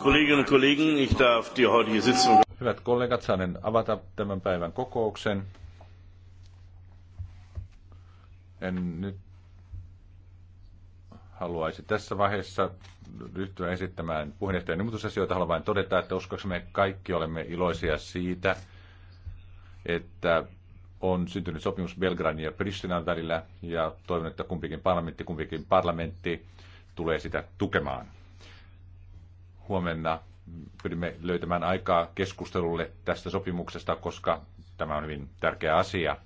Kolleginnen Kollegen, ich darf die heutige Sitzung... Hyvät kollegat, saanen avata tämän päivän kokouksen. En nyt haluaisi tässä vaiheessa ryhtyä esittämään puheenjohtajan ilmoitusasioita. Haluan vain todeta, että me kaikki olemme iloisia siitä, että on syntynyt sopimus Belgradin ja Pristinan välillä ja toivon, että kumpikin parlamentti, kumpikin parlamentti tulee sitä tukemaan huomenna pyrimme löytämään aikaa keskustelulle tästä sopimuksesta, koska tämä on hyvin tärkeä asia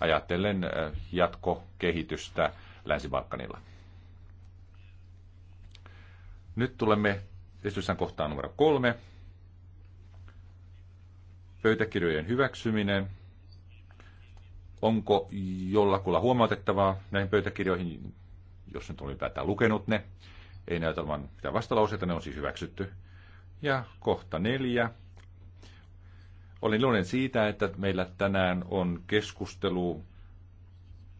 ajatellen äh, jatkokehitystä Länsi-Balkanilla. Nyt tulemme esityksen kohtaan numero kolme. Pöytäkirjojen hyväksyminen. Onko jollakulla huomautettavaa näihin pöytäkirjoihin, jos nyt on ylipäätään lukenut ne? Ei näytä olevan mitään vastalauseita, ne on siis hyväksytty. Ja kohta neljä. Olin iloinen siitä, että meillä tänään on keskustelu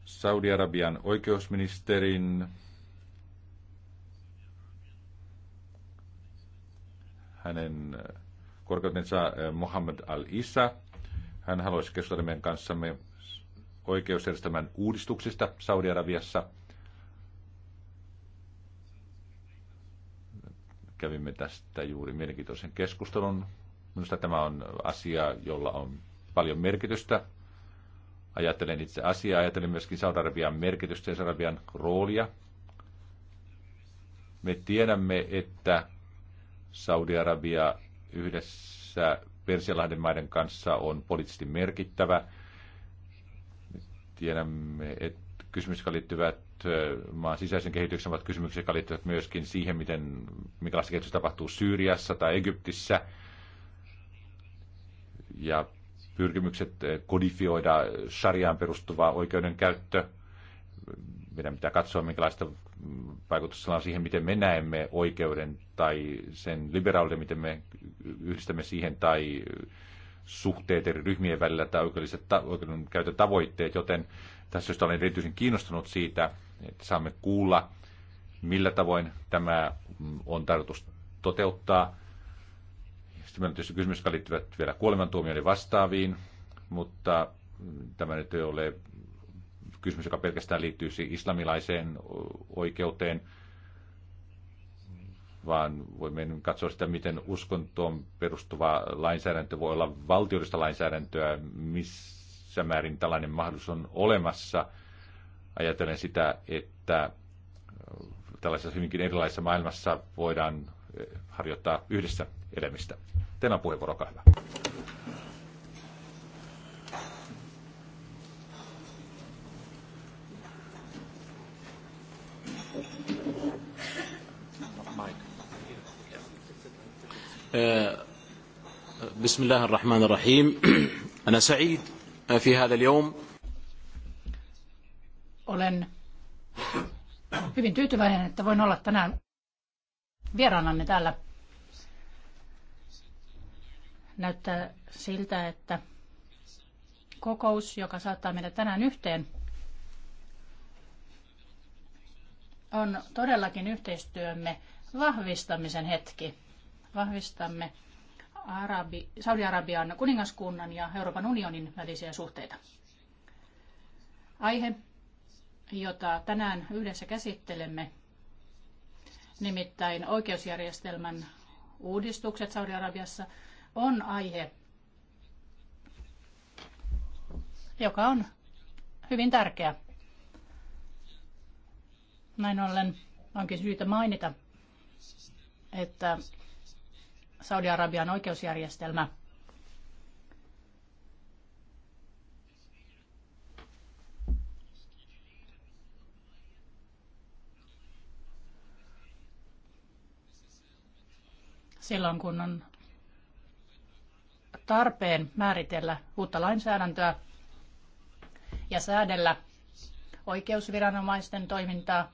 Saudi-Arabian oikeusministerin hänen korkeutensa eh, Mohammed al-Isa. Hän haluaisi keskustella meidän kanssamme oikeusjärjestelmän uudistuksista Saudi-Arabiassa – kävimme tästä juuri mielenkiintoisen keskustelun. Minusta tämä on asia, jolla on paljon merkitystä. Ajattelen itse asiaa, ajattelen myöskin Saudarabian merkitystä ja Saudarabian roolia. Me tiedämme, että Saudi-Arabia yhdessä Persialahden maiden kanssa on poliittisesti merkittävä. Tiedämme, että kysymys, joka liittyvät maan sisäisen kehityksen ovat kysymyksiä, jotka liittyvät myöskin siihen, miten, minkälaista kehitystä tapahtuu Syyriassa tai Egyptissä. Ja pyrkimykset kodifioida sarjaan perustuvaa oikeudenkäyttö. Meidän pitää katsoa, minkälaista vaikutusta on siihen, miten me näemme oikeuden tai sen liberauden, miten me yhdistämme siihen tai suhteet eri ryhmien välillä tai oikeudelliset ta- oikeudenkäytön tavoitteet, joten tässä syystä olen erityisen kiinnostunut siitä, että saamme kuulla, millä tavoin tämä on tarkoitus toteuttaa. Sitten on tietysti kysymys, jotka liittyvät vielä kuolemantuomioiden vastaaviin, mutta tämä nyt ei ole kysymys, joka pelkästään liittyy siis islamilaiseen oikeuteen, vaan voimme katsoa sitä, miten uskontoon perustuva lainsäädäntö voi olla valtiollista lainsäädäntöä, missä missä määrin tällainen mahdollisuus on olemassa. Ajatellen sitä, että äh, tällaisessa hyvinkin erilaisessa maailmassa voidaan äh, harjoittaa yhdessä elämistä. Teillä on puheenvuoro, hyvä. بسم الله الرحمن الرحيم سعيد في هذا اليوم Olen hyvin tyytyväinen, että voin olla tänään vieraananne täällä. Näyttää siltä, että kokous, joka saattaa meidät tänään yhteen, on todellakin yhteistyömme vahvistamisen hetki. Vahvistamme Arabi, Saudi-Arabian kuningaskunnan ja Euroopan unionin välisiä suhteita. Aihe, jota tänään yhdessä käsittelemme, nimittäin oikeusjärjestelmän uudistukset Saudi-Arabiassa, on aihe, joka on hyvin tärkeä. Näin ollen onkin syytä mainita, että Saudi-Arabian oikeusjärjestelmä. Silloin kun on tarpeen määritellä uutta lainsäädäntöä ja säädellä oikeusviranomaisten toimintaa,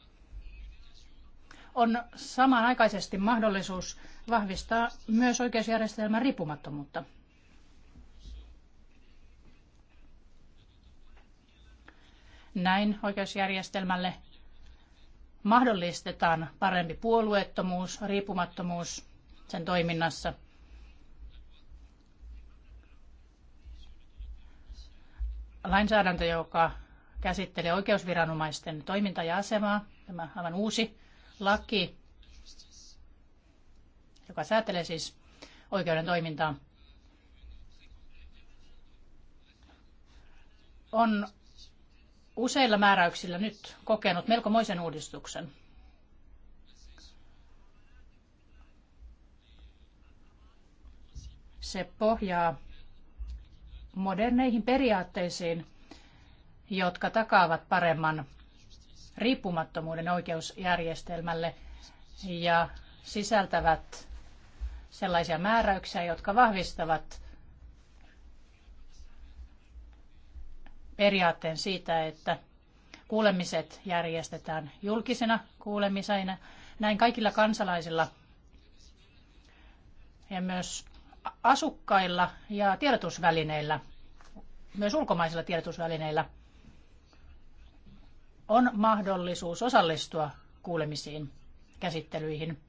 on samanaikaisesti mahdollisuus vahvistaa myös oikeusjärjestelmän riippumattomuutta. Näin oikeusjärjestelmälle mahdollistetaan parempi puolueettomuus, riippumattomuus sen toiminnassa. Lainsäädäntö, joka käsittelee oikeusviranomaisten toimintaa ja asemaa, tämä aivan uusi laki, joka säätelee siis oikeuden toimintaa, on useilla määräyksillä nyt kokenut melkomoisen uudistuksen. Se pohjaa moderneihin periaatteisiin, jotka takaavat paremman riippumattomuuden oikeusjärjestelmälle ja sisältävät sellaisia määräyksiä, jotka vahvistavat periaatteen siitä, että kuulemiset järjestetään julkisena kuulemisena. Näin kaikilla kansalaisilla ja myös asukkailla ja tiedotusvälineillä, myös ulkomaisilla tiedotusvälineillä – on mahdollisuus osallistua kuulemisiin, käsittelyihin.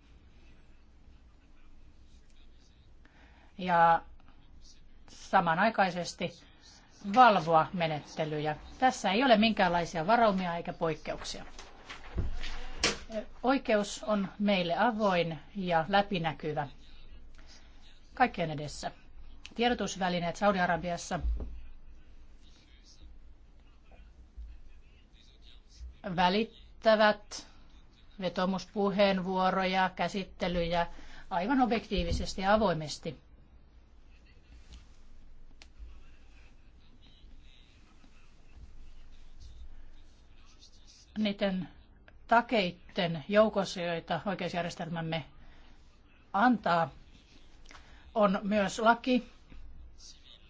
Ja samanaikaisesti valvoa menettelyjä. Tässä ei ole minkäänlaisia varaumia eikä poikkeuksia. Oikeus on meille avoin ja läpinäkyvä kaikkien edessä. Tiedotusvälineet Saudi-Arabiassa välittävät vetomuspuheenvuoroja, käsittelyjä aivan objektiivisesti ja avoimesti. Niiden takeitten joukossa, joita oikeusjärjestelmämme antaa, on myös laki,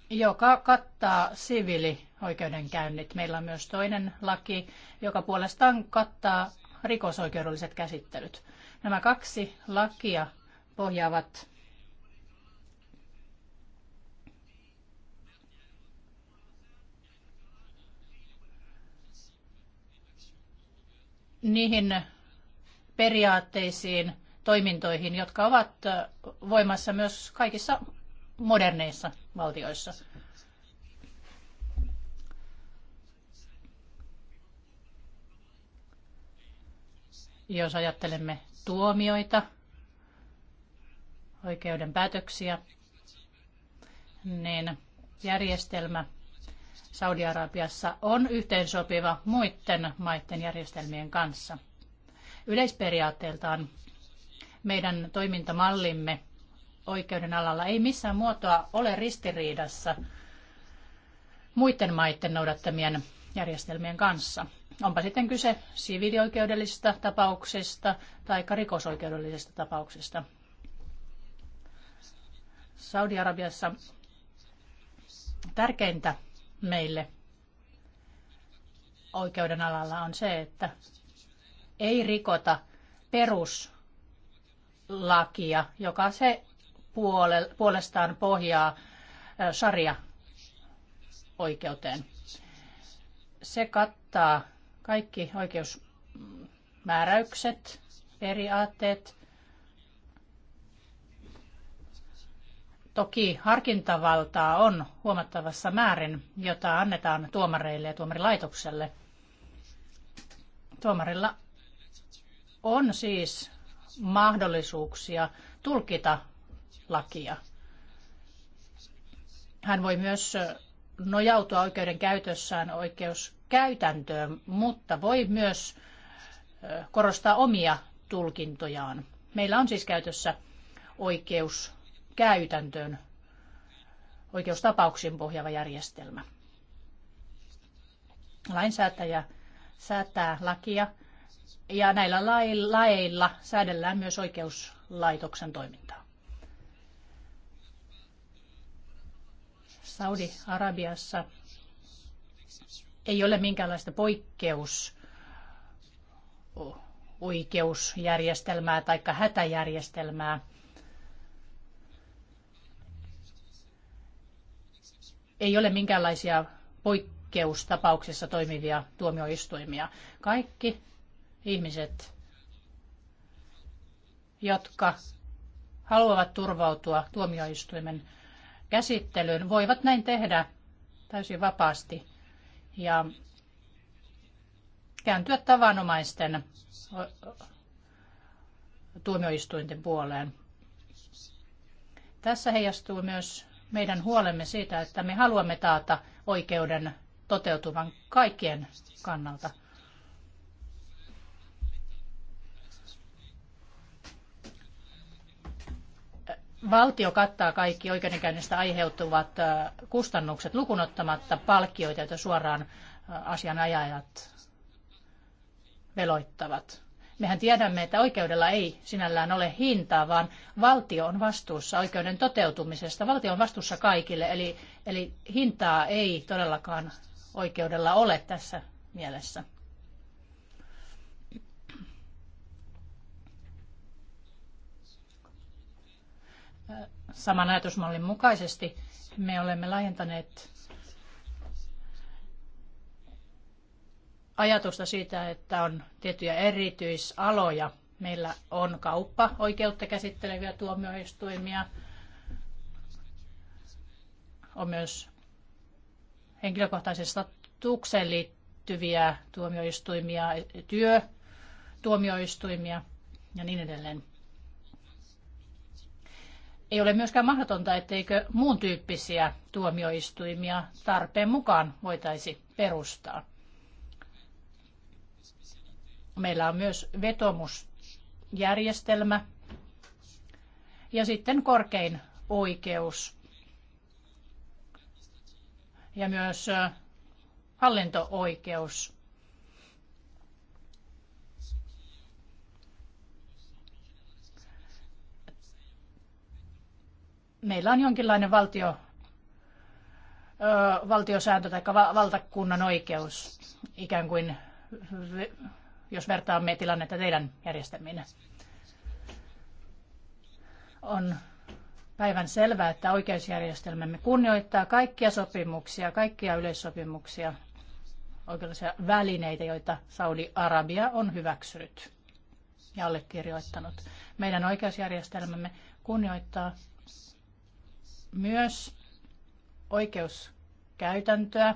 joka kattaa siviili- oikeudenkäynnit. Meillä on myös toinen laki, joka puolestaan kattaa rikosoikeudelliset käsittelyt. Nämä kaksi lakia pohjaavat niihin periaatteisiin, toimintoihin, jotka ovat voimassa myös kaikissa moderneissa valtioissa. jos ajattelemme tuomioita, oikeuden päätöksiä, niin järjestelmä Saudi-Arabiassa on yhteensopiva muiden maiden järjestelmien kanssa. Yleisperiaatteeltaan meidän toimintamallimme oikeuden alalla ei missään muotoa ole ristiriidassa muiden maiden noudattamien järjestelmien kanssa. Onpa sitten kyse siviilioikeudellisesta tapauksesta tai rikosoikeudellisesta tapauksesta. Saudi-Arabiassa tärkeintä meille oikeuden alalla on se, että ei rikota peruslakia, joka se puolestaan pohjaa sarja oikeuteen Se kattaa kaikki oikeusmääräykset, periaatteet, Toki harkintavaltaa on huomattavassa määrin, jota annetaan tuomareille ja tuomarilaitokselle. Tuomarilla on siis mahdollisuuksia tulkita lakia. Hän voi myös nojautua oikeuden käytössään oikeus käytäntöön, mutta voi myös korostaa omia tulkintojaan. Meillä on siis käytössä oikeus käytäntöön, oikeustapauksiin pohjaava järjestelmä. Lainsäätäjä säätää lakia ja näillä laeilla säädellään myös oikeuslaitoksen toimintaa. Saudi-Arabiassa ei ole minkäänlaista poikkeus oikeusjärjestelmää tai hätäjärjestelmää. Ei ole minkäänlaisia poikkeustapauksissa toimivia tuomioistuimia. Kaikki ihmiset, jotka haluavat turvautua tuomioistuimen käsittelyyn, voivat näin tehdä täysin vapaasti ja kääntyä tavanomaisten tuomioistuinten puoleen. Tässä heijastuu myös meidän huolemme siitä, että me haluamme taata oikeuden toteutuvan kaikkien kannalta. valtio kattaa kaikki oikeudenkäynnistä aiheutuvat kustannukset lukunottamatta palkkioita, joita suoraan asianajajat veloittavat. Mehän tiedämme, että oikeudella ei sinällään ole hintaa, vaan valtio on vastuussa oikeuden toteutumisesta. Valtio on vastuussa kaikille, eli, eli hintaa ei todellakaan oikeudella ole tässä mielessä. saman ajatusmallin mukaisesti me olemme laajentaneet ajatusta siitä, että on tiettyjä erityisaloja. Meillä on kauppa, oikeutta käsitteleviä tuomioistuimia, on myös henkilökohtaisen statukseen liittyviä tuomioistuimia, työ, tuomioistuimia ja niin edelleen. Ei ole myöskään mahdotonta, etteikö muun tyyppisiä tuomioistuimia tarpeen mukaan voitaisi perustaa. Meillä on myös vetomusjärjestelmä ja sitten korkein oikeus ja myös hallinto-oikeus. meillä on jonkinlainen valtio, ö, valtiosääntö tai valtakunnan oikeus, ikään kuin jos vertaamme tilannetta teidän järjestämiinne. On päivän selvää, että oikeusjärjestelmämme kunnioittaa kaikkia sopimuksia, kaikkia yleissopimuksia, oikeudellisia välineitä, joita Saudi-Arabia on hyväksynyt ja allekirjoittanut. Meidän oikeusjärjestelmämme kunnioittaa myös oikeuskäytäntöä,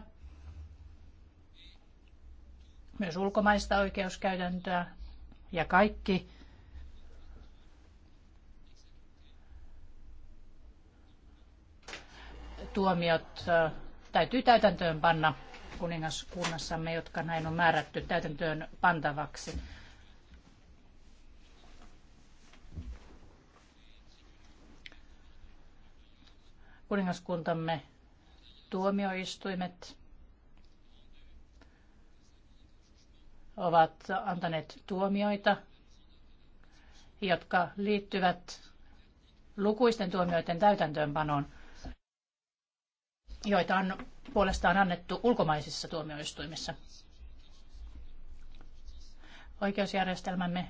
myös ulkomaista oikeuskäytäntöä ja kaikki tuomiot täytyy täytäntöön panna kuningaskunnassamme, jotka näin on määrätty täytäntöön pantavaksi. kuningaskuntamme tuomioistuimet ovat antaneet tuomioita, jotka liittyvät lukuisten tuomioiden täytäntöönpanoon, joita on puolestaan annettu ulkomaisissa tuomioistuimissa. Oikeusjärjestelmämme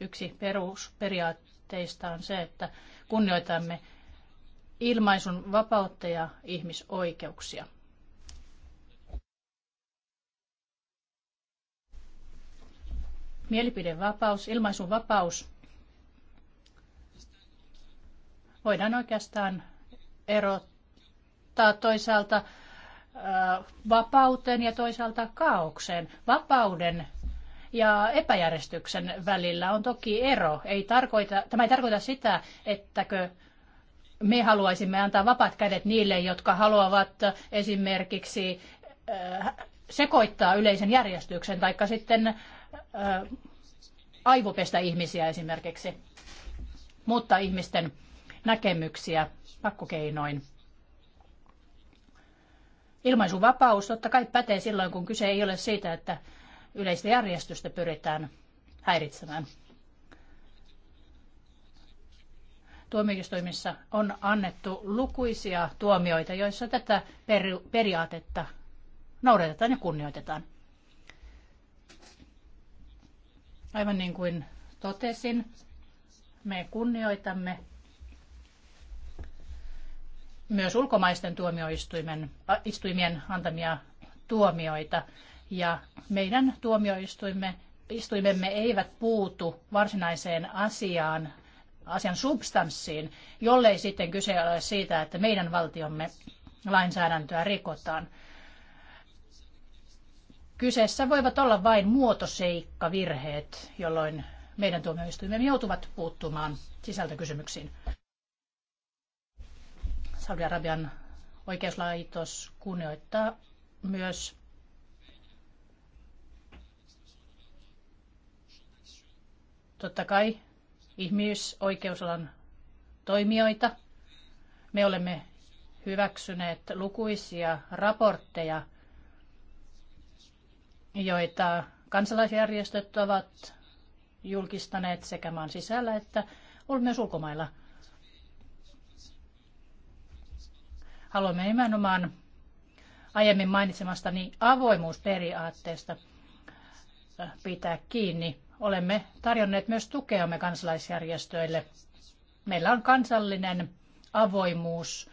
yksi perusperiaatteista on se, että kunnioitamme ilmaisun vapautta ja ihmisoikeuksia. Mielipidevapaus, ilmaisun vapaus voidaan oikeastaan erottaa toisaalta äh, vapauteen ja toisaalta kaaukseen. Vapauden ja epäjärjestyksen välillä on toki ero. Ei tarkoita, tämä ei tarkoita sitä, ettäkö me haluaisimme antaa vapaat kädet niille, jotka haluavat esimerkiksi äh, sekoittaa yleisen järjestyksen tai sitten äh, aivopestä ihmisiä esimerkiksi, muuttaa ihmisten näkemyksiä pakkokeinoin. Ilmaisuvapaus totta kai pätee silloin, kun kyse ei ole siitä, että yleistä järjestystä pyritään häiritsemään. tuomioistuimissa on annettu lukuisia tuomioita, joissa tätä periaatetta noudatetaan ja kunnioitetaan. Aivan niin kuin totesin, me kunnioitamme myös ulkomaisten tuomioistuimen, istuimien antamia tuomioita. Ja meidän tuomioistuimemme eivät puutu varsinaiseen asiaan asian substanssiin, jollei sitten kyse ole siitä, että meidän valtiomme lainsäädäntöä rikotaan. Kyseessä voivat olla vain muotoseikkavirheet, jolloin meidän tuomioistuimemme joutuvat puuttumaan sisältökysymyksiin. Saudi-Arabian oikeuslaitos kunnioittaa myös totta kai ihmisoikeusalan toimijoita. Me olemme hyväksyneet lukuisia raportteja, joita kansalaisjärjestöt ovat julkistaneet sekä maan sisällä että myös ulkomailla. Haluamme nimenomaan aiemmin mainitsemastani avoimuusperiaatteesta pitää kiinni olemme tarjonneet myös tukeamme kansalaisjärjestöille. Meillä on kansallinen avoimuus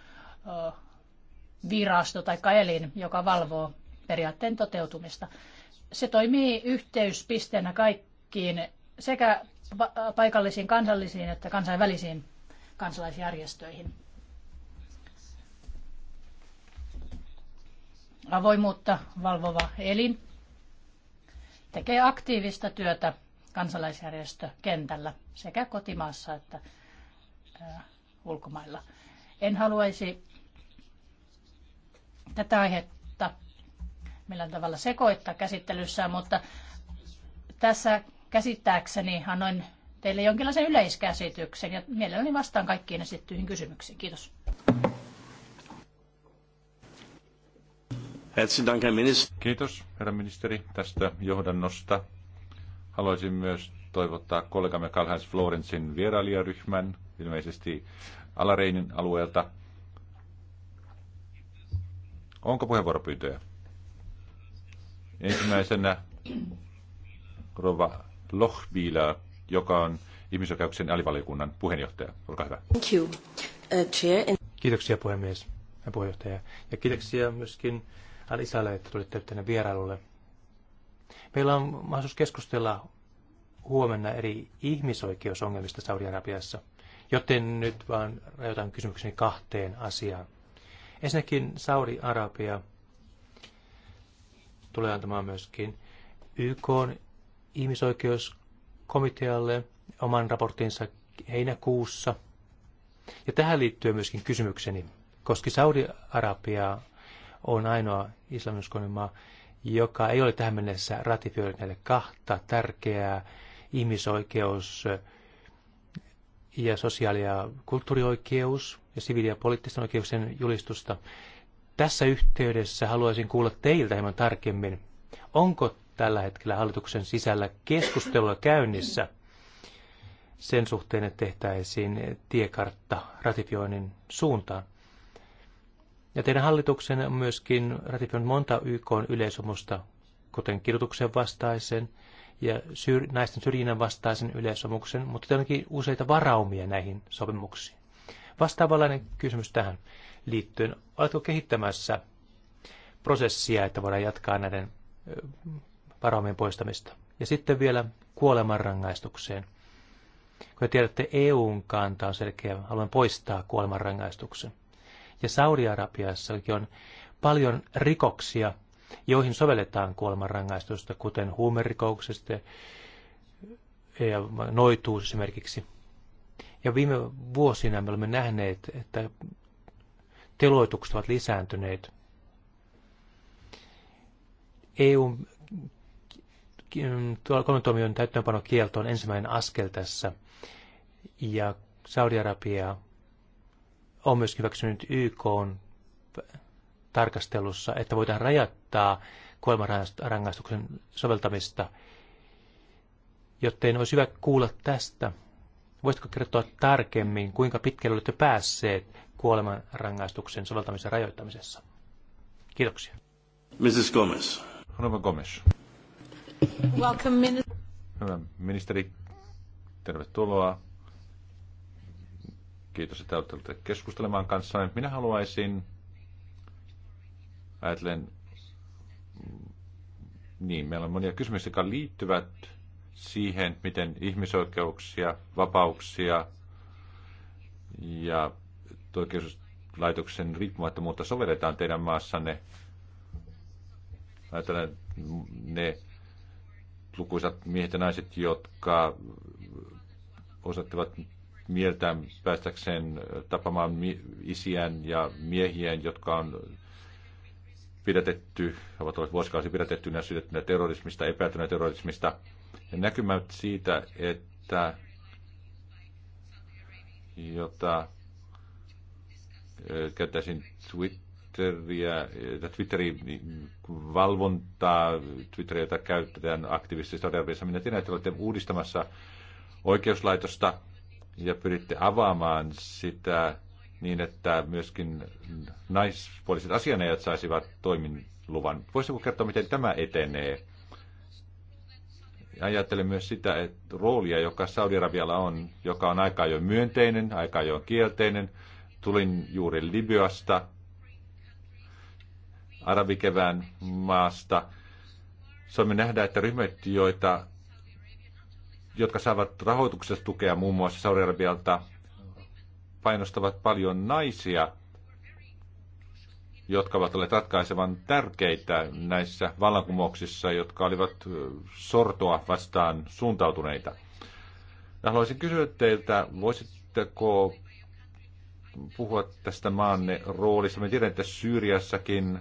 virasto tai elin, joka valvoo periaatteen toteutumista. Se toimii yhteyspisteenä kaikkiin sekä paikallisiin kansallisiin että kansainvälisiin kansalaisjärjestöihin. Avoimuutta valvova elin tekee aktiivista työtä kansalaisjärjestökentällä sekä kotimaassa että ulkomailla. En haluaisi tätä aihetta millään tavalla sekoittaa käsittelyssä, mutta tässä käsittääkseni annoin teille jonkinlaisen yleiskäsityksen ja mielelläni vastaan kaikkiin esittyihin kysymyksiin. Kiitos. Kiitos, herra ministeri, tästä johdannosta. Haluaisin myös toivottaa kollegamme Karl-Heinz Florensin vierailijaryhmän, ilmeisesti Alareinin alueelta. Onko puheenvuoropyyntöjä? Ensimmäisenä Rova Lochbila, joka on ihmisoikeuksien alivaliokunnan puheenjohtaja. Olkaa hyvä. Thank you, uh, chair. Kiitoksia puhemies ja puheenjohtaja. Ja kiitoksia myöskin Alisalle, että tulitte tänne vierailulle Meillä on mahdollisuus keskustella huomenna eri ihmisoikeusongelmista Saudi-Arabiassa, joten nyt vaan rajoitan kysymykseni kahteen asiaan. Ensinnäkin Saudi-Arabia tulee antamaan myöskin YK ihmisoikeuskomitealle oman raporttinsa heinäkuussa. Ja tähän liittyy myöskin kysymykseni, koska Saudi-Arabia on ainoa islaminuskoinen maa, joka ei ole tähän mennessä ratifioinut näitä kahta tärkeää ihmisoikeus- ja sosiaali- ja kulttuurioikeus ja siviili- ja poliittisten oikeuksien julistusta. Tässä yhteydessä haluaisin kuulla teiltä hieman tarkemmin, onko tällä hetkellä hallituksen sisällä keskustelua käynnissä sen suhteen, että tehtäisiin tiekartta ratifioinnin suuntaan? Ja teidän hallituksen on myöskin ratifioinut monta YK yleisomusta, kuten kidutuksen vastaisen ja syr- naisten syrjinnän vastaisen yleisomuksen, mutta tietenkin useita varaumia näihin sopimuksiin. Vastaavanlainen kysymys tähän liittyen. Oletko kehittämässä prosessia, että voidaan jatkaa näiden varaumien poistamista? Ja sitten vielä kuolemanrangaistukseen. Kun tiedätte, EUn kanta on selkeä, haluan poistaa kuolemanrangaistuksen ja Saudi-Arabiassakin on paljon rikoksia, joihin sovelletaan kuolemanrangaistusta, kuten huumerikouksesta ja noituus esimerkiksi. Ja viime vuosina me olemme nähneet, että teloitukset ovat lisääntyneet. EUn kolmentuomion täyttöönpanokielto on ensimmäinen askel tässä. Ja Saudi-Arabia on myös hyväksynyt YK on tarkastelussa, että voidaan rajattaa kuolemanrangaistuksen soveltamista, joten olisi hyvä kuulla tästä. Voisitko kertoa tarkemmin, kuinka pitkälle olette päässeet kuolemanrangaistuksen soveltamisen rajoittamisessa? Kiitoksia. Mrs. Gomez. Hyvä Gomes. Welcome, minister. Hyvä ministeri, tervetuloa. Kiitos, että olette keskustelemaan kanssa. Minä haluaisin, ajatellen, niin, meillä on monia kysymyksiä, jotka liittyvät siihen, miten ihmisoikeuksia, vapauksia ja oikeuslaitoksen riippumattomuutta sovelletaan teidän maassanne. Ajatellen ne lukuisat miehet ja naiset, jotka osattivat mieltä päästäkseen tapamaan isiään ja miehiään, jotka on pidätetty, ovat olleet vuosikausi pidätettynä syytettynä terrorismista, epäiltynä terrorismista. Ja näkymät siitä, että jota käyttäisin Twitteriä, Twitterin valvontaa, Twitteriä, jota käytetään aktiivisesti todella. Minä tiedän, että olette uudistamassa oikeuslaitosta, ja pyritte avaamaan sitä niin, että myöskin naispuoliset asianajat saisivat toiminluvan. Voisitko kertoa, miten tämä etenee? Ajattelen myös sitä että roolia, joka Saudi-Arabialla on, joka on aika jo myönteinen, aika jo kielteinen. Tulin juuri Libyasta, arabikevään maasta. Saamme nähdä, että ryhmät, joita jotka saavat rahoituksesta tukea muun muassa Saudi-Arabialta, painostavat paljon naisia, jotka ovat olleet ratkaisevan tärkeitä näissä vallankumouksissa, jotka olivat sortoa vastaan suuntautuneita. Ja haluaisin kysyä teiltä, voisitteko puhua tästä maanne roolista? Me tiedän, että Syyriassakin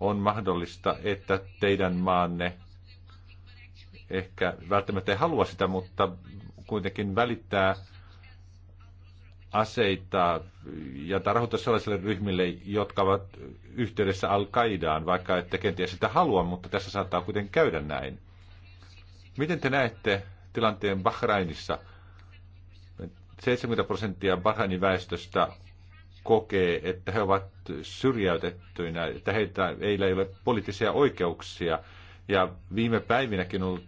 on mahdollista, että teidän maanne ehkä välttämättä ei halua sitä, mutta kuitenkin välittää aseita ja tarhota sellaisille ryhmille, jotka ovat yhteydessä Al-Qaidaan, vaikka ette kenties sitä halua, mutta tässä saattaa kuitenkin käydä näin. Miten te näette tilanteen Bahrainissa? 70 prosenttia Bahrainin väestöstä kokee, että he ovat syrjäytettyinä, että heitä ei ole poliittisia oikeuksia. Ja viime päivinäkin on ollut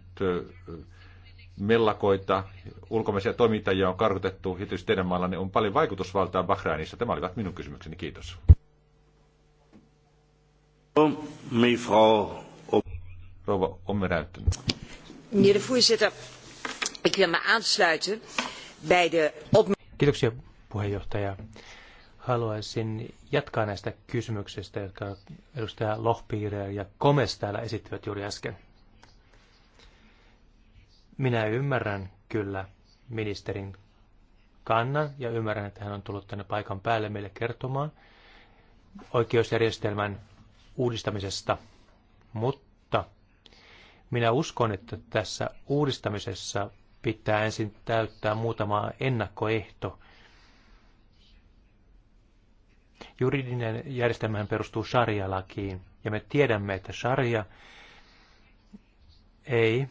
mellakoita, ulkomaisia toimittajia on karkotettu, ja tietysti teidän maallanne on paljon vaikutusvaltaa Bahrainissa. Tämä olivat minun kysymykseni. Kiitos. Rouva Ommeräytten. Meneer de voorzitter, ik wil me aansluiten bij de Kiitoksia puheenjohtaja. Haluaisin jatkaa näistä kysymyksistä, jotka edustaja Lohpiire ja Komes täällä esittivät juuri äsken. Minä ymmärrän kyllä ministerin kannan ja ymmärrän, että hän on tullut tänne paikan päälle meille kertomaan oikeusjärjestelmän uudistamisesta, mutta minä uskon, että tässä uudistamisessa pitää ensin täyttää muutama ennakkoehto. Juridinen järjestelmähän perustuu sarjalakiin, ja me tiedämme, että sarja ei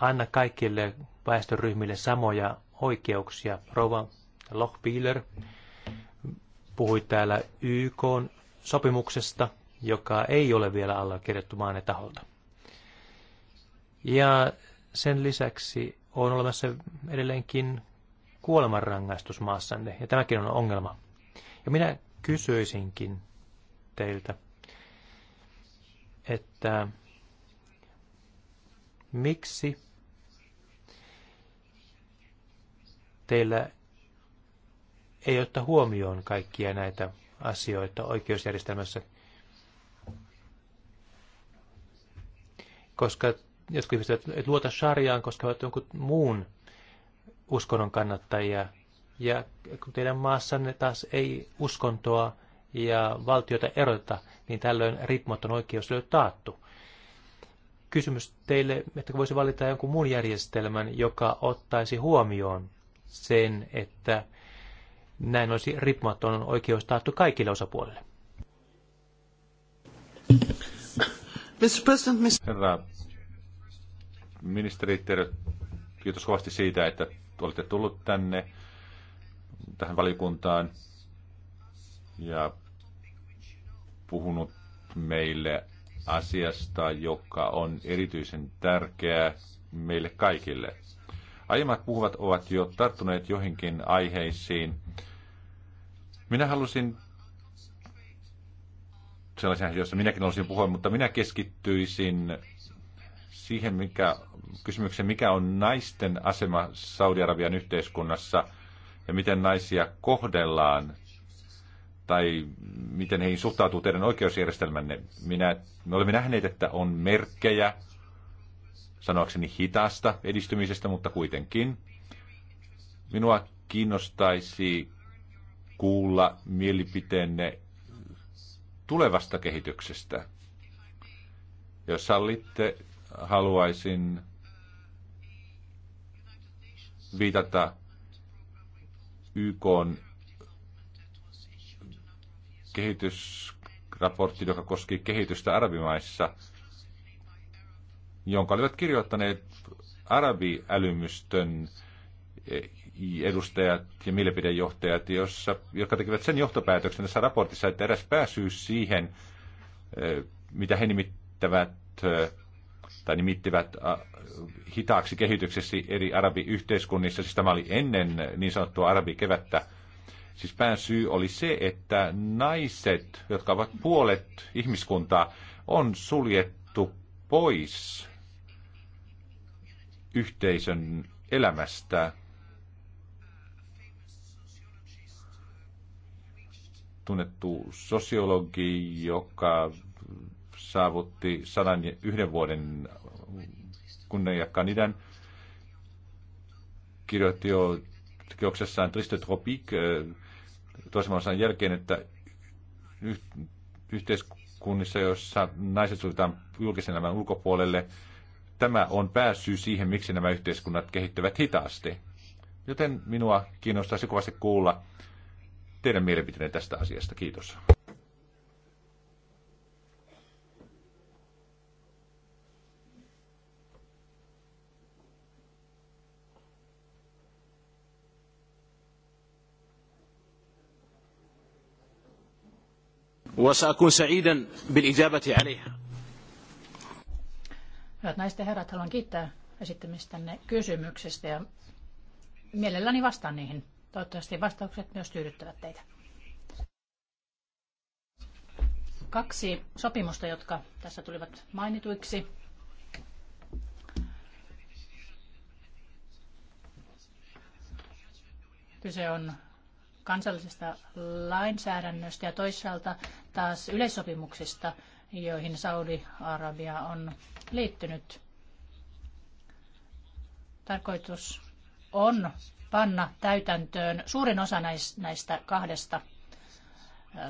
anna kaikille väestöryhmille samoja oikeuksia. Rova Lochbieler puhui täällä YK sopimuksesta, joka ei ole vielä allekirjoittu maan taholta. Ja sen lisäksi on olemassa edelleenkin kuolemanrangaistus maassanne, ja tämäkin on ongelma. Ja minä kysyisinkin teiltä, että miksi teillä ei otta huomioon kaikkia näitä asioita oikeusjärjestelmässä, koska jotkut ihmiset eivät luota sarjaan, koska ovat jonkun muun uskonnon kannattajia. Ja kun teidän maassanne taas ei uskontoa ja valtiota eroteta, niin tällöin riippumaton oikeus ei taattu. Kysymys teille, että voisi valita jonkun muun järjestelmän, joka ottaisi huomioon sen, että näin olisi riippumaton oikeus taattu kaikille osapuolille. Mr. President, Mr. Herra ministeri, kiitos kovasti siitä, että olette tullut tänne tähän valiokuntaan ja puhunut meille asiasta, joka on erityisen tärkeää meille kaikille. Aiemmat puhuvat ovat jo tarttuneet joihinkin aiheisiin. Minä halusin sellaisia, joissa minäkin olisin puhua, mutta minä keskittyisin siihen mikä, kysymykseen, mikä on naisten asema Saudi-Arabian yhteiskunnassa ja miten naisia kohdellaan tai miten heihin suhtautuu teidän oikeusjärjestelmänne. Minä, me olemme nähneet, että on merkkejä sanoakseni hitaasta edistymisestä, mutta kuitenkin. Minua kiinnostaisi kuulla mielipiteenne tulevasta kehityksestä. Jos sallitte, haluaisin viitata YK kehitysraportti, joka koski kehitystä arabimaissa – jonka olivat kirjoittaneet arabiälymystön e, edustajat ja mielipidejohtajat, jossa, jotka tekivät sen johtopäätöksen tässä raportissa, että eräs pääsyys siihen, e, mitä he nimittävät e, tai nimittivät hitaaksi kehityksessä eri arabiyhteiskunnissa, siis tämä oli ennen niin sanottua arabikevättä, siis pääsyy oli se, että naiset, jotka ovat puolet ihmiskuntaa, on suljettu pois yhteisön elämästä. Tunnettu sosiologi, joka saavutti sadan yhden vuoden kunniakkaan idän, kirjoitti jo teoksessaan Triste Tropique äh, toisen jälkeen, että yhteiskunnissa, joissa naiset suljetaan julkisen elämän ulkopuolelle, tämä on pääsy siihen, miksi nämä yhteiskunnat kehittyvät hitaasti. Joten minua kiinnostaisi kovasti kuulla teidän mielipiteenne tästä asiasta. Kiitos. وسأكون سعيدا بالإجابة عليها Hyvät naisten ja herrat, haluan kiittää esittämistänne kysymyksistä ja mielelläni vastaan niihin. Toivottavasti vastaukset myös tyydyttävät teitä. Kaksi sopimusta, jotka tässä tulivat mainituiksi. Kyse on kansallisesta lainsäädännöstä ja toisaalta taas yleissopimuksista, joihin Saudi-Arabia on liittynyt. Tarkoitus on panna täytäntöön suurin osa näistä kahdesta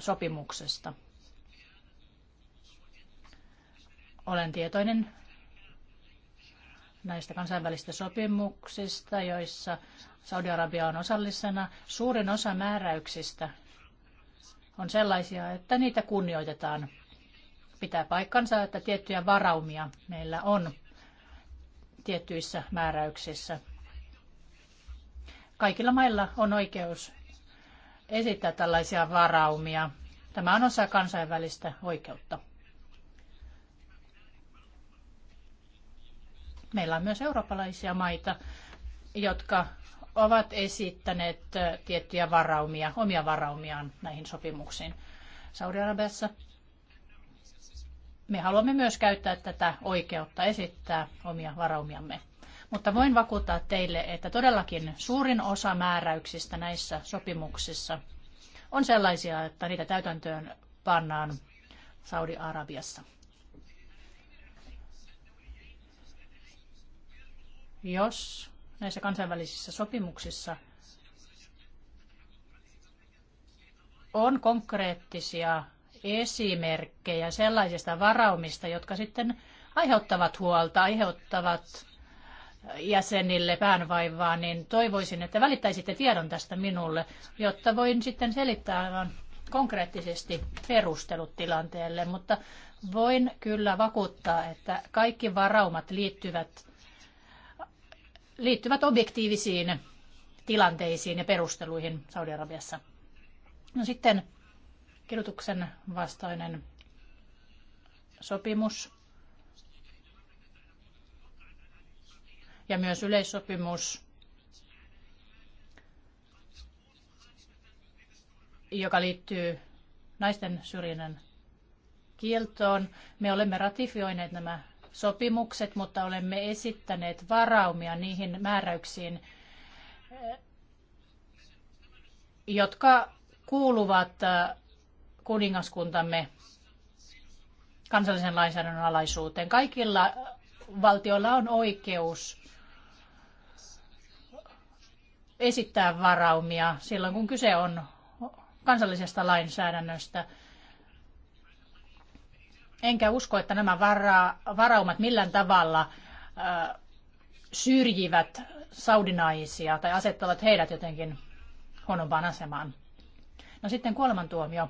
sopimuksesta. Olen tietoinen näistä kansainvälisistä sopimuksista, joissa Saudi-Arabia on osallisena. Suurin osa määräyksistä on sellaisia, että niitä kunnioitetaan Pitää paikkansa, että tiettyjä varaumia meillä on tiettyissä määräyksissä. Kaikilla mailla on oikeus esittää tällaisia varaumia. Tämä on osa kansainvälistä oikeutta. Meillä on myös eurooppalaisia maita, jotka ovat esittäneet tiettyjä varaumia, omia varaumiaan näihin sopimuksiin. Saudi-Arabiassa me haluamme myös käyttää tätä oikeutta esittää omia varaumiamme. Mutta voin vakuuttaa teille, että todellakin suurin osa määräyksistä näissä sopimuksissa on sellaisia, että niitä täytäntöön pannaan Saudi-Arabiassa. Jos näissä kansainvälisissä sopimuksissa on konkreettisia esimerkkejä sellaisista varaumista, jotka sitten aiheuttavat huolta, aiheuttavat jäsenille päänvaivaa, niin toivoisin, että välittäisitte tiedon tästä minulle, jotta voin sitten selittää aivan konkreettisesti perustelut tilanteelle, mutta voin kyllä vakuuttaa, että kaikki varaumat liittyvät, liittyvät objektiivisiin tilanteisiin ja perusteluihin Saudi-Arabiassa. No sitten kidutuksen vastainen sopimus ja myös yleissopimus, joka liittyy naisten syrjinnän kieltoon. Me olemme ratifioineet nämä sopimukset, mutta olemme esittäneet varaumia niihin määräyksiin, jotka kuuluvat kuningaskuntamme kansallisen lainsäädännön alaisuuteen. Kaikilla valtioilla on oikeus esittää varaumia silloin, kun kyse on kansallisesta lainsäädännöstä. Enkä usko, että nämä vara, varaumat millään tavalla äh, syrjivät saudinaisia tai asettavat heidät jotenkin huonompaan asemaan. No sitten kuolemantuomio.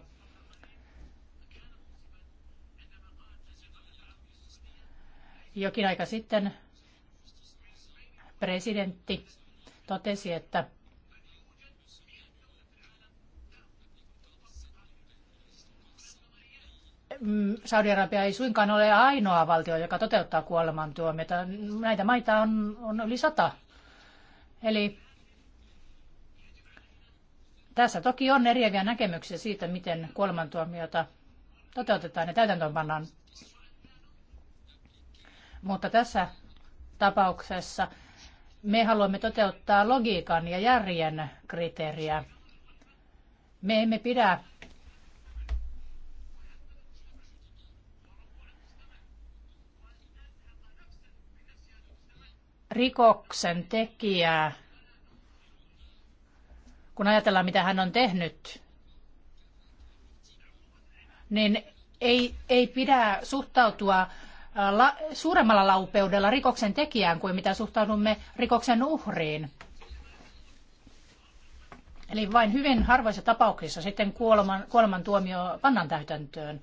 Jokin aika sitten presidentti totesi, että mm, Saudi-Arabia ei suinkaan ole ainoa valtio, joka toteuttaa kuolemantuomiota. Näitä maita on, on yli sata. Eli tässä toki on eriäviä näkemyksiä siitä, miten kuolemantuomiota toteutetaan ja täytäntöönpannaan mutta tässä tapauksessa me haluamme toteuttaa logiikan ja järjen kriteeriä. Me emme pidä rikoksen tekijää, kun ajatellaan mitä hän on tehnyt, niin ei, ei pidä suhtautua la, suuremmalla laupeudella rikoksen tekijään kuin mitä suhtaudumme rikoksen uhriin. Eli vain hyvin harvoissa tapauksissa sitten kuoleman, kuolemantuomio pannan täytäntöön.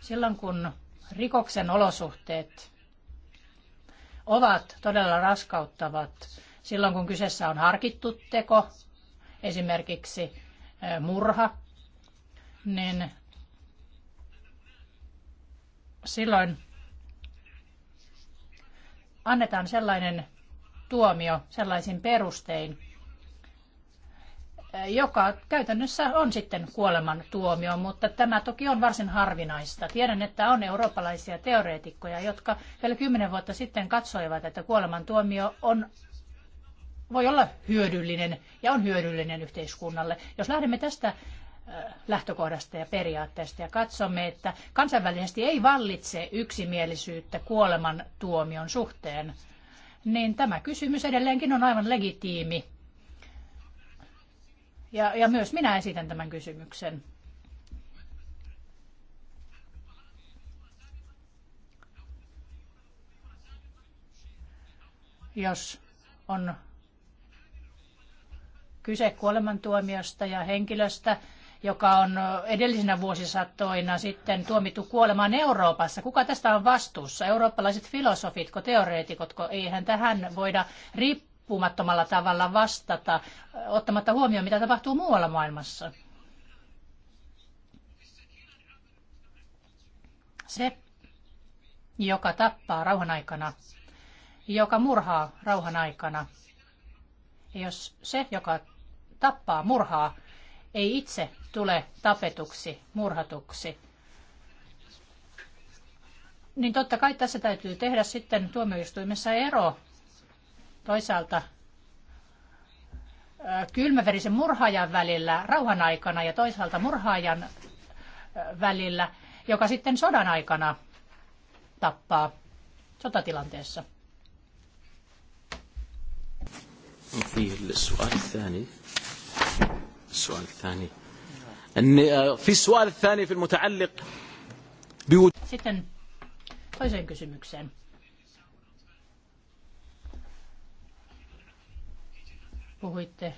Silloin kun rikoksen olosuhteet ovat todella raskauttavat, silloin kun kyseessä on harkittu teko, esimerkiksi murha, niin silloin annetaan sellainen tuomio sellaisin perustein, eh, joka käytännössä on sitten kuoleman tuomio, mutta tämä toki on varsin harvinaista. Tiedän, että on eurooppalaisia teoreetikkoja, jotka vielä kymmenen vuotta sitten katsoivat, että kuoleman tuomio on, voi olla hyödyllinen ja on hyödyllinen yhteiskunnalle. Jos lähdemme tästä lähtökohdasta ja periaatteesta ja katsomme, että kansainvälisesti ei vallitse yksimielisyyttä kuoleman tuomion suhteen, niin tämä kysymys edelleenkin on aivan legitiimi. Ja, ja myös minä esitän tämän kysymyksen. Jos on kyse kuolemantuomiosta ja henkilöstä, joka on edellisinä vuosisatoina sitten tuomittu kuolemaan Euroopassa. Kuka tästä on vastuussa? Eurooppalaiset filosofitko, kun Eihän tähän voida riippumattomalla tavalla vastata, ottamatta huomioon, mitä tapahtuu muualla maailmassa. Se, joka tappaa rauhan aikana, joka murhaa rauhan aikana. Ja jos se, joka tappaa murhaa, ei itse tule tapetuksi, murhatuksi, niin totta kai tässä täytyy tehdä sitten tuomioistuimessa ero toisaalta kylmäverisen murhaajan välillä rauhan aikana ja toisaalta murhaajan välillä, joka sitten sodan aikana tappaa sotatilanteessa. في السؤال الثاني السؤال الثاني في السؤال الثاني في المتعلق بوجود Sitten toiseen kysymykseen. Puhuitte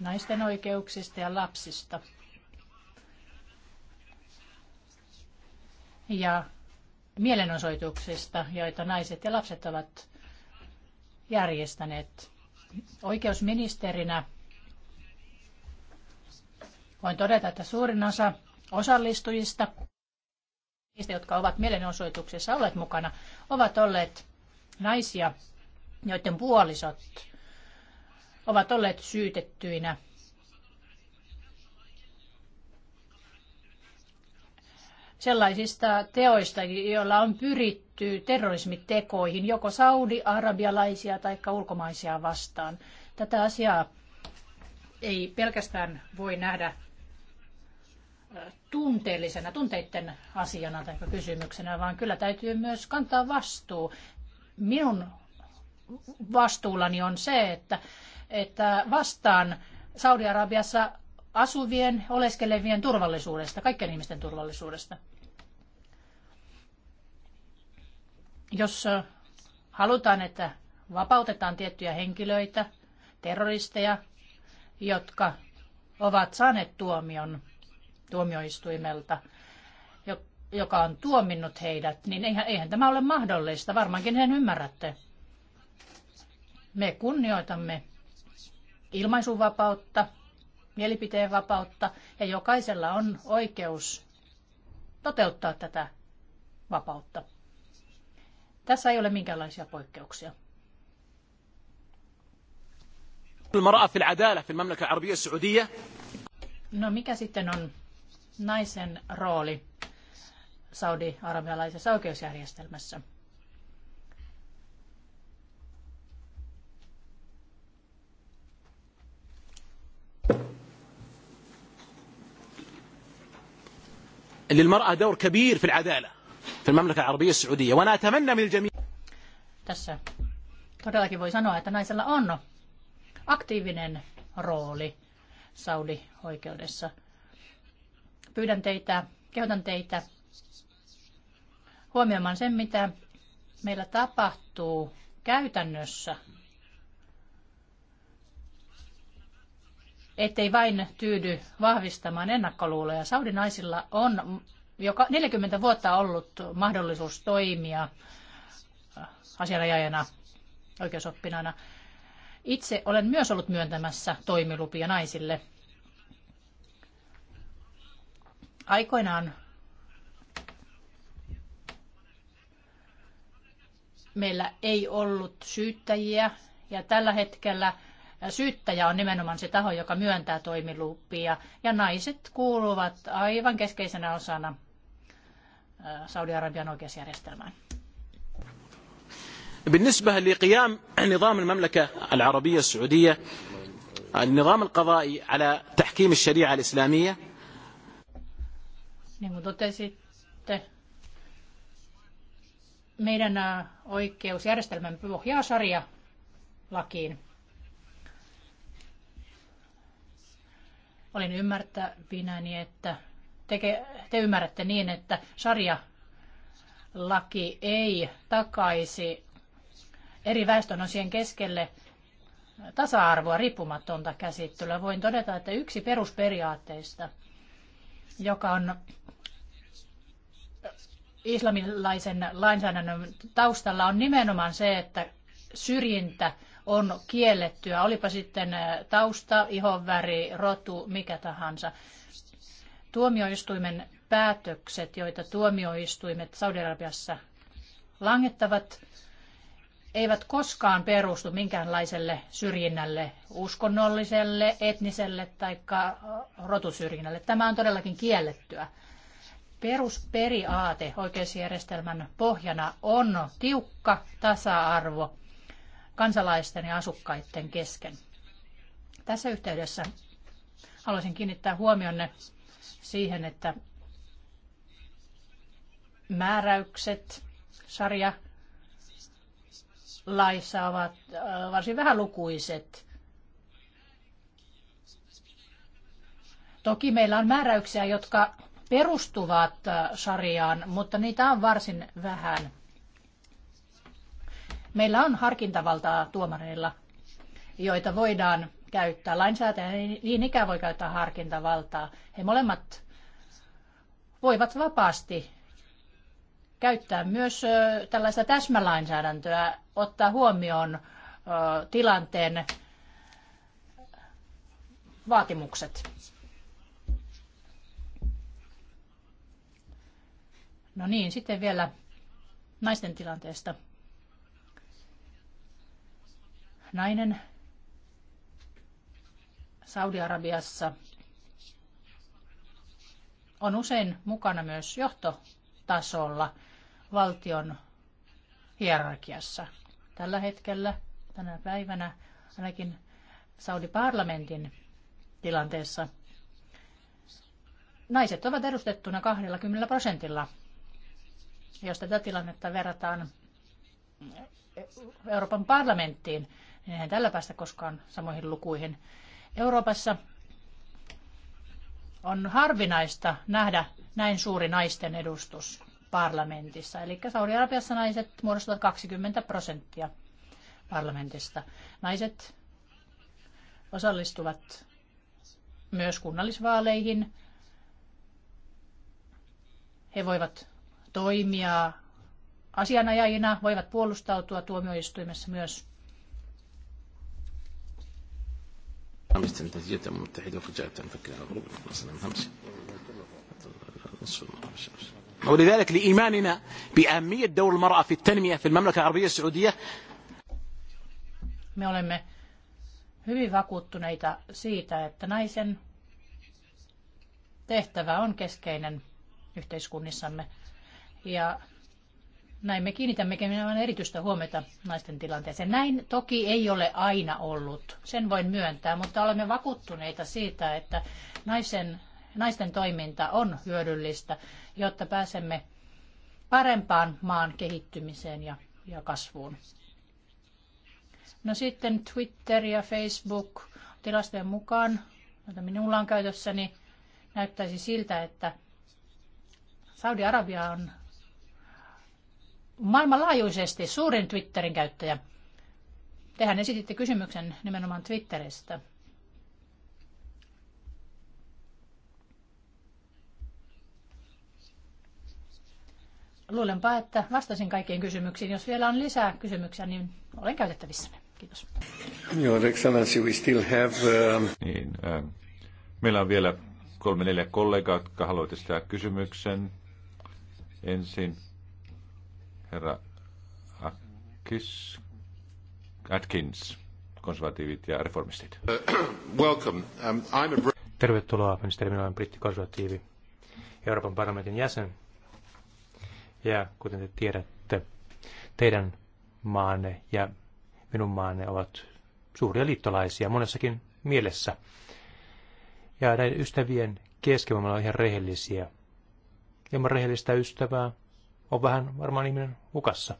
naisten oikeuksista ja lapsista. Ja mielenosoituksista, joita naiset ja lapset ovat järjestäneet. Oikeusministerinä Voin todeta, että suurin osa osallistujista, niistä, jotka ovat mielenosoituksessa olleet mukana, ovat olleet naisia, joiden puolisot ovat olleet syytettyinä sellaisista teoista, joilla on pyritty terrorismitekoihin joko saudi-arabialaisia tai ulkomaisia vastaan. Tätä asiaa ei pelkästään voi nähdä tunteellisena, tunteiden asiana tai kysymyksenä, vaan kyllä täytyy myös kantaa vastuu. Minun vastuullani on se, että, että vastaan Saudi-Arabiassa asuvien, oleskelevien turvallisuudesta, kaikkien ihmisten turvallisuudesta. Jos äh, halutaan, että vapautetaan tiettyjä henkilöitä, terroristeja, jotka ovat saaneet tuomion tuomioistuimelta, joka on tuominnut heidät, niin eihän, eihän tämä ole mahdollista. Varmaankin sen ymmärrätte. Me kunnioitamme ilmaisuvapautta, vapautta ja jokaisella on oikeus toteuttaa tätä vapautta. Tässä ei ole minkäänlaisia poikkeuksia. No mikä sitten on naisen rooli saudi-arabialaisessa oikeusjärjestelmässä? للمرأة دور كبير في العدالة في المملكة العربية السعودية وأنا أتمنى من الجميع Tässä todellakin voi sanoa, että naisella on aktiivinen rooli Saudi-oikeudessa – Pyydän teitä, kehotan teitä huomioimaan sen, mitä meillä tapahtuu käytännössä, ettei vain tyydy vahvistamaan ennakkoluuloja. Saudinaisilla on jo 40 vuotta ollut mahdollisuus toimia asianajajana, oikeusoppinana. Itse olen myös ollut myöntämässä toimilupia naisille – Aikoinaan meillä ei ollut syyttäjiä ja tällä hetkellä syyttäjä on nimenomaan se taho, joka myöntää toimiluppia ja naiset kuuluvat aivan keskeisenä osana Saudi-Arabian oikeusjärjestelmään. بالنسبة لقيام نظام المملكة العربية السعودية النظام القضائي على تحكيم الشريعة الإسلامية niin kuin totesitte, meidän oikeusjärjestelmän pohjaa sarja lakiin. Olin ymmärtävinäni, että teke, te ymmärrätte niin, että sarja laki ei takaisi eri väestönosien keskelle tasa-arvoa riippumatonta käsittelyä. Voin todeta, että yksi perusperiaatteista – joka on islamilaisen lainsäädännön taustalla, on nimenomaan se, että syrjintä on kiellettyä, olipa sitten tausta, ihonväri, rotu, mikä tahansa. Tuomioistuimen päätökset, joita tuomioistuimet Saudi-Arabiassa langettavat, eivät koskaan perustu minkäänlaiselle syrjinnälle, uskonnolliselle, etniselle tai rotusyrjinnälle. Tämä on todellakin kiellettyä. Perusperiaate oikeusjärjestelmän pohjana on tiukka tasa-arvo kansalaisten ja asukkaiden kesken. Tässä yhteydessä haluaisin kiinnittää huomionne siihen, että määräykset sarja laissa ovat äh, varsin vähälukuiset. Toki meillä on määräyksiä, jotka perustuvat äh, sarjaan, mutta niitä on varsin vähän. Meillä on harkintavaltaa tuomareilla, joita voidaan käyttää. Lainsäätäjä niin ikään voi käyttää harkintavaltaa. He molemmat voivat vapaasti käyttää myös tällaista täsmälainsäädäntöä, ottaa huomioon tilanteen vaatimukset. No niin, sitten vielä naisten tilanteesta. Nainen Saudi-Arabiassa on usein mukana myös johto tasolla valtion hierarkiassa. Tällä hetkellä, tänä päivänä, ainakin Saudi-parlamentin tilanteessa, naiset ovat edustettuna 20 prosentilla. Jos tätä tilannetta verrataan Euroopan parlamenttiin, niin eihän tällä päästä koskaan samoihin lukuihin. Euroopassa on harvinaista nähdä näin suuri naisten edustus parlamentissa. Eli Saudi-Arabiassa naiset muodostavat 20 prosenttia parlamentista. Naiset osallistuvat myös kunnallisvaaleihin. He voivat toimia asianajajina, voivat puolustautua tuomioistuimessa myös. ولذلك لإيماننا بأهمية دور المرأة في التنمية في المملكة العربية السعودية me olemme hyvin vakuuttuneita siitä, että naisen tehtävä on keskeinen yhteiskunnissamme. Ja näin me kiinnitämmekin aivan erityistä huomiota naisten tilanteeseen. Näin toki ei ole aina ollut, sen voin myöntää, mutta olemme vakuuttuneita siitä, että naisen naisten toiminta on hyödyllistä, jotta pääsemme parempaan maan kehittymiseen ja, ja kasvuun. No sitten Twitter ja Facebook tilastojen mukaan, joita minulla on käytössäni, niin näyttäisi siltä, että Saudi-Arabia on maailmanlaajuisesti suurin Twitterin käyttäjä. Tehän esititte kysymyksen nimenomaan Twitteristä. luulenpa, että vastasin kaikkiin kysymyksiin. Jos vielä on lisää kysymyksiä, niin olen käytettävissä. Kiitos. Your Excellency, we still have... Uh... Niin, äh, meillä on vielä kolme neljä kollegaa, jotka haluavat esittää kysymyksen. Ensin herra Akis, Atkins, konservatiivit ja reformistit. Uh, welcome. Um, I'm a... Tervetuloa, ministeri. Minä olen brittikonservatiivi, Euroopan parlamentin jäsen ja kuten te tiedätte, teidän maanne ja minun maanne ovat suuria liittolaisia monessakin mielessä. Ja näiden ystävien kesken on ihan rehellisiä. Ilman rehellistä ystävää on vähän varmaan ihminen hukassa.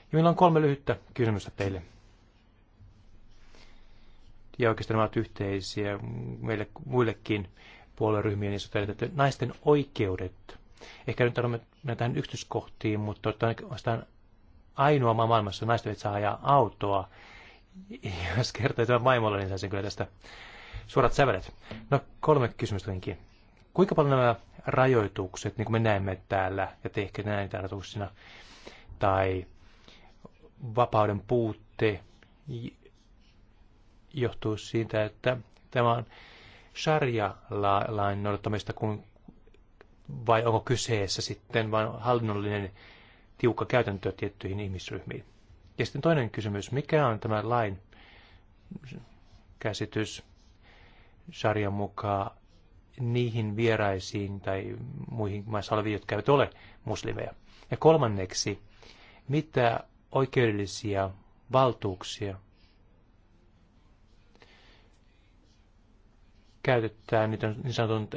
Ja meillä on kolme lyhyttä kysymystä teille. Ja oikeastaan nämä ovat yhteisiä meille muillekin puolueryhmien, niin teille, että naisten oikeudet Ehkä nyt olemme tähän yksityiskohtiin, mutta oikeastaan ainoa maa maailmassa, naista, että saa ajaa autoa. Jos kertoo tämän maailmalla, niin saisin kyllä tästä suorat sävelet. No kolme kysymystä linkin. Kuinka paljon nämä rajoitukset, niin kuin me näemme täällä, ja te ehkä näin tarkoituksina, tai vapauden puutte johtuu siitä, että tämä on sarjalain noudattamista, kun vai onko kyseessä sitten vain hallinnollinen tiukka käytäntö tiettyihin ihmisryhmiin? Ja sitten toinen kysymys, mikä on tämä lain käsitys sarjan mukaan niihin vieraisiin tai muihin maissa oleviin, jotka eivät ole muslimeja? Ja kolmanneksi, mitä oikeudellisia valtuuksia käytetään niitä niin sanotun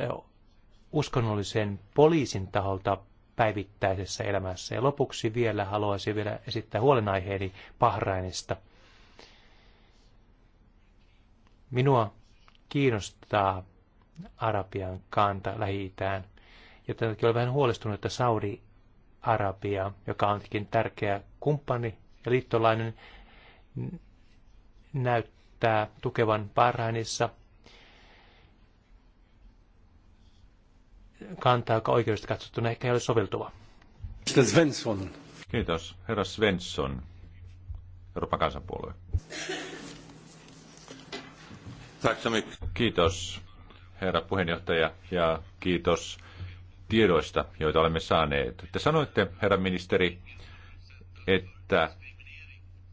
uskonnollisen poliisin taholta päivittäisessä elämässä. Ja lopuksi vielä haluaisin vielä esittää huolenaiheeni Pahrainista. Minua kiinnostaa Arabian kanta Lähi-Itään, joten olen vähän huolestunut, että Saudi-Arabia, joka on tietenkin tärkeä kumppani ja liittolainen, näyttää tukevan Bahrainissa – kantaa, joka oikeudesta katsottuna ehkä ei ole soveltuva. Svensson. Kiitos. Herra Svensson, Euroopan kansanpuolue. Kiitos, herra puheenjohtaja, ja kiitos tiedoista, joita olemme saaneet. Te sanoitte, herra ministeri, että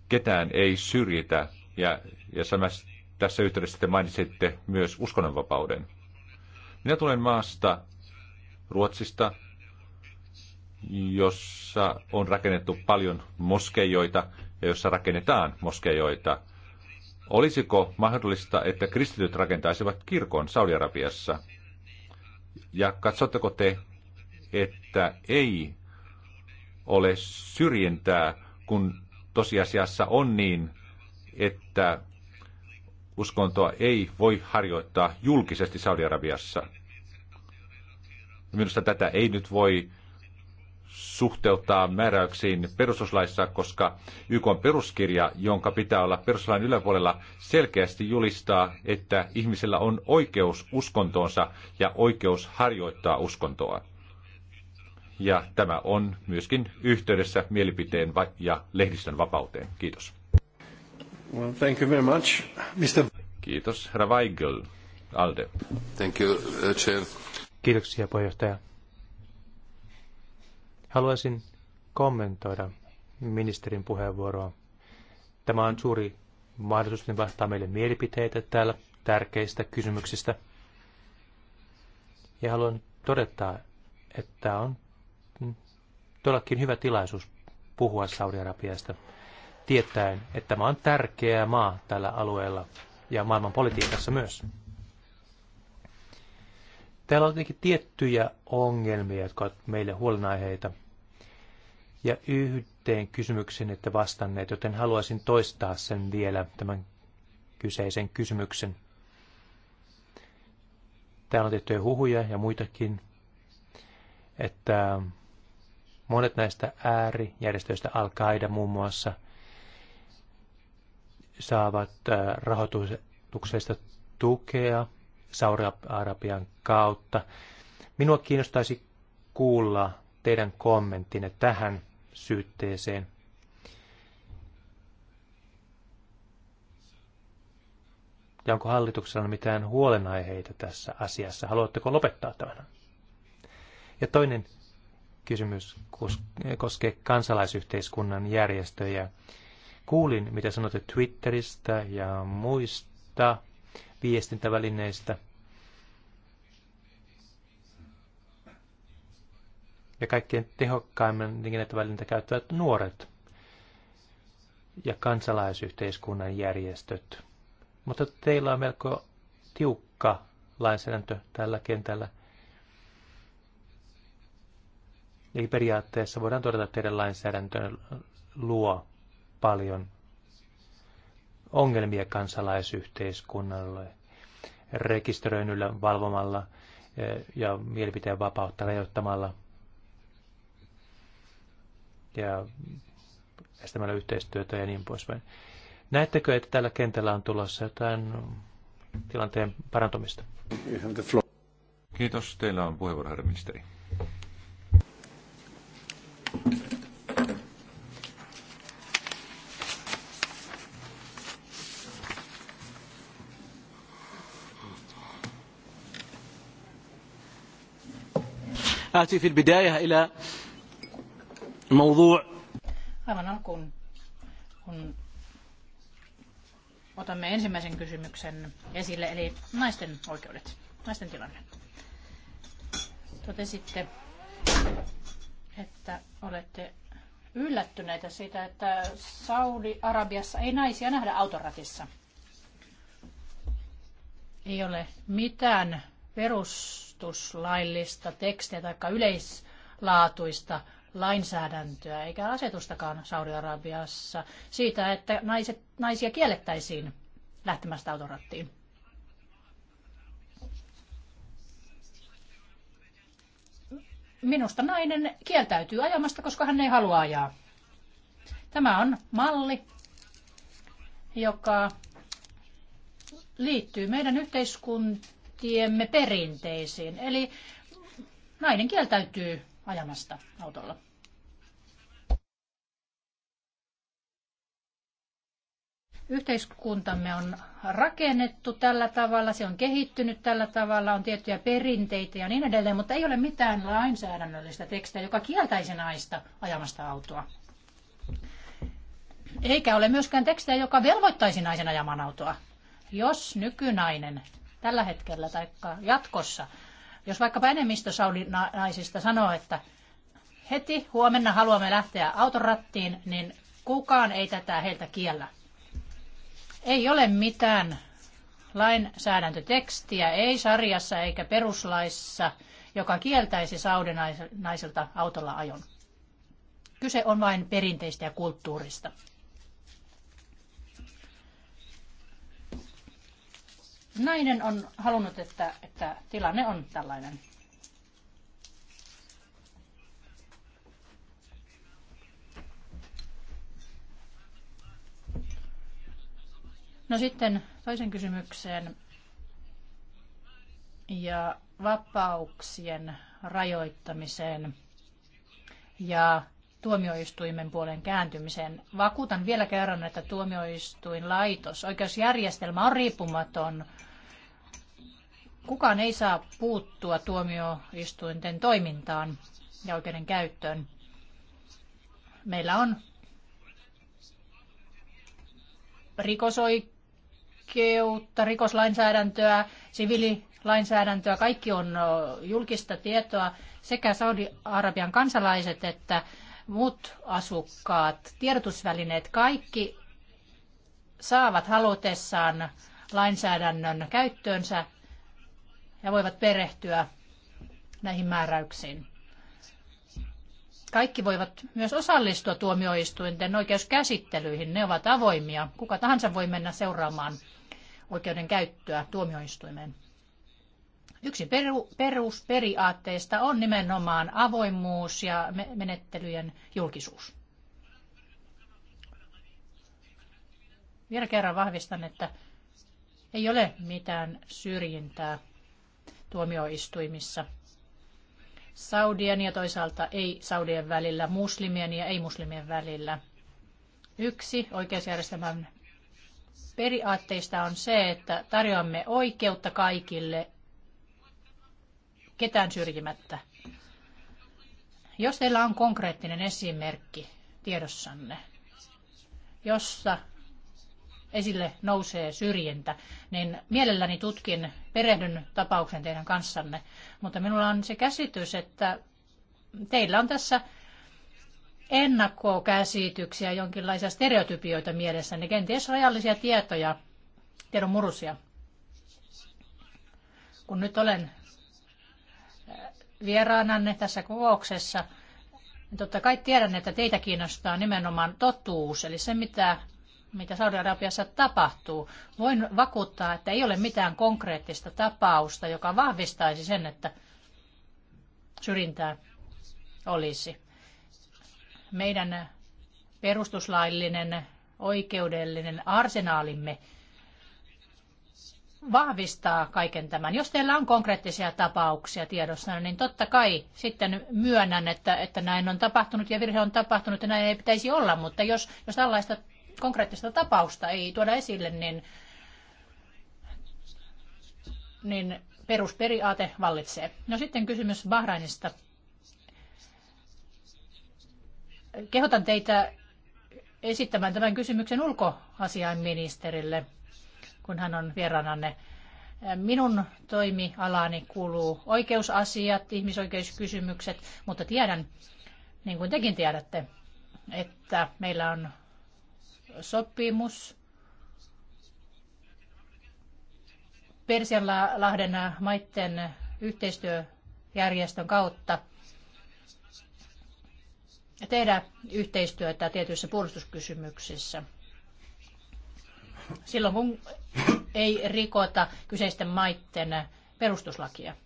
ketään ei syrjitä, ja, ja samassa tässä yhteydessä te mainitsitte myös uskonnonvapauden. Minä tulen maasta, Ruotsista, jossa on rakennettu paljon moskeijoita ja jossa rakennetaan moskeijoita. Olisiko mahdollista, että kristityt rakentaisivat kirkon Saudi-Arabiassa? Ja katsotteko te, että ei ole syrjintää, kun tosiasiassa on niin, että uskontoa ei voi harjoittaa julkisesti Saudi-Arabiassa? Minusta tätä ei nyt voi suhteuttaa määräyksiin perustuslaissa, koska YK on peruskirja, jonka pitää olla perustuslain yläpuolella, selkeästi julistaa, että ihmisellä on oikeus uskontoonsa ja oikeus harjoittaa uskontoa. Ja tämä on myöskin yhteydessä mielipiteen ja lehdistön vapauteen. Kiitos. Well, thank you very much. Mr. Kiitos, herra Weigel, Alde. Thank you, uh, Chair. Kiitoksia puheenjohtaja. Haluaisin kommentoida ministerin puheenvuoroa. Tämä on suuri mahdollisuus, niin vastaa meille mielipiteitä täällä tärkeistä kysymyksistä. Ja haluan todeta, että on todellakin hyvä tilaisuus puhua Saudi-Arabiasta, tietäen, että tämä on tärkeä maa tällä alueella ja maailman politiikassa myös. Täällä on jotenkin tiettyjä ongelmia, jotka ovat meille huolenaiheita. Ja yhteen kysymyksen että vastanneet, joten haluaisin toistaa sen vielä, tämän kyseisen kysymyksen. Täällä on tiettyjä huhuja ja muitakin, että monet näistä äärijärjestöistä, Al-Qaida muun muassa, saavat äh, rahoituksesta tukea – Saudi-Arabian kautta. Minua kiinnostaisi kuulla teidän kommenttinne tähän syytteeseen. Ja onko hallituksella mitään huolenaiheita tässä asiassa? Haluatteko lopettaa tämän? Ja toinen kysymys koskee kansalaisyhteiskunnan järjestöjä. Kuulin, mitä sanotte Twitteristä ja muista viestintävälineistä. Ja kaikkien tehokkaimmin liikennevälineitä käyttävät nuoret ja kansalaisyhteiskunnan järjestöt. Mutta teillä on melko tiukka lainsäädäntö tällä kentällä. Eli periaatteessa voidaan todeta, että teidän lainsäädäntö luo paljon ongelmia kansalaisyhteiskunnalle rekisteröinnillä, valvomalla eh, ja mielipiteen vapautta rajoittamalla ja estämällä yhteistyötä ja niin poispäin. Näettekö, että tällä kentällä on tulossa jotain tilanteen parantumista? Kiitos. Teillä on puheenvuoro, herra ministeri. آتي في البداية إلى موضوع Aivan alkuun, kun otamme ensimmäisen kysymyksen esille, eli naisten oikeudet, naisten tilanne. Totesitte, että olette yllättyneitä siitä, että Saudi-Arabiassa ei naisia nähdä autoratissa. Ei ole mitään perus perustuslaillista tekstiä tai yleislaatuista lainsäädäntöä eikä asetustakaan Saudi-Arabiassa siitä, että naiset, naisia kiellettäisiin lähtemästä autorattiin. Minusta nainen kieltäytyy ajamasta, koska hän ei halua ajaa. Tämä on malli, joka liittyy meidän yhteiskuntaan kuljettajatiemme perinteisiin. Eli nainen kieltäytyy ajamasta autolla. Yhteiskuntamme on rakennettu tällä tavalla, se on kehittynyt tällä tavalla, on tiettyjä perinteitä ja niin edelleen, mutta ei ole mitään lainsäädännöllistä tekstiä, joka kieltäisi naista ajamasta autoa. Eikä ole myöskään tekstiä, joka velvoittaisi naisen ajamaan autoa. Jos nykynainen tällä hetkellä tai jatkossa. Jos vaikkapa enemmistö naisista sanoo, että heti huomenna haluamme lähteä autorattiin, niin kukaan ei tätä heiltä kiellä. Ei ole mitään lainsäädäntötekstiä, ei sarjassa eikä peruslaissa, joka kieltäisi saudinaiselta autolla ajon. Kyse on vain perinteistä ja kulttuurista. nainen on halunnut, että, että tilanne on tällainen. No sitten toisen kysymykseen ja vapauksien rajoittamiseen ja tuomioistuimen puolen kääntymiseen. Vakuutan vielä kerran, että tuomioistuinlaitos, oikeusjärjestelmä on riippumaton Kukaan ei saa puuttua tuomioistuinten toimintaan ja oikeuden käyttöön. Meillä on rikosoikeutta, rikoslainsäädäntöä, siviililainsäädäntöä. Kaikki on julkista tietoa sekä Saudi-Arabian kansalaiset että muut asukkaat, tiedotusvälineet, kaikki saavat halutessaan lainsäädännön käyttöönsä ja voivat perehtyä näihin määräyksiin. Kaikki voivat myös osallistua tuomioistuinten oikeuskäsittelyihin. Ne ovat avoimia. Kuka tahansa voi mennä seuraamaan oikeuden käyttöä tuomioistuimeen. Yksi peru, perusperiaatteista on nimenomaan avoimuus ja menettelyjen julkisuus. Vielä kerran vahvistan, että ei ole mitään syrjintää tuomioistuimissa Saudien ja toisaalta ei-Saudien välillä, muslimien ja ei-muslimien välillä. Yksi oikeusjärjestelmän periaatteista on se, että tarjoamme oikeutta kaikille ketään syrjimättä. Jos teillä on konkreettinen esimerkki tiedossanne, jossa esille nousee syrjintä, niin mielelläni tutkin, perehdyn tapauksen teidän kanssanne. Mutta minulla on se käsitys, että teillä on tässä ennakkokäsityksiä, jonkinlaisia stereotypioita mielessänne, kenties rajallisia tietoja, tiedon murusia. Kun nyt olen äh, vieraananne tässä kokouksessa, niin totta kai tiedän, että teitä kiinnostaa nimenomaan totuus, eli se mitä mitä Saudi-Arabiassa tapahtuu. Voin vakuuttaa, että ei ole mitään konkreettista tapausta, joka vahvistaisi sen, että syrjintää olisi. Meidän perustuslaillinen oikeudellinen arsenaalimme vahvistaa kaiken tämän. Jos teillä on konkreettisia tapauksia tiedossa, niin totta kai sitten myönnän, että, että näin on tapahtunut ja virhe on tapahtunut ja näin ei pitäisi olla, mutta jos, jos tällaista konkreettista tapausta ei tuoda esille, niin, niin perusperiaate vallitsee. No sitten kysymys Bahrainista. Kehotan teitä esittämään tämän kysymyksen ulkoasiainministerille, kun hän on vieraananne. Minun toimialani kuuluu oikeusasiat, ihmisoikeuskysymykset, mutta tiedän, niin kuin tekin tiedätte, että meillä on sopimus Persianlahden maiden yhteistyöjärjestön kautta tehdä yhteistyötä tietyissä puolustuskysymyksissä. Silloin kun ei rikota kyseisten maiden perustuslakia.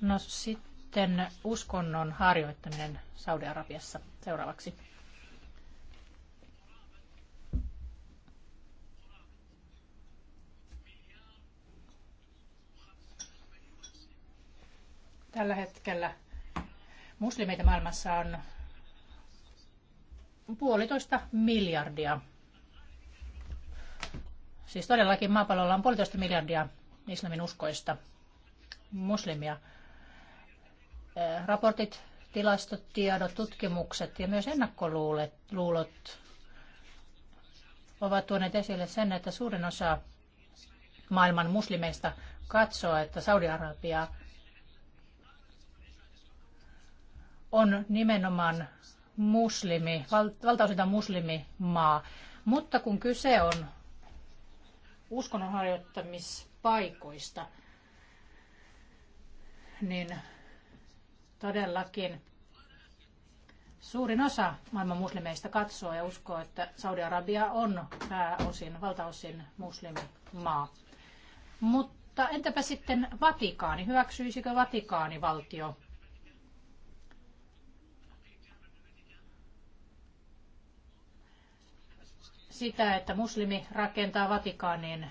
No sitten uskonnon harjoittaminen Saudi-Arabiassa seuraavaksi. Tällä hetkellä muslimeita maailmassa on puolitoista miljardia. Siis todellakin maapallolla on puolitoista miljardia islamin uskoista muslimia. Eh, raportit, tilastot, tiedot, tutkimukset ja myös ennakkoluulot ovat tuoneet esille sen, että suurin osa maailman muslimeista katsoo, että Saudi-Arabia on nimenomaan muslimi, valtaosilta muslimimaa. Mutta kun kyse on uskonnonharjoittamispaikoista, niin Todellakin suurin osa maailman muslimeista katsoo ja uskoo, että Saudi-Arabia on pääosin, valtaosin muslimimaa. Mutta entäpä sitten Vatikaani? Hyväksyisikö Vatikaani valtio? sitä, että muslimi rakentaa Vatikaanin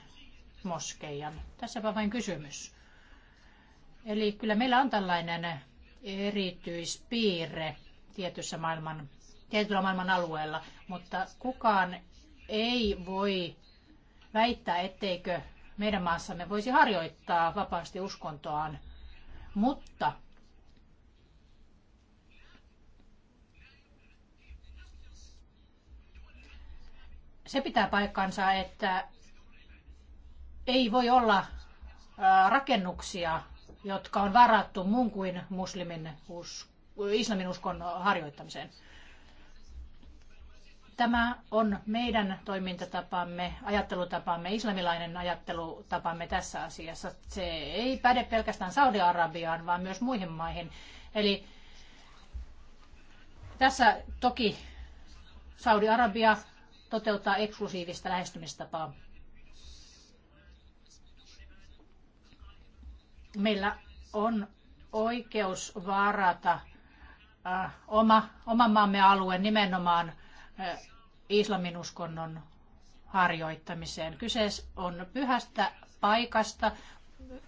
moskeijan. Tässäpä vain kysymys. Eli kyllä meillä on tällainen erityispiirre tietyssä maailman, tietyllä maailman alueella, mutta kukaan ei voi väittää, etteikö meidän maassamme voisi harjoittaa vapaasti uskontoaan, mutta se pitää paikkansa, että ei voi olla rakennuksia jotka on varattu muun kuin muslimin us, islamin uskon harjoittamiseen. Tämä on meidän toimintatapamme, ajattelutapamme, islamilainen ajattelutapamme tässä asiassa. Se ei päde pelkästään Saudi-Arabiaan, vaan myös muihin maihin. Eli tässä toki Saudi-Arabia toteuttaa eksklusiivista lähestymistapaa meillä on oikeus varata äh, oma, oman maamme alue nimenomaan äh, islamin harjoittamiseen. Kyse on pyhästä paikasta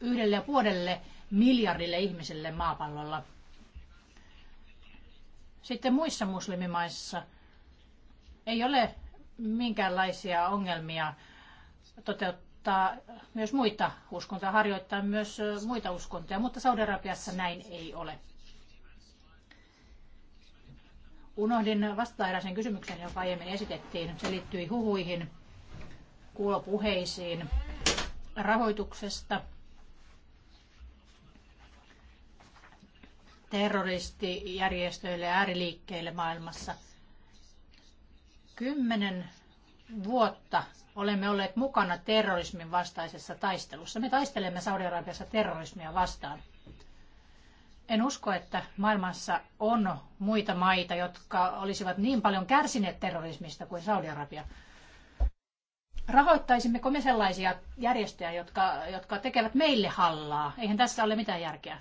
yhdelle ja puolelle miljardille ihmiselle maapallolla. Sitten muissa muslimimaissa ei ole minkäänlaisia ongelmia toteuttaa rajoittaa myös muita uskontoja, harjoittaa myös muita uskontoja, mutta saudi Saudi-Arabiassa näin ei ole. Unohdin vastata eräisen kysymyksen, joka aiemmin esitettiin. Se liittyi huhuihin, kuulopuheisiin, rahoituksesta, terroristijärjestöille ja ääriliikkeille maailmassa. Kymmenen vuotta olemme olleet mukana terrorismin vastaisessa taistelussa. Me taistelemme Saudi-Arabiassa terrorismia vastaan. En usko, että maailmassa on muita maita, jotka olisivat niin paljon kärsineet terrorismista kuin Saudi-Arabia. Rahoittaisimmeko me sellaisia järjestöjä, jotka, jotka tekevät meille hallaa? Eihän tässä ole mitään järkeä.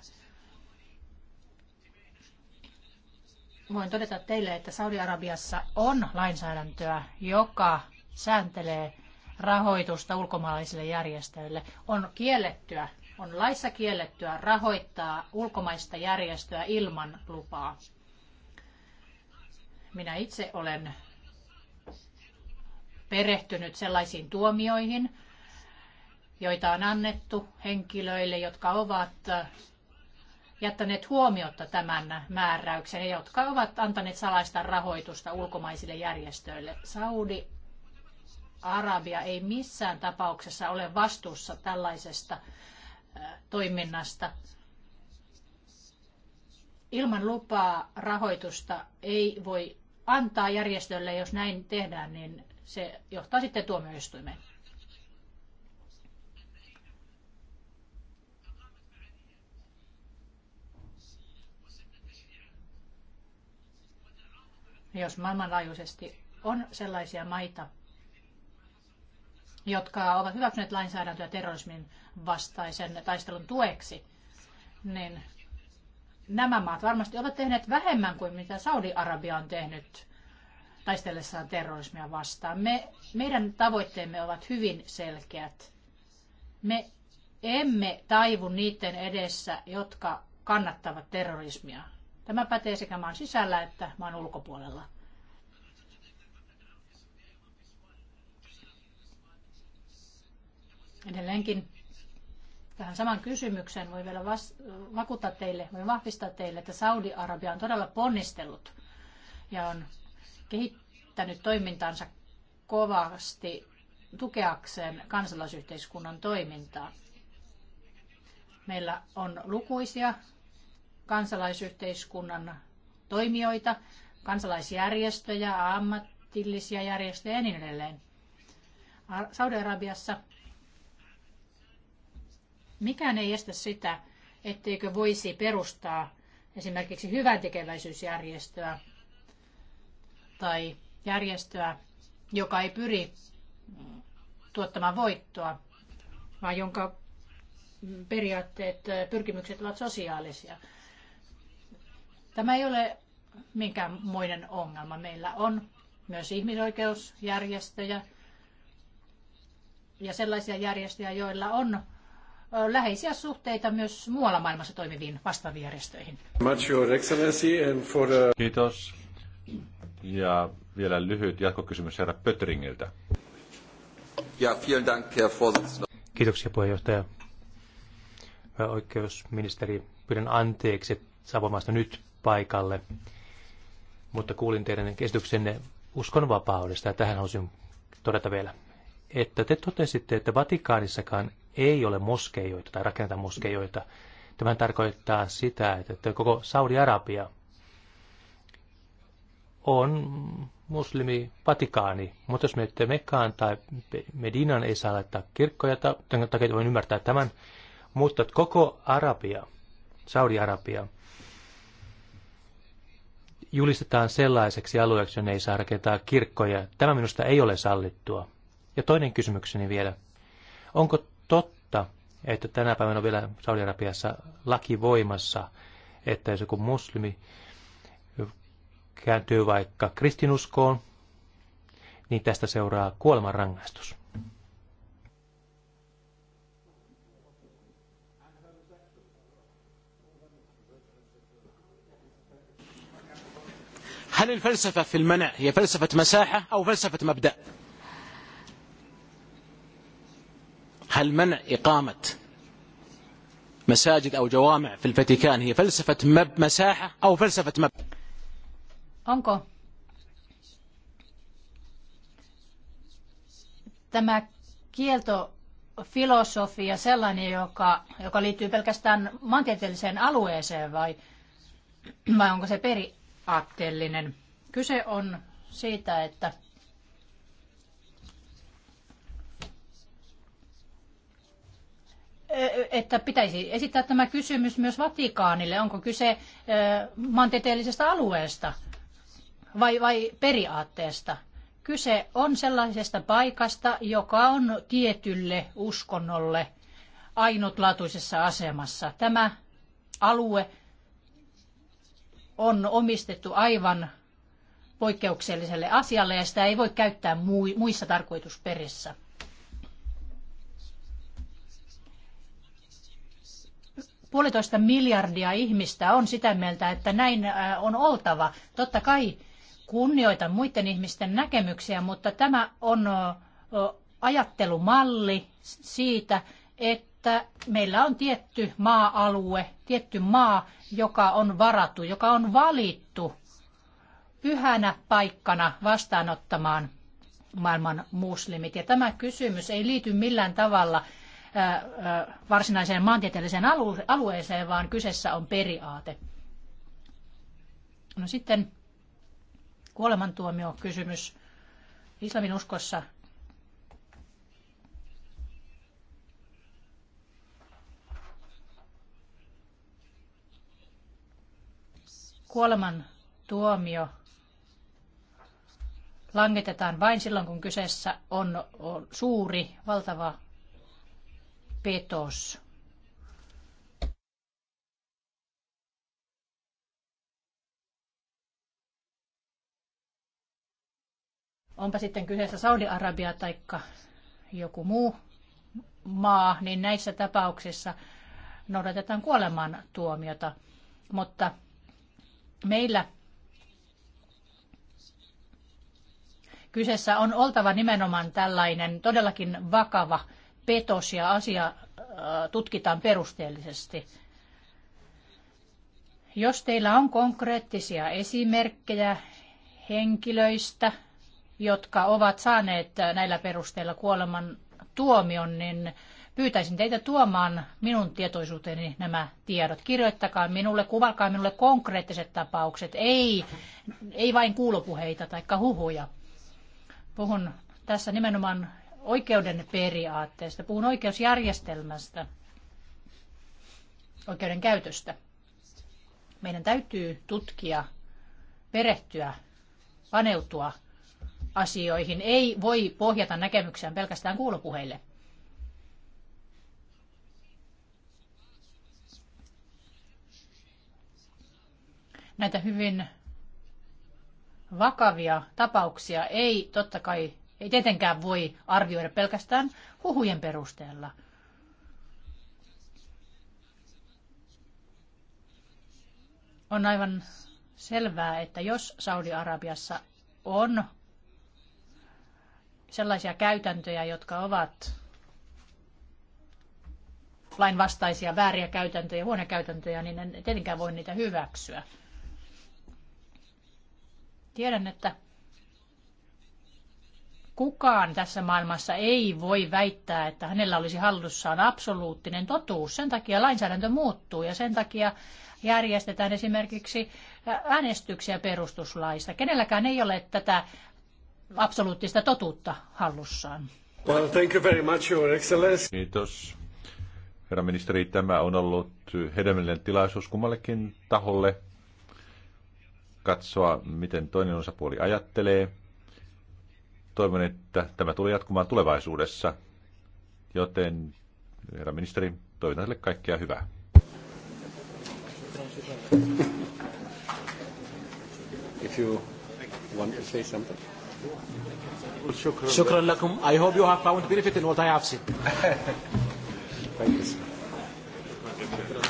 Voin todeta teille, että Saudi-Arabiassa on lainsäädäntöä, joka sääntelee rahoitusta ulkomaalaisille järjestöille. On kiellettyä, on laissa kiellettyä rahoittaa ulkomaista järjestöä ilman lupaa. Minä itse olen perehtynyt sellaisiin tuomioihin, joita on annettu henkilöille, jotka ovat jättäneet huomiotta tämän määräyksen ja jotka ovat antaneet salaista rahoitusta ulkomaisille järjestöille. Saudi Arabia ei missään tapauksessa ole vastuussa tällaisesta toiminnasta. Ilman lupaa rahoitusta ei voi antaa järjestölle, jos näin tehdään, niin se johtaa sitten tuomioistuimeen. Jos maailmanlaajuisesti on sellaisia maita, jotka ovat hyväksyneet lainsäädäntöä terrorismin vastaisen taistelun tueksi, niin nämä maat varmasti ovat tehneet vähemmän kuin mitä Saudi-Arabia on tehnyt taistellessaan terrorismia vastaan. Me, meidän tavoitteemme ovat hyvin selkeät. Me emme taivu niiden edessä, jotka kannattavat terrorismia. Tämä pätee sekä maan sisällä että maan ulkopuolella. Edelleenkin tähän saman kysymykseen voi vielä vas- vakuuttaa teille, voi vahvistaa teille, että Saudi-Arabia on todella ponnistellut ja on kehittänyt toimintaansa kovasti tukeakseen kansalaisyhteiskunnan toimintaa. Meillä on lukuisia kansalaisyhteiskunnan toimijoita, kansalaisjärjestöjä, ammattillisia järjestöjä ja niin edelleen. Saudi-Arabiassa Mikään ei estä sitä, etteikö voisi perustaa esimerkiksi hyväntekeväisyysjärjestöä tai järjestöä, joka ei pyri tuottamaan voittoa, vaan jonka periaatteet, pyrkimykset ovat sosiaalisia. Tämä ei ole minkäänmoinen ongelma. Meillä on myös ihmisoikeusjärjestöjä ja sellaisia järjestöjä, joilla on läheisiä suhteita myös muualla maailmassa toimiviin vastaaviin järjestöihin. Kiitos. Ja vielä lyhyt jatkokysymys herra Pötringiltä. Kiitoksia puheenjohtaja. Hyvä oikeusministeri, pyydän anteeksi saapumasta nyt paikalle, mutta kuulin teidän kestyksenne uskonvapaudesta ja tähän haluaisin todeta vielä, että te totesitte, että Vatikaanissakaan ei ole moskeijoita tai rakenneta moskeijoita. Tämä tarkoittaa sitä, että koko Saudi-Arabia on muslimi Vatikaani, mutta jos miettii Mekkaan tai Medinan ei saa laittaa kirkkoja, tämän takia voin ymmärtää tämän, mutta koko Arabia, Saudi-Arabia, julistetaan sellaiseksi alueeksi, jonne ei saa rakentaa kirkkoja. Tämä minusta ei ole sallittua. Ja toinen kysymykseni vielä. Onko totta, että tänä päivänä on vielä Saudi-Arabiassa laki voimassa, että jos joku muslimi kääntyy vaikka kristinuskoon, niin tästä seuraa kuolemanrangaistus. هل الفلسفة في المنع هي فلسفة مساحة أو فلسفة مبدأ؟ هل منع إقامة مساجد أو جوامع في الفاتيكان هي فلسفة مب مساحة أو فلسفة مب Onko tämä kielto sellainen, joka, joka liittyy pelkästään maantieteelliseen alueeseen vai, vai onko se periaatteellinen? Kyse on siitä, että että pitäisi esittää tämä kysymys myös Vatikaanille. Onko kyse maantieteellisestä alueesta vai, vai periaatteesta? Kyse on sellaisesta paikasta, joka on tietylle uskonnolle ainutlaatuisessa asemassa. Tämä alue on omistettu aivan poikkeukselliselle asialle ja sitä ei voi käyttää muissa tarkoitusperissä. puolitoista miljardia ihmistä on sitä mieltä, että näin äh, on oltava. Totta kai kunnioitan muiden ihmisten näkemyksiä, mutta tämä on ajattelumalli siitä, että meillä on tietty maa-alue, tietty maa, joka on varattu, joka on valittu pyhänä paikkana vastaanottamaan maailman muslimit. Ja tämä kysymys ei liity millään tavalla varsinaiseen maantieteelliseen alueeseen, vaan kyseessä on periaate. No sitten kuolemantuomio kysymys islamin uskossa. Kuoleman tuomio langetetaan vain silloin, kun kyseessä on suuri, valtava petos. Onpa sitten kyseessä Saudi-Arabia tai joku muu maa, niin näissä tapauksissa noudatetaan kuoleman tuomiota. Mutta meillä kyseessä on oltava nimenomaan tällainen todellakin vakava petos ja asia äh, tutkitaan perusteellisesti. Jos teillä on konkreettisia esimerkkejä henkilöistä, jotka ovat saaneet näillä perusteilla kuoleman tuomion, niin pyytäisin teitä tuomaan minun tietoisuuteeni nämä tiedot. Kirjoittakaa minulle, kuvalkaa minulle konkreettiset tapaukset, ei, ei vain kuulopuheita tai huhuja. Puhun tässä nimenomaan oikeuden periaatteesta, puhun oikeusjärjestelmästä, oikeuden käytöstä. Meidän täytyy tutkia, perehtyä, paneutua asioihin. Ei voi pohjata näkemykseen pelkästään kuulopuheille. Näitä hyvin vakavia tapauksia ei totta kai ei tietenkään voi arvioida pelkästään huhujen perusteella. On aivan selvää, että jos Saudi-Arabiassa on sellaisia käytäntöjä, jotka ovat lainvastaisia, vääriä käytäntöjä, huonoja käytäntöjä, niin en tietenkään voi niitä hyväksyä. Tiedän, että Kukaan tässä maailmassa ei voi väittää, että hänellä olisi hallussaan absoluuttinen totuus. Sen takia lainsäädäntö muuttuu ja sen takia järjestetään esimerkiksi äänestyksiä perustuslaista. Kenelläkään ei ole tätä absoluuttista totuutta hallussaan. Well, thank you very much, Your Excellency. Kiitos. Herra ministeri, tämä on ollut hedelmällinen tilaisuus kummallekin taholle katsoa, miten toinen osapuoli ajattelee toivon, että tämä tulee jatkumaan tulevaisuudessa. Joten, herra ministeri, toivotan teille kaikkea hyvää. If you want to say something. Shukran lakum. I hope you have found benefit in what I have said. Thank you.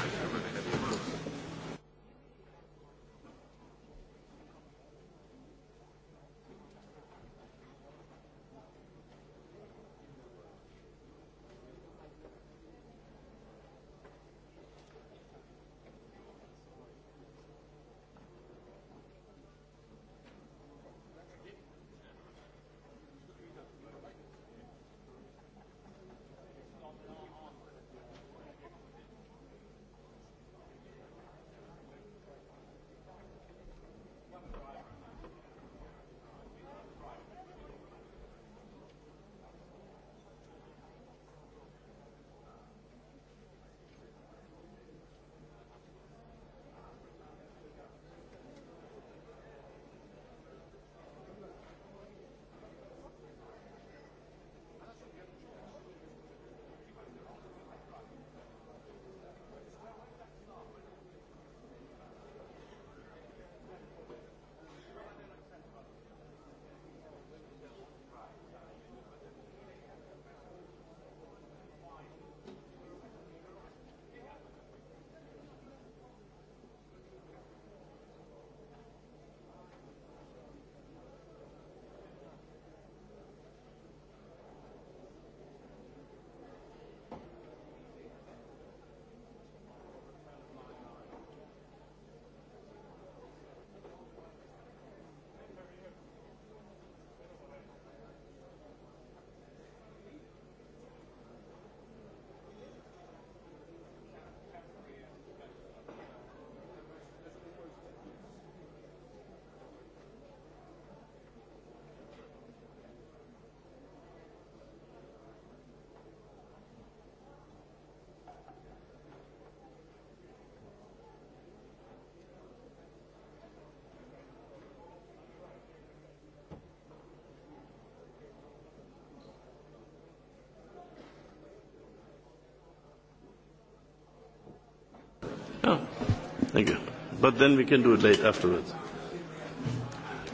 Thank you. But then we can do it late afterwards.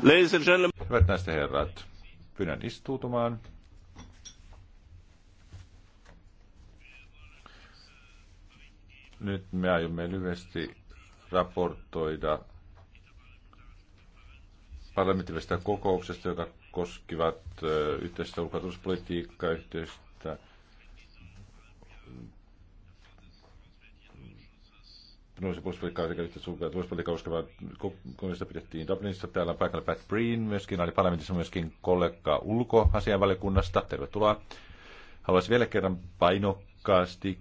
Ladies and gentlemen. Hyvät naiset ja herrat, pyydän istuutumaan. Nyt me aiomme lyhyesti raportoida parlamentillisesta kokouksesta, joka koskivat yhteistä ulkotuspolitiikkaa, yhteistä Turvallisuus- ja puolustuspolitiikkaa sekä yhteistä ulko- ja turvallisuuspolitiikkaa koskevaa kokoonpanosta pidettiin Dublinissa. Täällä on paikalla Pat Breen myöskin, oli parlamentissa myöskin kollega ulkoasianvaliokunnasta. Tervetuloa. Haluaisin vielä kerran painokkaasti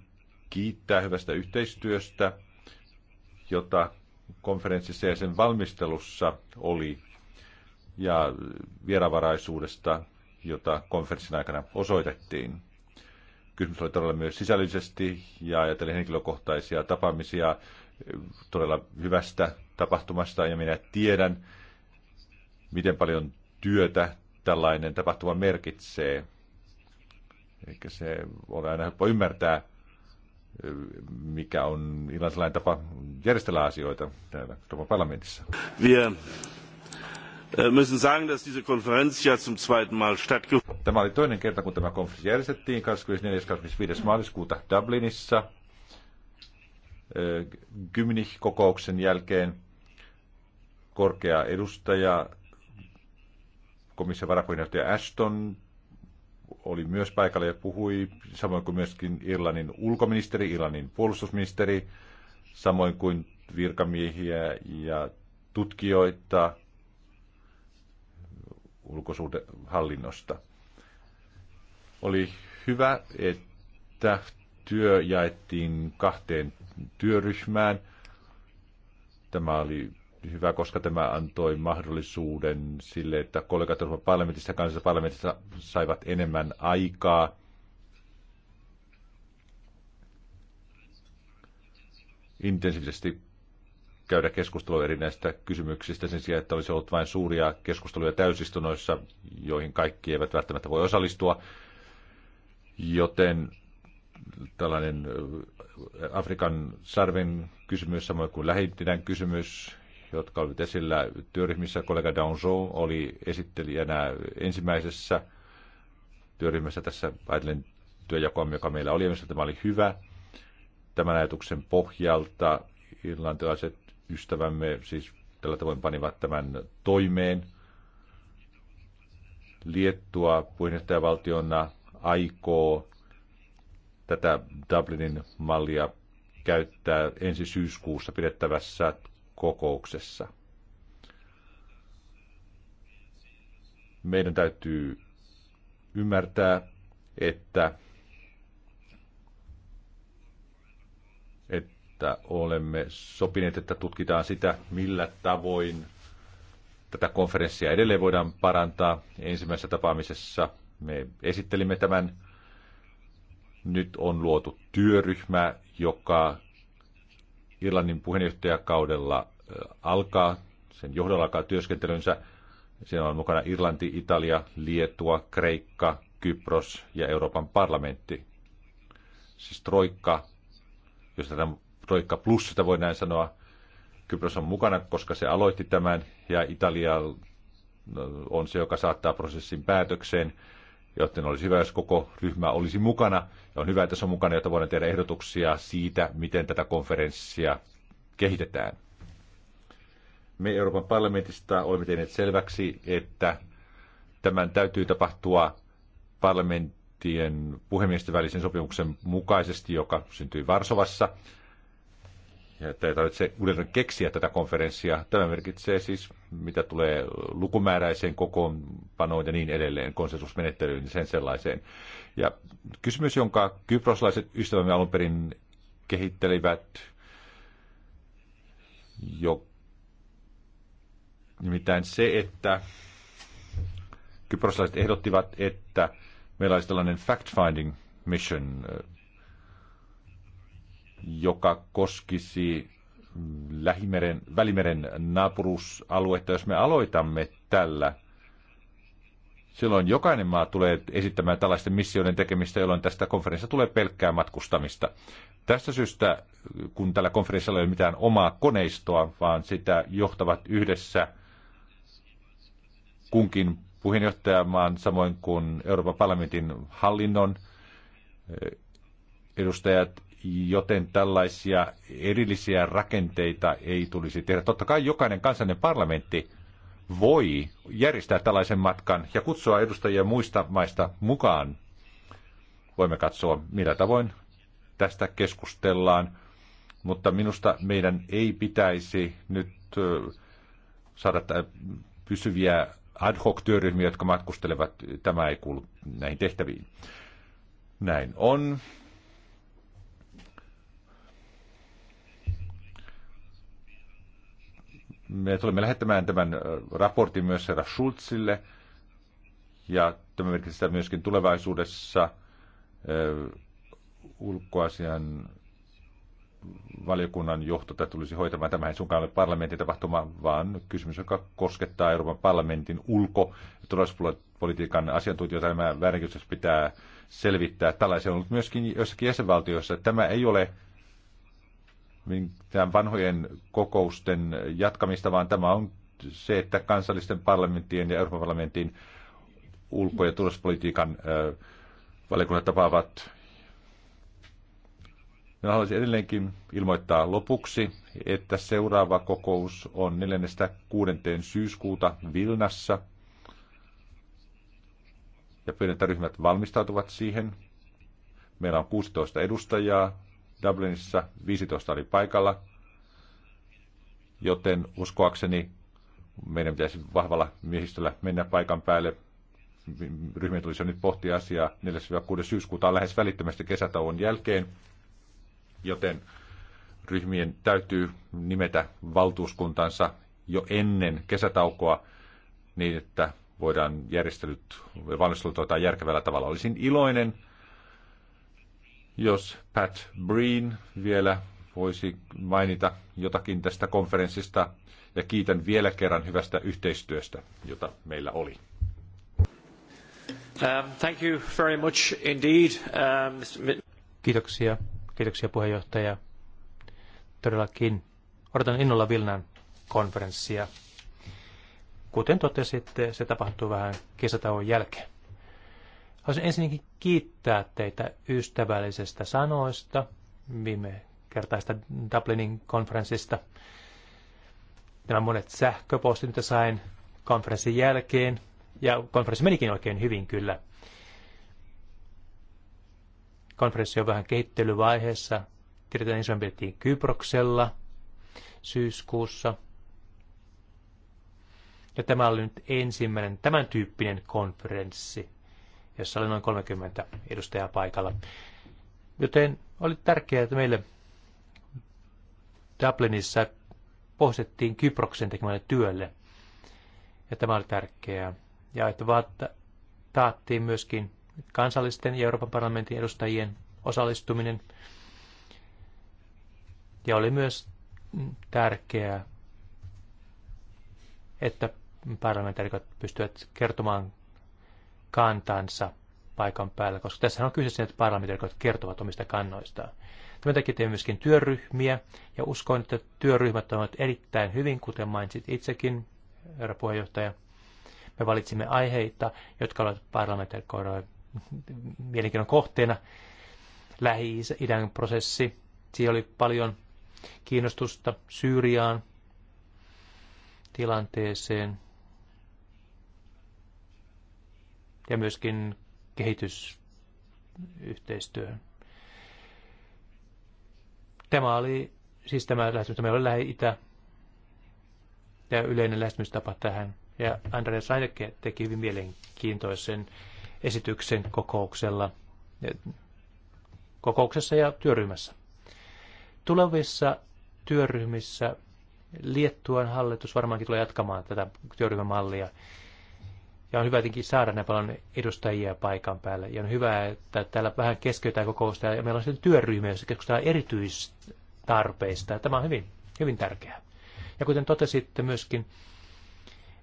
kiittää hyvästä yhteistyöstä, jota konferenssissa ja sen valmistelussa oli, ja vieravaraisuudesta, jota konferenssin aikana osoitettiin. Kysymys oli todella myös sisällisesti ja ajatellen henkilökohtaisia tapaamisia todella hyvästä tapahtumasta ja minä tiedän, miten paljon työtä tällainen tapahtuma merkitsee. Eli se on aina helppo ymmärtää, mikä on illan tapa järjestellä asioita täällä Euroopan parlamentissa. Wir äh, müssen sagen, dass diese Konferenz ja zum zweiten Mal stattgefunden Tämä oli toinen kerta, kun tämä konferenssi järjestettiin 24.25. maaliskuuta Dublinissa. Gymnich-kokouksen jälkeen korkea edustaja, komission varapuheenjohtaja Ashton oli myös paikalla ja puhui, samoin kuin myöskin Irlannin ulkoministeri, Irlannin puolustusministeri, samoin kuin virkamiehiä ja tutkijoita ulkosuhdehallinnosta. Oli hyvä, että työ jaettiin kahteen työryhmään. Tämä oli hyvä, koska tämä antoi mahdollisuuden sille, että kollegat Euroopan parlamentissa ja kansallisessa parlamentissa saivat enemmän aikaa intensiivisesti käydä keskustelua erinäistä kysymyksistä sen sijaan, että olisi ollut vain suuria keskusteluja täysistunnoissa, joihin kaikki eivät välttämättä voi osallistua. Joten tällainen äh, Afrikan sarven kysymys, samoin kuin lähintinän kysymys, jotka olivat esillä työryhmissä. Kollega Danjo oli esittelijänä ensimmäisessä työryhmässä tässä ajatellen työjakoa, joka meillä oli. Mielestäni tämä oli hyvä. Tämän ajatuksen pohjalta irlantilaiset ystävämme siis tällä tavoin panivat tämän toimeen. Liettua puheenjohtajavaltiona aikoo tätä Dublinin mallia käyttää ensi syyskuussa pidettävässä kokouksessa. Meidän täytyy ymmärtää, että, että olemme sopineet, että tutkitaan sitä, millä tavoin tätä konferenssia edelleen voidaan parantaa. Ensimmäisessä tapaamisessa me esittelimme tämän nyt on luotu työryhmä, joka Irlannin puheenjohtajakaudella alkaa, sen johdolla alkaa työskentelynsä. Siinä on mukana Irlanti, Italia, Lietua, Kreikka, Kypros ja Euroopan parlamentti. Siis troikka, jos tätä troikka plus sitä voi näin sanoa, Kypros on mukana, koska se aloitti tämän, ja Italia on se, joka saattaa prosessin päätökseen joten olisi hyvä, jos koko ryhmä olisi mukana. Ja on hyvä, että se on mukana, jotta voidaan tehdä ehdotuksia siitä, miten tätä konferenssia kehitetään. Me Euroopan parlamentista olemme tehneet selväksi, että tämän täytyy tapahtua parlamenttien puhemiesten välisen sopimuksen mukaisesti, joka syntyi Varsovassa – ja että ei tarvitse uudelleen keksiä tätä konferenssia. Tämä merkitsee siis, mitä tulee lukumääräiseen kokoonpanoon ja niin edelleen, konsensusmenettelyyn ja sen sellaiseen. Ja kysymys, jonka kyproslaiset ystävämme alun perin kehittelivät, jo, nimittäin se, että kyproslaiset ehdottivat, että meillä olisi tällainen fact-finding mission joka koskisi Lähimeren, Välimeren naapuruusaluetta. Jos me aloitamme tällä, silloin jokainen maa tulee esittämään tällaisten missioiden tekemistä, jolloin tästä konferenssista tulee pelkkää matkustamista. Tästä syystä, kun tällä konferenssilla ei ole mitään omaa koneistoa, vaan sitä johtavat yhdessä kunkin puheenjohtajamaan, samoin kuin Euroopan parlamentin hallinnon eh, edustajat, joten tällaisia erillisiä rakenteita ei tulisi tehdä. Totta kai jokainen kansallinen parlamentti voi järjestää tällaisen matkan ja kutsua edustajia muista maista mukaan. Voimme katsoa, millä tavoin tästä keskustellaan, mutta minusta meidän ei pitäisi nyt saada pysyviä ad hoc-työryhmiä, jotka matkustelevat. Tämä ei kuulu näihin tehtäviin. Näin on. Me tulemme lähettämään tämän raportin myös herra Schulzille, ja tämä merkitsee myöskin tulevaisuudessa ulkoasian valiokunnan johto tätä tulisi hoitamaan. Tämä ei suinkaan ole parlamentin tapahtuma, vaan kysymys, joka koskettaa Euroopan parlamentin ulko- ja turvallisuuspolitiikan asiantuntijoita. Nämä väärinkäsitykset pitää selvittää. Tällaisia on ollut myöskin jossakin jäsenvaltioissa. Tämä ei ole mitään niin vanhojen kokousten jatkamista, vaan tämä on se, että kansallisten parlamenttien ja Euroopan parlamentin ulko- ja turvallisuuspolitiikan valiokunnat tapaavat. Minä haluaisin edelleenkin ilmoittaa lopuksi, että seuraava kokous on 4.6. syyskuuta Vilnassa. Ja pyydän, ryhmät valmistautuvat siihen. Meillä on 16 edustajaa Dublinissa 15 oli paikalla, joten uskoakseni meidän pitäisi vahvalla miehistöllä mennä paikan päälle. Ryhmien tulisi jo nyt pohtia asiaa 4-6. syyskuuta lähes välittömästi kesätauon jälkeen, joten ryhmien täytyy nimetä valtuuskuntansa jo ennen kesätaukoa niin, että voidaan järjestelyt ja valmistelut järkevällä tavalla. Olisin iloinen, jos Pat Breen vielä voisi mainita jotakin tästä konferenssista ja kiitän vielä kerran hyvästä yhteistyöstä, jota meillä oli. Um, thank you very much indeed, um, Mr. Kiitoksia. Kiitoksia puheenjohtaja. Todellakin odotan innolla Vilnan konferenssia. Kuten totesitte, se tapahtuu vähän kesätauon jälkeen. Haluaisin ensinnäkin kiittää teitä ystävällisestä sanoista viime kertaista Dublinin konferenssista. Nämä monet sähköpostit, mitä sain konferenssin jälkeen, ja konferenssi menikin oikein hyvin kyllä. Konferenssi on vähän kehittelyvaiheessa. Tiedetään, isoin pidettiin Kyproksella syyskuussa. Ja tämä oli nyt ensimmäinen tämän tyyppinen konferenssi jossa oli noin 30 edustajaa paikalla. Joten oli tärkeää, että meille Dublinissa pohjustettiin Kyproksen tekemälle työlle. Ja tämä oli tärkeää. Ja että taattiin myöskin kansallisten ja Euroopan parlamentin edustajien osallistuminen. Ja oli myös tärkeää, että parlamentaarikot pystyvät kertomaan kantansa paikan päällä, koska tässä on kyse siitä, että parlamentit kertovat omista kannoistaan. Tämän takia teemme myöskin työryhmiä, ja uskon, että työryhmät ovat erittäin hyvin, kuten mainitsit itsekin, herra puheenjohtaja. Me valitsimme aiheita, jotka ovat parlamentaarikoiden mielenkiinnon kohteena. Lähi-idän prosessi, siellä oli paljon kiinnostusta Syyriaan tilanteeseen, ja myöskin kehitysyhteistyöhön. Tämä oli siis tämä lähestymistapa, meillä oli Lähi-Itä ja yleinen lähestymistapa tähän. Ja Andreas Reinecke teki hyvin mielenkiintoisen esityksen kokouksella, kokouksessa ja työryhmässä. Tulevissa työryhmissä Liettuan hallitus varmaankin tulee jatkamaan tätä työryhmämallia. mallia ja on hyvä jotenkin saada näin paljon edustajia paikan päälle. Ja on hyvä, että täällä vähän keskeytään kokousta ja meillä on sitten työryhmä, jossa keskustellaan erityistarpeista. Tämä on hyvin, hyvin tärkeää. Ja kuten totesitte myöskin,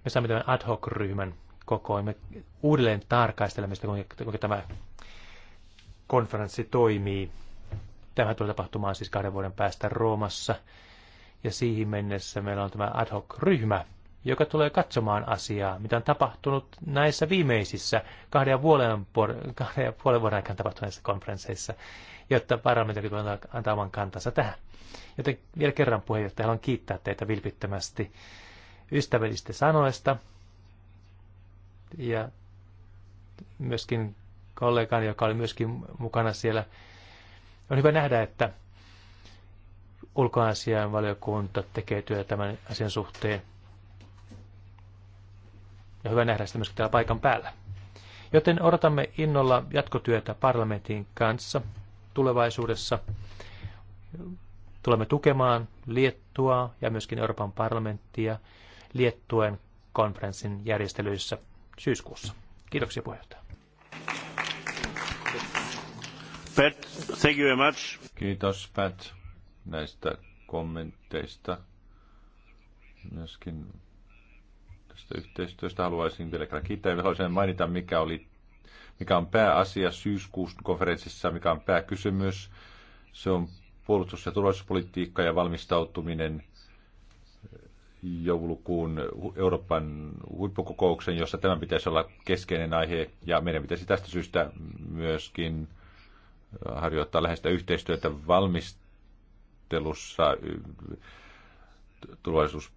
me saamme tämän ad hoc-ryhmän kokoon. Me uudelleen tarkastelemme sitä, kuinka, kuinka tämä konferenssi toimii. Tämä tulee tapahtumaan siis kahden vuoden päästä Roomassa. Ja siihen mennessä meillä on tämä ad hoc-ryhmä, joka tulee katsomaan asiaa, mitä on tapahtunut näissä viimeisissä kahden ja puolen, kahden ja puolen vuoden aikana tapahtuneissa konferensseissa, jotta parlamentti voi antaa oman kantansa tähän. Joten vielä kerran puheenjohtaja, haluan kiittää teitä vilpittömästi ystävällisistä sanoista ja myöskin kollegani, joka oli myöskin mukana siellä. On hyvä nähdä, että ulkoasian valiokunta tekee työtä tämän asian suhteen ja hyvä nähdä sitä myöskin täällä paikan päällä. Joten odotamme innolla jatkotyötä parlamentin kanssa tulevaisuudessa. Tulemme tukemaan Liettua ja myöskin Euroopan parlamenttia Liettuen konferenssin järjestelyissä syyskuussa. Kiitoksia puheenjohtaja. Pat, thank you very much. Kiitos Pat näistä kommenteista. Myöskin tästä yhteistyöstä. Haluaisin vielä kerran kiittää. Haluaisin mainita, mikä, oli, mikä on pääasia syyskuun konferenssissa, mikä on pääkysymys. Se on puolustus- ja turvallisuuspolitiikka ja valmistautuminen joulukuun Euroopan huippukokouksen, jossa tämä pitäisi olla keskeinen aihe, ja meidän pitäisi tästä syystä myöskin harjoittaa läheistä yhteistyötä valmistelussa turvallisuus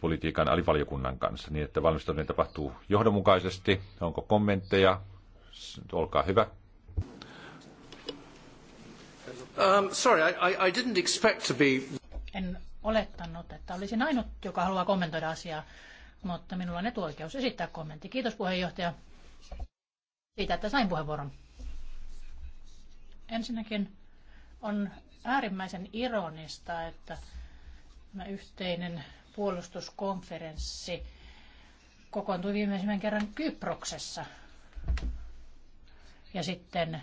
politiikan alivaliokunnan kanssa, niin että valmistautuminen tapahtuu johdonmukaisesti. Onko kommentteja? Olkaa hyvä. Um, sorry, I, I didn't expect to be... En olettanut, että olisin ainut, joka haluaa kommentoida asiaa, mutta minulla on etuoikeus esittää kommentti. Kiitos puheenjohtaja siitä, että sain puheenvuoron. Ensinnäkin on äärimmäisen ironista, että tämä yhteinen puolustuskonferenssi kokoontui viimeisen kerran Kyproksessa. Ja sitten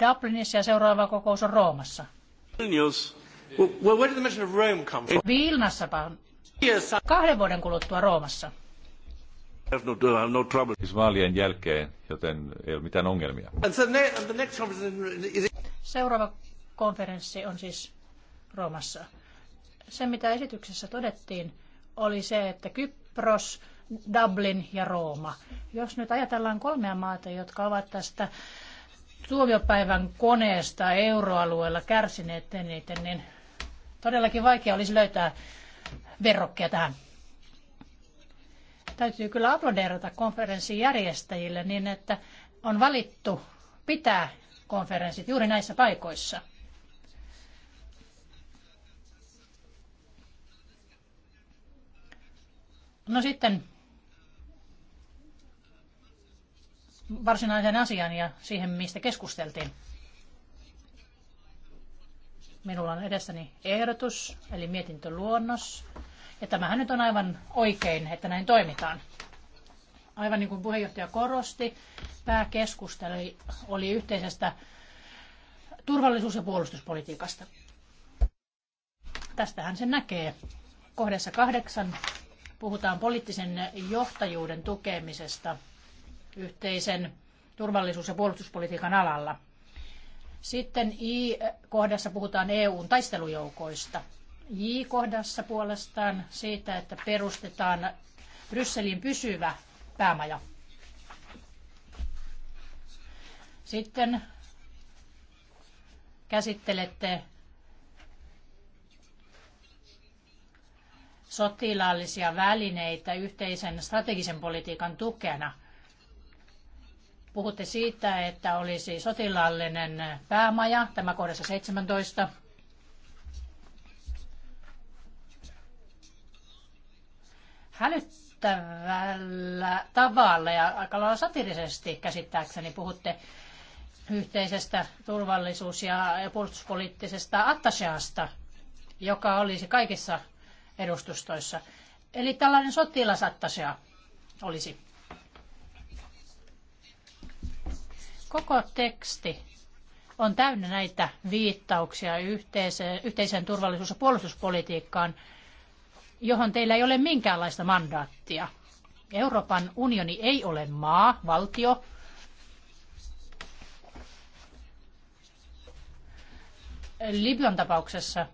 Dublinissa ja seuraava kokous on Roomassa. Well, where kahden vuoden kuluttua Roomassa. No, no siis vaalien jälkeen, joten ei ole mitään ongelmia. Seuraava konferenssi on siis Roomassa. Se, mitä esityksessä todettiin, oli se, että Kypros, Dublin ja Rooma. Jos nyt ajatellaan kolmea maata, jotka ovat tästä tuomiopäivän koneesta euroalueella kärsineet eniten, niin todellakin vaikea olisi löytää verrokkia tähän. Täytyy kyllä aplodeerata konferenssin järjestäjille niin, että on valittu pitää konferenssit juuri näissä paikoissa – No sitten varsinaisen asian ja siihen, mistä keskusteltiin. Minulla on edessäni ehdotus, eli mietintöluonnos. Ja tämähän nyt on aivan oikein, että näin toimitaan. Aivan niin kuin puheenjohtaja korosti, pääkeskustelu oli yhteisestä turvallisuus- ja puolustuspolitiikasta. Tästähän se näkee. Kohdassa kahdeksan puhutaan poliittisen johtajuuden tukemisesta yhteisen turvallisuus- ja puolustuspolitiikan alalla. Sitten I-kohdassa puhutaan EUn taistelujoukoista. J-kohdassa puolestaan siitä, että perustetaan Brysselin pysyvä päämaja. Sitten käsittelette sotilaallisia välineitä yhteisen strategisen politiikan tukena. Puhutte siitä, että olisi sotilaallinen päämaja, tämä kohdassa 17. Hälyttävällä tavalla ja aika lailla satirisesti käsittääkseni puhutte yhteisestä turvallisuus- ja puolustuspoliittisesta attaseasta, joka olisi kaikissa edustustoissa. Eli tällainen sotilasattasea olisi. Koko teksti on täynnä näitä viittauksia yhteiseen, yhteiseen turvallisuus- ja puolustuspolitiikkaan, johon teillä ei ole minkäänlaista mandaattia. Euroopan unioni ei ole maa, valtio. Libyan tapauksessa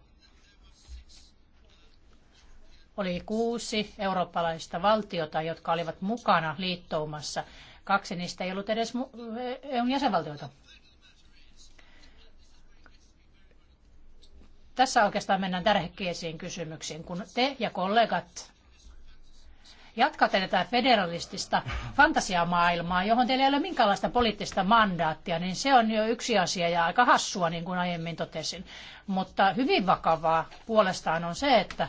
oli kuusi eurooppalaista valtiota, jotka olivat mukana liittoumassa. Kaksi niistä ei ollut edes EUn jäsenvaltioita. Tässä oikeastaan mennään tärkeisiin kysymyksiin. Kun te ja kollegat jatkatte tätä federalistista fantasiamaailmaa, johon teillä ei ole minkäänlaista poliittista mandaattia, niin se on jo yksi asia ja aika hassua, niin kuin aiemmin totesin. Mutta hyvin vakavaa puolestaan on se, että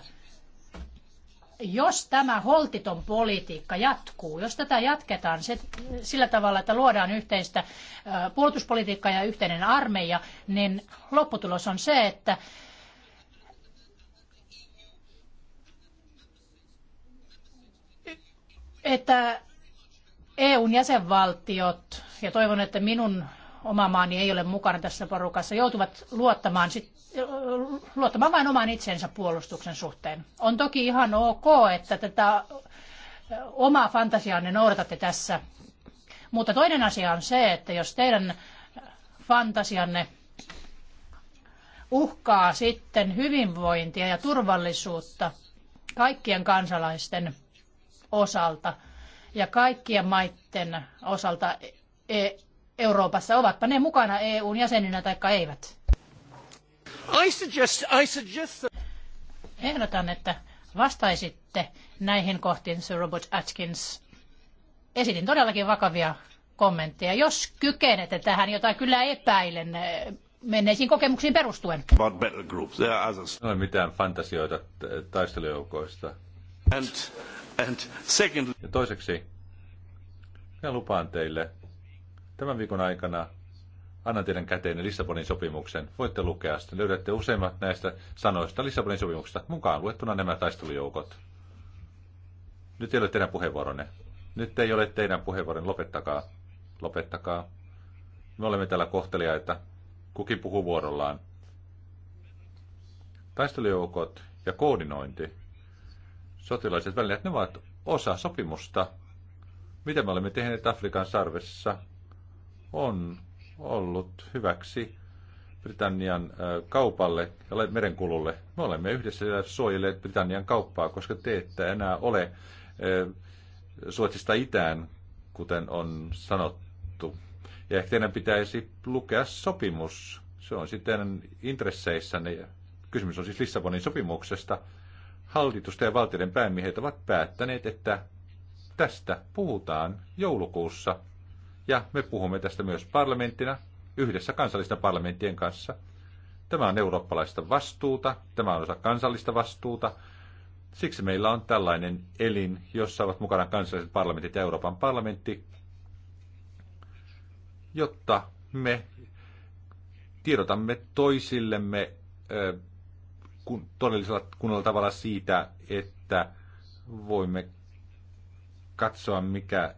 jos tämä holtiton politiikka jatkuu, jos tätä jatketaan se, sillä tavalla, että luodaan yhteistä puolustuspolitiikkaa ja yhteinen armeija, niin lopputulos on se, että että EUn jäsenvaltiot, ja toivon, että minun oma maani ei ole mukana tässä porukassa, joutuvat luottamaan sit luottamaan vain oman itsensä puolustuksen suhteen. On toki ihan ok, että tätä omaa fantasiaanne noudatatte tässä. Mutta toinen asia on se, että jos teidän fantasianne uhkaa sitten hyvinvointia ja turvallisuutta kaikkien kansalaisten osalta ja kaikkien maiden osalta e- e- Euroopassa, ovatpa ne mukana EUn jäseninä tai eivät. I suggest, I suggest that... Ehdotan, että vastaisitte näihin kohtiin, Sir Robert Atkins. Esitin todellakin vakavia kommentteja. Jos kykenette tähän, jotain kyllä epäilen eh, menneisiin kokemuksiin perustuen. About battle mitään fantasioita taistelujoukoista. And, and secondly... Ja toiseksi, minä lupaan teille, tämän viikon aikana annan teidän käteen Lissabonin sopimuksen. Voitte lukea sitä. Löydätte useimmat näistä sanoista Lissabonin sopimuksesta, mukaan luettuna nämä taistelujoukot. Nyt ei ole teidän puheenvuoronne. Nyt ei ole teidän puheenvuoronne. Lopettakaa. Lopettakaa. Me olemme täällä kohteliaita. Kukin puhuu vuorollaan. Taistelujoukot ja koordinointi. Sotilaiset välineet, ne ovat osa sopimusta. Mitä me olemme tehneet Afrikan sarvessa, on ollut hyväksi Britannian kaupalle ja merenkululle. Me olemme yhdessä suojelleet Britannian kauppaa, koska te ette enää ole Suotsista itään, kuten on sanottu. Ja ehkä teidän pitäisi lukea sopimus. Se on sitten intresseissä. Kysymys on siis Lissabonin sopimuksesta. Hallitusta ja valtioiden päämiehet ovat päättäneet, että tästä puhutaan joulukuussa – ja me puhumme tästä myös parlamenttina yhdessä kansallisten parlamenttien kanssa. Tämä on eurooppalaista vastuuta, tämä on osa kansallista vastuuta. Siksi meillä on tällainen elin, jossa ovat mukana kansalliset parlamentit ja Euroopan parlamentti, jotta me tiedotamme toisillemme kun, todellisella kunnolla tavalla siitä, että voimme katsoa, mikä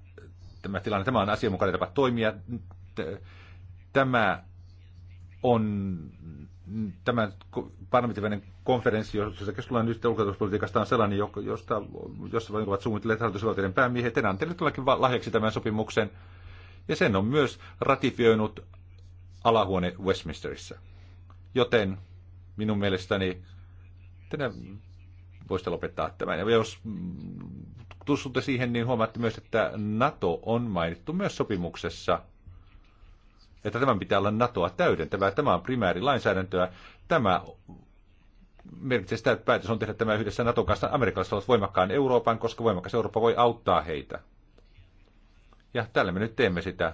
tämä tilanne. Tämä on asianmukainen tapa toimia. Tämä on tämä parlamentin konferenssi, jossa keskustellaan nyt ulkotuspolitiikasta, on sellainen, josta, jossa ovat suunnitelleet hallitusvaltioiden päämiehet. Te antaneet todellakin lahjaksi tämän sopimuksen, ja sen on myös ratifioinut alahuone Westminsterissä. Joten minun mielestäni tänä voisitte lopettaa tämän. Ja jos tutustutte siihen, niin huomaatte myös, että NATO on mainittu myös sopimuksessa. Että tämän pitää olla NATOa täydentävää. Tämä on lainsäädäntöä. Tämä merkitsee sitä, että päätös on tehdä tämä yhdessä NATOn kanssa. Amerikalaiset ovat voimakkaan Euroopan, koska voimakas Eurooppa voi auttaa heitä. Ja tällä me nyt teemme sitä.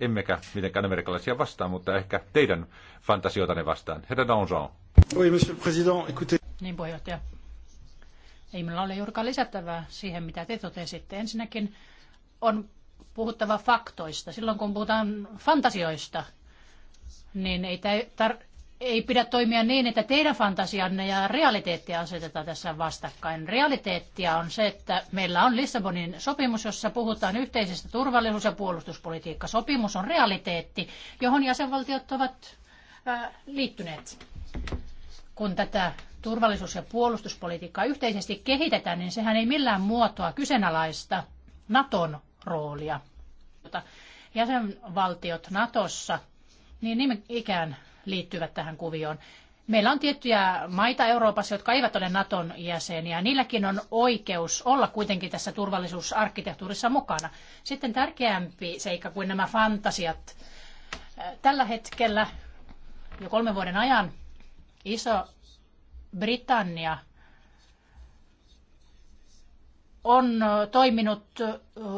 Emmekä mitenkään amerikkalaisia vastaan, mutta ehkä teidän fantasiotanne vastaan. Herra Donjon. Oui, monsieur le président, écoutez. Niin puheenjohtaja. Ei minulla ole juurikaan lisättävää siihen, mitä te totesitte. Ensinnäkin on puhuttava faktoista. Silloin kun puhutaan fantasioista, niin ei, tar- ei pidä toimia niin, että teidän fantasianne ja realiteettia asetetaan tässä vastakkain. Realiteettia on se, että meillä on Lissabonin sopimus, jossa puhutaan yhteisestä turvallisuus- ja puolustuspolitiikka. Sopimus on realiteetti, johon jäsenvaltiot ovat äh, liittyneet. Kun tätä turvallisuus- ja puolustuspolitiikkaa yhteisesti kehitetään, niin sehän ei millään muotoa kyseenalaista Naton roolia. Jäsenvaltiot Natossa niin, niin ikään liittyvät tähän kuvioon. Meillä on tiettyjä maita Euroopassa, jotka eivät ole Naton jäseniä. Niilläkin on oikeus olla kuitenkin tässä turvallisuusarkkitehtuurissa mukana. Sitten tärkeämpi seikka kuin nämä fantasiat. Tällä hetkellä jo kolmen vuoden ajan iso Britannia on toiminut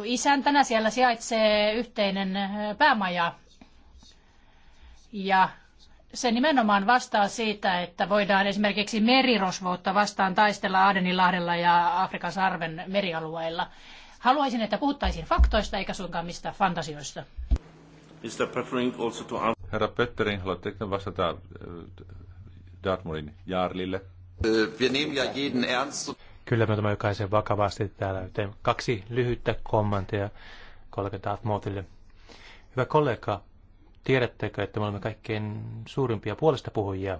isäntänä. Siellä sijaitsee yhteinen päämaja. Ja se nimenomaan vastaa siitä, että voidaan esimerkiksi merirosvoutta vastaan taistella Adeninlahdella ja Afrikan sarven merialueilla. Haluaisin, että puhuttaisiin faktoista eikä suinkaan mistä fantasioista. Herra Pettering, haluatteko vastata äh, Dartmoorin Jaarlille. Kyllä me otamme jokaisen vakavasti täällä, joten kaksi lyhyttä kommenttia kollega Dartmoorille. Hyvä kollega, tiedättekö, että me olemme kaikkein suurimpia puolesta puhujia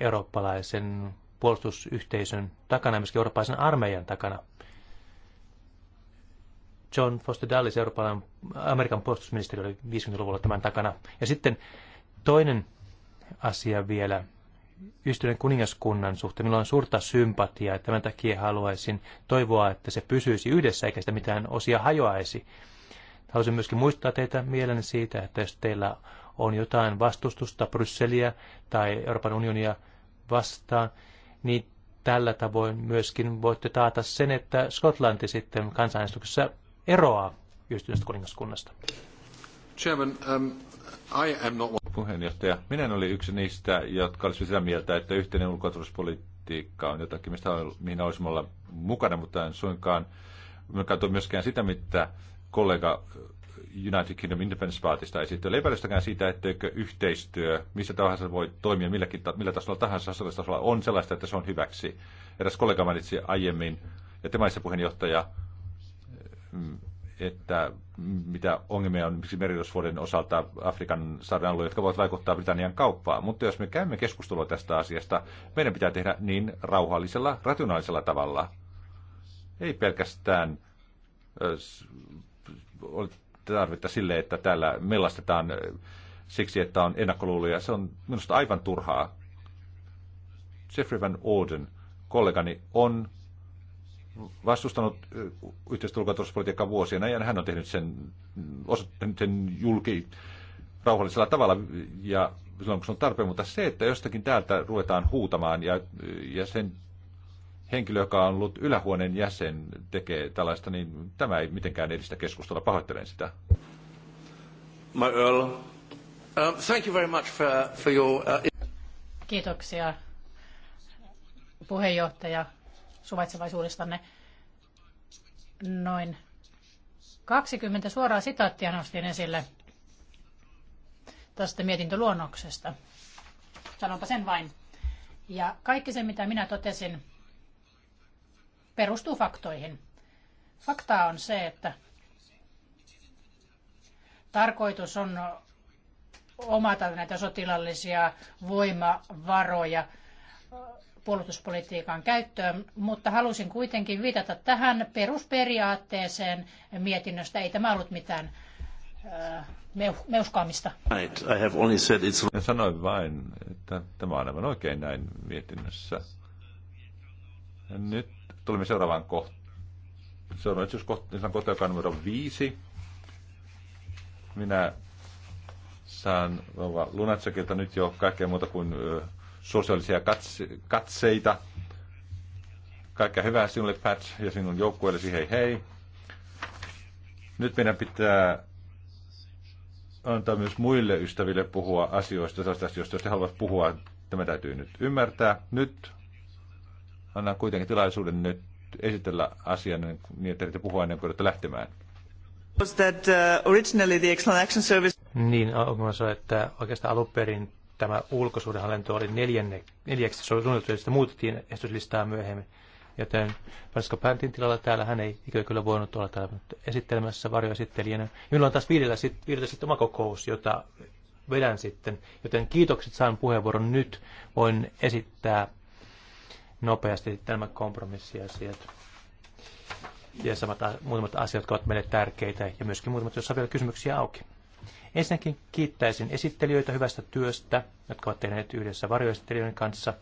eurooppalaisen puolustusyhteisön takana ja myöskin eurooppalaisen armeijan takana? John Foster Dulles, Euroopan, Amerikan puolustusministeri, oli 50-luvulla tämän takana. Ja sitten toinen asia vielä, ystävän kuningaskunnan suhteen. Minulla on suurta sympatiaa että tämän takia haluaisin toivoa, että se pysyisi yhdessä eikä sitä mitään osia hajoaisi. Haluaisin myöskin muistaa teitä mielen siitä, että jos teillä on jotain vastustusta Brysseliä tai Euroopan unionia vastaan, niin tällä tavoin myöskin voitte taata sen, että Skotlanti sitten kansanäänestyksessä eroaa yhdistyneestä kuningaskunnasta. Chairman, um, I am not puheenjohtaja. Minä en oli yksi niistä, jotka olisi sitä mieltä, että yhteinen ulkoturvallisuuspolitiikka on jotakin, mistä mihin olisimme olla mukana, mutta en suinkaan katso myöskään sitä, mitä kollega United Kingdom Independence Partista esittyy. Ei epäilystäkään siitä, etteikö yhteistyö, missä tahansa voi toimia, milläkin, millä tasolla tahansa tasolla, on sellaista, että se on hyväksi. Eräs kollega mainitsi aiemmin, ja te puheenjohtaja, että mitä ongelmia on esimerkiksi merirosvuoden osalta Afrikan saadaan alueella, jotka voivat vaikuttaa Britannian kauppaan. Mutta jos me käymme keskustelua tästä asiasta, meidän pitää tehdä niin rauhallisella, rationaalisella tavalla. Ei pelkästään tarvetta sille, että täällä mellastetaan siksi, että on ennakkoluuloja. Se on minusta aivan turhaa. Jeffrey Van Orden, kollegani, on vastustanut yhteistä ulko- ja vuosien ajan. Hän on tehnyt sen, osoittanut sen julki rauhallisella tavalla ja silloin kun se on tarpeen, mutta se, että jostakin täältä ruvetaan huutamaan ja, ja sen henkilö, joka on ollut ylähuoneen jäsen, tekee tällaista, niin tämä ei mitenkään edistä keskustelua. Pahoittelen sitä. My Earl. Um, thank you very much for, for your, uh... Kiitoksia puheenjohtaja suvaitsevaisuudestanne. Noin 20 suoraa sitaattia nostin esille tästä mietintöluonnoksesta. Sanonpa sen vain. Ja kaikki se, mitä minä totesin, perustuu faktoihin. Faktaa on se, että tarkoitus on omata näitä sotilallisia voimavaroja puolustuspolitiikan käyttöön, mutta halusin kuitenkin viitata tähän perusperiaatteeseen mietinnöstä. Ei tämä ollut mitään meuhkaamista. I Sanoin vain, että tämä on aivan oikein näin mietinnössä. Nyt tulemme seuraavaan kohtaan. Se on Seuraavaan kohtaan, kohta, joka on numero viisi. Minä saan Lunatsekilta nyt jo kaikkea muuta kuin sosiaalisia katse, katseita. Kaikkea hyvää sinulle, Pat, ja sinun joukkueellesi, hei hei. Nyt meidän pitää antaa myös muille ystäville puhua asioista, sellaista asioista, jos te haluat puhua. Tämä täytyy nyt ymmärtää. Nyt annan kuitenkin tilaisuuden nyt esitellä asian niin, että te puhua ennen kuin olette lähtemään. That, uh, originally the Action Service... Niin, onko se, että oikeastaan alun perin tämä ulkosuhdehallinto oli neljänne, neljäksi suunniteltu, ja sitä muutettiin esityslistaa myöhemmin. Joten Francisco Pantin tilalla täällä hän ei ikävä kyllä voinut olla täällä esittelemässä varjoesittelijänä. Minulla on taas viidellä sit, viidellä sit oma kokous, jota vedän sitten. Joten kiitokset saan puheenvuoron nyt. Voin esittää nopeasti tämä kompromissiasiat ja samat, muutamat asiat, jotka ovat meille tärkeitä ja myöskin muutamat, joissa on vielä kysymyksiä auki. Ensinnäkin kiittäisin esittelijöitä hyvästä työstä, jotka ovat tehneet yhdessä varjoesittelijöiden kanssa.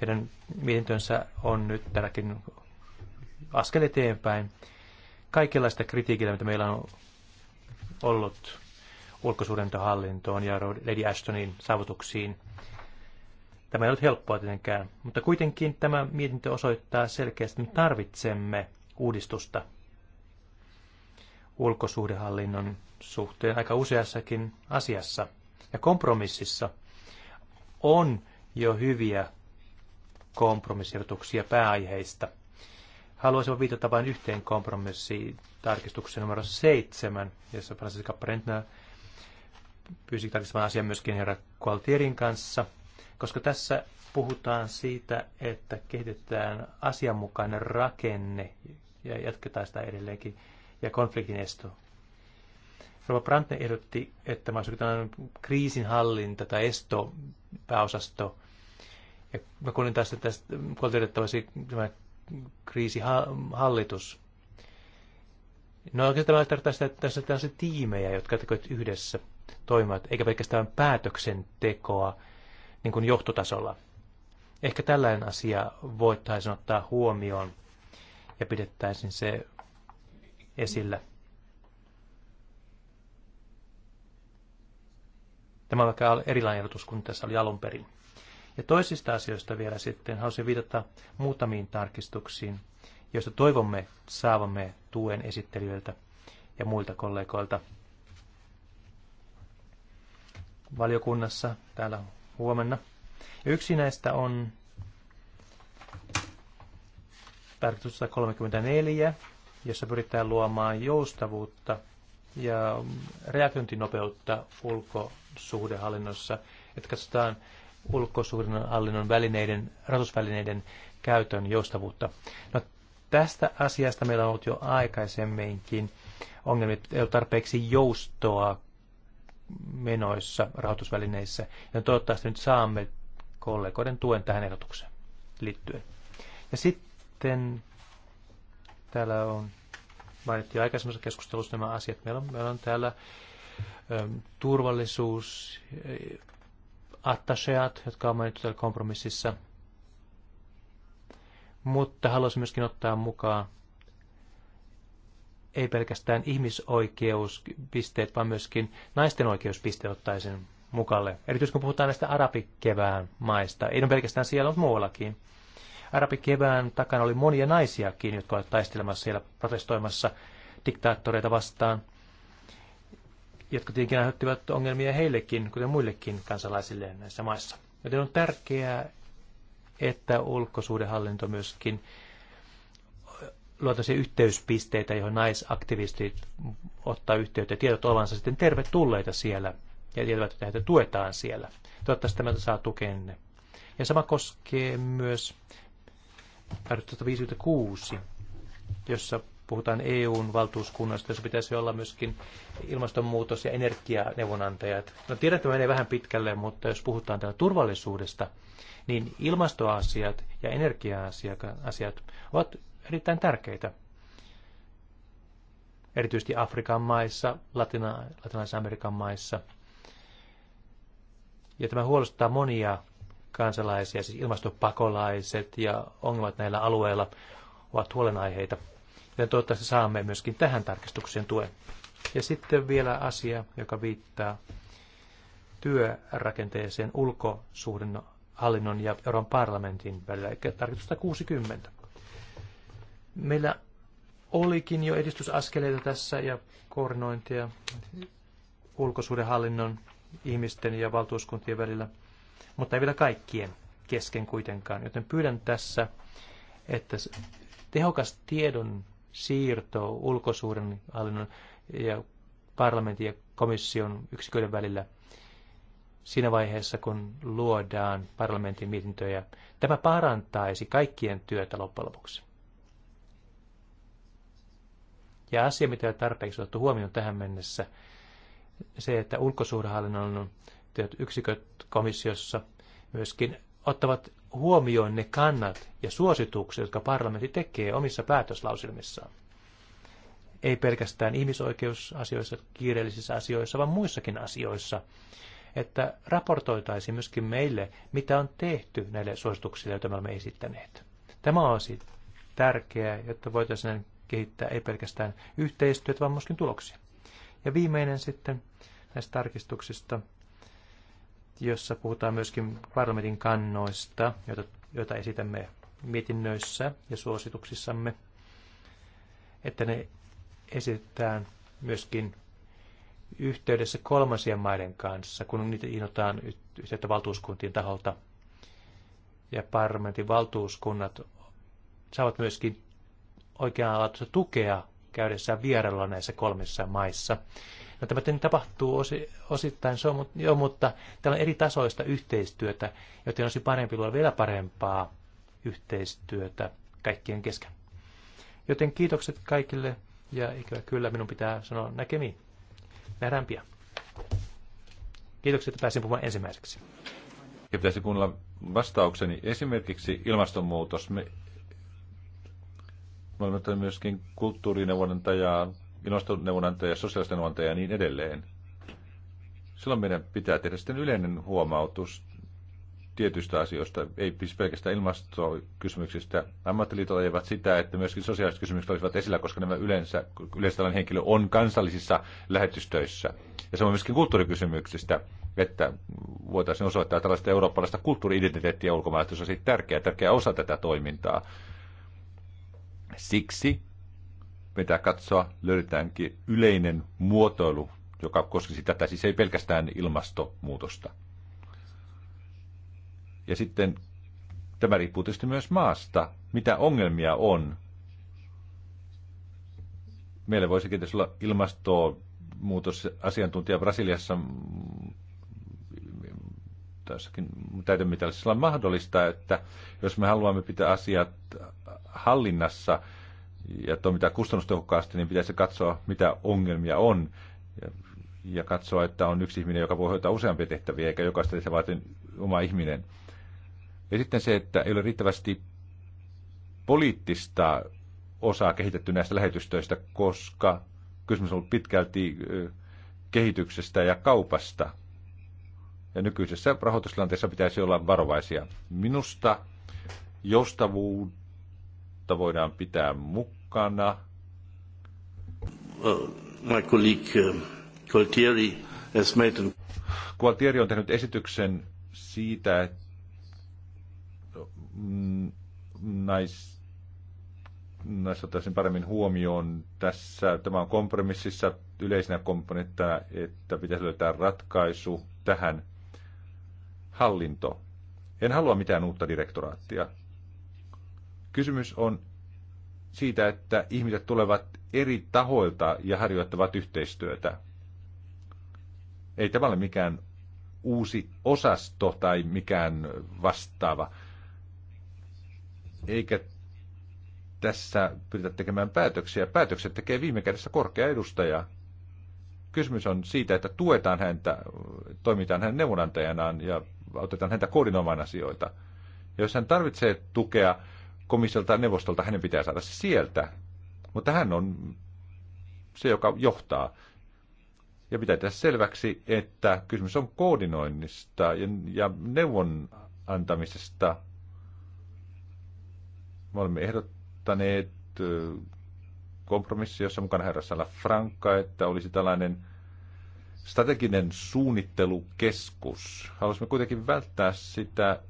Heidän mietintönsä on nyt tälläkin askel eteenpäin. Kaikenlaista kritiikillä, mitä meillä on ollut ulkosuudentohallintoon ja Lady Ashtonin saavutuksiin. Tämä ei ollut helppoa tietenkään, mutta kuitenkin tämä mietintö osoittaa selkeästi, että me tarvitsemme uudistusta ulkosuhdehallinnon suhteen aika useassakin asiassa ja kompromississa on jo hyviä kompromissiehdotuksia pääaiheista. Haluaisin viitata vain yhteen kompromissiin tarkistuksen numero seitsemän, jossa Francisca Brentner pyysi tarkistamaan asian myöskin herra Gualtierin kanssa, koska tässä puhutaan siitä, että kehitetään asianmukainen rakenne ja jatketaan sitä edelleenkin ja konfliktin esto. Rova Brantne ehdotti, että olisi tällainen kriisinhallinta tai esto pääosasto. Ja mä kuulin taas, että tästä koulutettavasi tämä kriisihallitus. No oikeastaan tämä tarkoittaa sitä, että tässä on tällaisia tiimejä, jotka tekevät yhdessä toimivat, eikä pelkästään päätöksentekoa niin kuin johtotasolla. Ehkä tällainen asia voitaisiin ottaa huomioon ja pidettäisiin se esille. Tämä on vaikka erilainen ehdotus kuin tässä oli alun perin. Ja toisista asioista vielä sitten haluaisin viitata muutamiin tarkistuksiin, joista toivomme saavamme tuen esittelijöiltä ja muilta kollegoilta valiokunnassa täällä huomenna. Ja yksi näistä on tarkistus 34, jossa pyritään luomaan joustavuutta ja reagointinopeutta ulkosuhdehallinnossa, että katsotaan ulkosuhdehallinnon välineiden, rahoitusvälineiden käytön joustavuutta. No, tästä asiasta meillä on ollut jo aikaisemminkin ongelmia, ei ole tarpeeksi joustoa menoissa rahoitusvälineissä, ja toivottavasti nyt saamme kollegoiden tuen tähän ehdotukseen liittyen. Ja sitten Täällä on mainittu jo aikaisemmassa keskustelussa nämä asiat. Meillä on, meillä on täällä ä, ähm, turvallisuus, äh, attacheat, jotka on mainittu täällä kompromississa. Mutta haluaisin myöskin ottaa mukaan ei pelkästään ihmisoikeuspisteet, vaan myöskin naisten oikeuspisteet ottaisin mukalle. Erityisesti kun puhutaan näistä arabikevään maista, ei ole pelkästään siellä, mutta muuallakin. Arabikevään takana oli monia naisiakin, jotka olivat taistelemassa siellä protestoimassa diktaattoreita vastaan, jotka tietenkin aiheuttivat ongelmia heillekin, kuten muillekin kansalaisille näissä maissa. Joten on tärkeää, että ulkosuudenhallinto myöskin luo yhteyspisteitä, joihin naisaktivistit ottaa yhteyttä ja tiedot olevansa sitten tervetulleita siellä ja tietävät, että heitä tuetaan siellä. Toivottavasti tämä saa tukenne. Ja sama koskee myös 1956, jossa puhutaan EUn valtuuskunnasta, jossa pitäisi olla myöskin ilmastonmuutos- ja energianeuvonantajat. No tiedän, että menee vähän pitkälle, mutta jos puhutaan täällä turvallisuudesta, niin ilmastoasiat ja energia-asiat ovat erittäin tärkeitä. Erityisesti Afrikan maissa, Latina, Latinalaisen Amerikan maissa. Ja tämä huolestuttaa monia kansalaisia, siis ilmastopakolaiset ja ongelmat näillä alueilla ovat huolenaiheita. Ja toivottavasti saamme myöskin tähän tarkistukseen tuen. Ja sitten vielä asia, joka viittaa työrakenteeseen hallinnon ja Euroopan parlamentin välillä, eli tarkistusta 60. Meillä olikin jo edistysaskeleita tässä ja koordinointia ulkosuhdehallinnon ihmisten ja valtuuskuntien välillä – mutta ei vielä kaikkien kesken kuitenkaan. Joten pyydän tässä, että tehokas tiedon siirto ulkosuuden hallinnon ja parlamentin ja komission yksiköiden välillä siinä vaiheessa, kun luodaan parlamentin mietintöjä. Tämä parantaisi kaikkien työtä loppujen lopuksi. Ja asia, mitä ei tarpeeksi otettu huomioon tähän mennessä, se, että ulkosuhdehallinnon tietyt yksiköt komissiossa myöskin ottavat huomioon ne kannat ja suositukset, jotka parlamentti tekee omissa päätöslauselmissaan. Ei pelkästään ihmisoikeusasioissa, kiireellisissä asioissa, vaan muissakin asioissa, että raportoitaisiin myöskin meille, mitä on tehty näille suosituksille, joita me olemme esittäneet. Tämä on siis tärkeää, jotta voitaisiin kehittää ei pelkästään yhteistyötä, vaan myöskin tuloksia. Ja viimeinen sitten näistä tarkistuksista jossa puhutaan myöskin parlamentin kannoista, joita, joita esitämme mietinnöissä ja suosituksissamme, että ne esitetään myöskin yhteydessä kolmansien maiden kanssa, kun niitä innotaan yhteyttä valtuuskuntien taholta. Ja parlamentin valtuuskunnat saavat myöskin oikeanlaatuista tukea käydessään vierailla näissä kolmessa maissa. No tämä tapahtuu osi, osittain, se on, joo, mutta täällä on eri tasoista yhteistyötä, joten olisi parempi luoda vielä parempaa yhteistyötä kaikkien kesken. Joten kiitokset kaikille ja ikävä kyllä minun pitää sanoa näkemiin. Nähdään pian. Kiitokset, että pääsin puhumaan ensimmäiseksi. Ja pitäisi kuunnella vastaukseni. Esimerkiksi ilmastonmuutos. Me, me olemme myöskin kulttuurineuvonantajaa ilmastoneuvonantaja, sosiaalista neuvonantaja ja niin edelleen. Silloin meidän pitää tehdä sitten yleinen huomautus tietyistä asioista, ei siis pelkästään ilmastokysymyksistä. Ammattiliitot eivät sitä, että myöskin sosiaaliset kysymykset olisivat esillä, koska nämä yleensä, yleensä tällainen henkilö on kansallisissa lähetystöissä. Ja on myöskin kulttuurikysymyksistä, että voitaisiin osoittaa tällaista eurooppalaista kulttuuriidentiteettiä ulkomaalaisuus on siitä tärkeä, tärkeä osa tätä toimintaa. Siksi pitää katsoa, löydetäänkin yleinen muotoilu, joka koskisi tätä, siis ei pelkästään ilmastonmuutosta. Ja sitten tämä riippuu tietysti myös maasta, mitä ongelmia on. Meillä voisi tietysti olla ilmastonmuutosasiantuntija Brasiliassa, tässäkin täytyy mitä olla mahdollista, että jos me haluamme pitää asiat hallinnassa, ja mitä kustannustehokkaasti, niin pitäisi katsoa, mitä ongelmia on ja, ja katsoa, että on yksi ihminen, joka voi hoitaa useampia tehtäviä, eikä jokaista tehtävää vaatii oma ihminen. Ja sitten se, että ei ole riittävästi poliittista osaa kehitetty näistä lähetystöistä, koska kysymys on ollut pitkälti kehityksestä ja kaupasta. Ja nykyisessä rahoitustilanteessa pitäisi olla varovaisia. Minusta joustavuus jotta voidaan pitää mukana. Uh, my colleague uh, Gualtieri has made an... Gualtieri on tehnyt esityksen siitä, että mm, näissä nais ottaisin paremmin huomioon tässä. Tämä on kompromississa yleisenä komponenttina, että pitäisi löytää ratkaisu tähän hallinto. En halua mitään uutta direktoraattia. Kysymys on siitä, että ihmiset tulevat eri tahoilta ja harjoittavat yhteistyötä. Ei tämä ole mikään uusi osasto tai mikään vastaava. Eikä tässä pyritä tekemään päätöksiä. Päätökset tekee viime kädessä korkea edustaja. Kysymys on siitä, että tuetaan häntä, toimitaan hänen neuvonantajanaan ja autetaan häntä koordinoimaan asioita. Ja jos hän tarvitsee tukea komissiolta tai neuvostolta, hänen pitää saada se sieltä. Mutta hän on se, joka johtaa. Ja pitää tehdä selväksi, että kysymys on koordinoinnista ja, ja neuvon antamisesta. Me olemme ehdottaneet kompromissi, jossa mukana herra Sala Franka, että olisi tällainen strateginen suunnittelukeskus. Haluaisimme kuitenkin välttää sitä,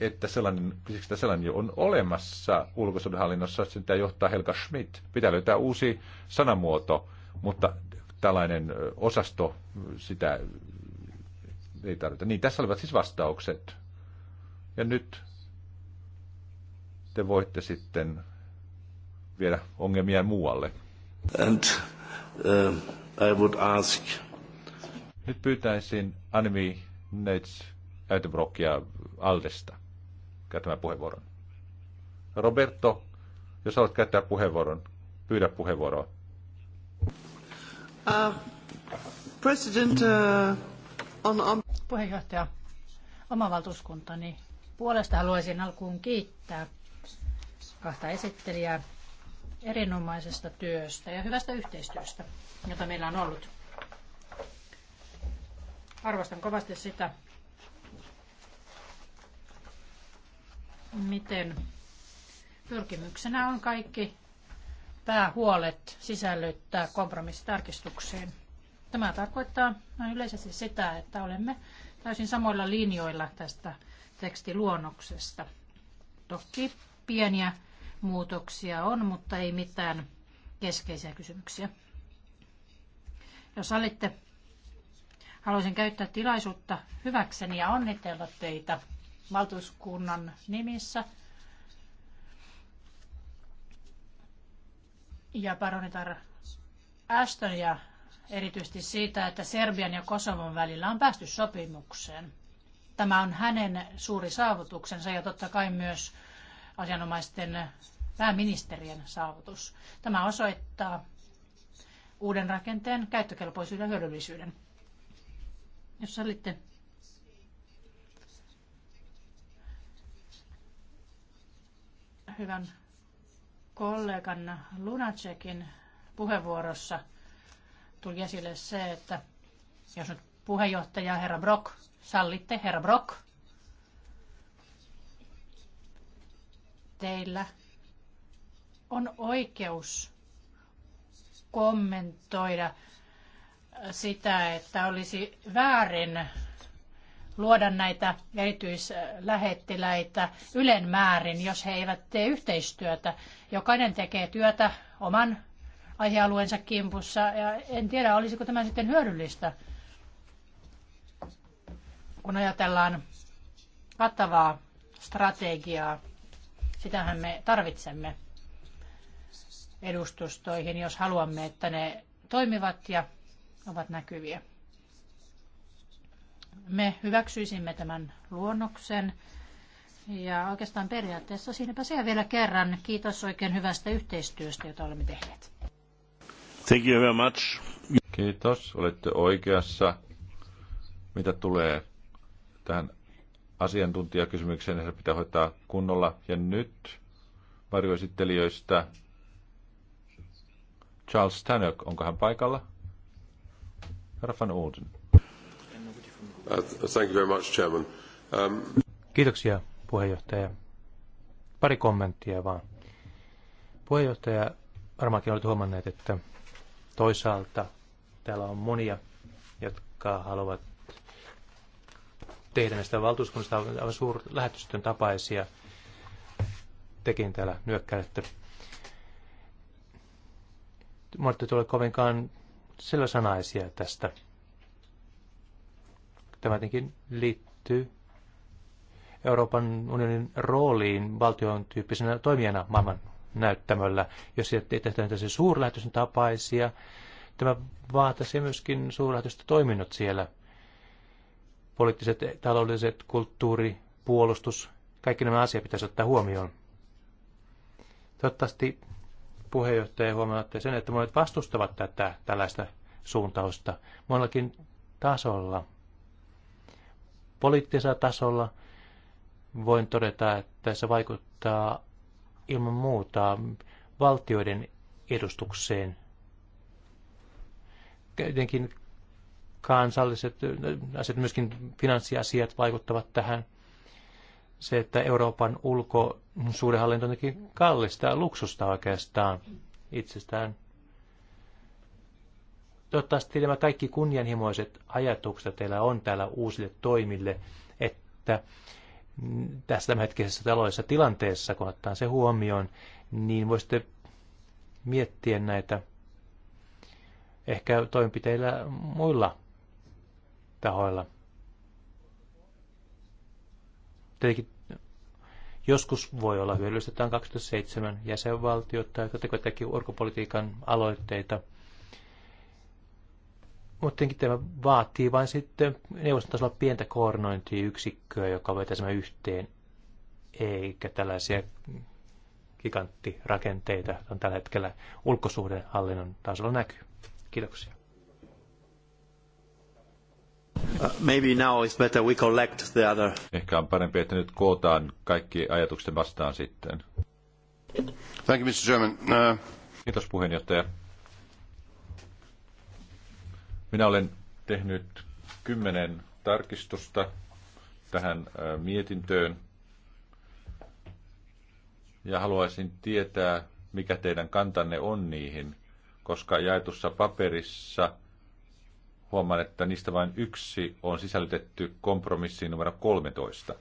että sellainen, että sellainen jo on olemassa ulkosuudenhallinnossa, sitä johtaa Helga Schmidt. Pitää löytää uusi sanamuoto, mutta tällainen osasto, sitä ei tarvita. Niin, tässä olivat siis vastaukset. Ja nyt te voitte sitten viedä ongelmia muualle. And, uh, I would ask... Nyt pyytäisin Animi Neitz Äytenbrockia Aldesta käyttämään puheenvuoron. Roberto, jos haluat käyttää puheenvuoron, pyydä puheenvuoroa. Uh, president, uh, on, on... Puheenjohtaja, oma valtuuskuntani puolesta haluaisin alkuun kiittää kahta esittelijää erinomaisesta työstä ja hyvästä yhteistyöstä, jota meillä on ollut. Arvostan kovasti sitä, miten pyrkimyksenä on kaikki päähuolet sisällyttää kompromissitarkistukseen. Tämä tarkoittaa noin yleisesti sitä, että olemme täysin samoilla linjoilla tästä tekstiluonnoksesta. Toki pieniä muutoksia on, mutta ei mitään keskeisiä kysymyksiä. Jos sallitte, haluaisin käyttää tilaisuutta hyväkseni ja onnitella teitä valtuuskunnan nimissä. Ja paronitar Ashton ja erityisesti siitä, että Serbian ja Kosovon välillä on päästy sopimukseen. Tämä on hänen suuri saavutuksensa ja totta kai myös asianomaisten pääministerien saavutus. Tämä osoittaa uuden rakenteen käyttökelpoisuuden ja hyödyllisyyden. Jos sallitte, hyvän kollegan Lunacekin puheenvuorossa tuli esille se, että jos nyt puheenjohtaja herra Brock, sallitte herra Brock, teillä on oikeus kommentoida sitä, että olisi väärin luoda näitä erityislähettiläitä ylen määrin, jos he eivät tee yhteistyötä. Jokainen tekee työtä oman aihealueensa kimpussa ja en tiedä, olisiko tämä sitten hyödyllistä, kun ajatellaan kattavaa strategiaa. Sitähän me tarvitsemme edustustoihin, jos haluamme, että ne toimivat ja ovat näkyviä me hyväksyisimme tämän luonnoksen. Ja oikeastaan periaatteessa siinäpä se vielä kerran. Kiitos oikein hyvästä yhteistyöstä, jota olemme tehneet. Thank you very much. Kiitos, olette oikeassa. Mitä tulee tähän asiantuntijakysymykseen, niin se pitää hoitaa kunnolla. Ja nyt varjoesittelijöistä Charles Tannock, onko hän paikalla? Herra van Uuden. Uh, um, Kiitoksia, puheenjohtaja. Pari kommenttia vaan. Puheenjohtaja, varmaankin olet huomanneet, että toisaalta täällä on monia, jotka haluavat tehdä näistä valtuuskunnista aivan lähetystön tapaisia. Tekin täällä nyökkäilette. Monet tulee kovinkaan selväsanaisia tästä Tämä tietenkin liittyy Euroopan unionin rooliin valtion tyyppisenä toimijana maailman näyttämöllä, jos ei tehtäisi suurlähetysten tapaisia. Tämä vaatisi myöskin suurlähetystä toiminnot siellä. Poliittiset, taloudelliset, kulttuuri, puolustus, kaikki nämä asiat pitäisi ottaa huomioon. Toivottavasti puheenjohtaja huomaatte sen, että monet vastustavat tätä tällaista suuntausta monellakin tasolla poliittisella tasolla voin todeta, että se vaikuttaa ilman muuta valtioiden edustukseen. Tietenkin kansalliset asiat, myöskin finanssiasiat vaikuttavat tähän. Se, että Euroopan ulko ulkosuudenhallinto on kallista luksusta oikeastaan itsestään toivottavasti nämä kaikki kunnianhimoiset ajatukset teillä on täällä uusille toimille, että tässä tämänhetkisessä taloudellisessa tilanteessa, kun ottaa se huomioon, niin voisitte miettiä näitä ehkä toimenpiteillä muilla tahoilla. Tietenkin joskus voi olla hyödyllistä, että on 27 jäsenvaltiota, jotka tekevät jotakin orkopolitiikan aloitteita – mutta tämä vaatii vain sitten neuvoston tasolla pientä koordinointiyksikköä, joka vetäisi yhteen, eikä tällaisia giganttirakenteita, joita on tällä hetkellä ulkosuhdehallinnon tasolla näkyy. Kiitoksia. Uh, maybe now it's better we collect the other. Ehkä on parempi, että nyt kootaan kaikki ajatukset vastaan sitten. Thank you, Mr. Chairman. Uh... Kiitos puheenjohtaja. Minä olen tehnyt kymmenen tarkistusta tähän mietintöön ja haluaisin tietää, mikä teidän kantanne on niihin, koska jaetussa paperissa huomaan, että niistä vain yksi on sisällytetty kompromissiin numero 13.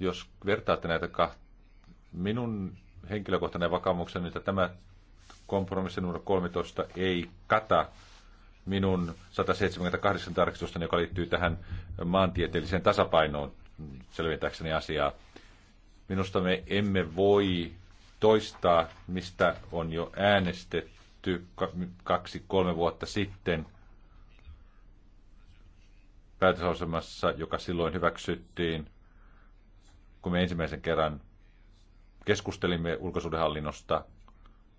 Jos vertaatte näitä kahta, minun henkilökohtainen vakaumukseni, että tämä kompromissi numero 13 ei kata minun 178 tarkistusta, joka liittyy tähän maantieteelliseen tasapainoon selvitäkseni asiaa. Minusta me emme voi toistaa, mistä on jo äänestetty kaksi-kolme vuotta sitten päätösasemassa, joka silloin hyväksyttiin, kun me ensimmäisen kerran keskustelimme ulkosuudenhallinnosta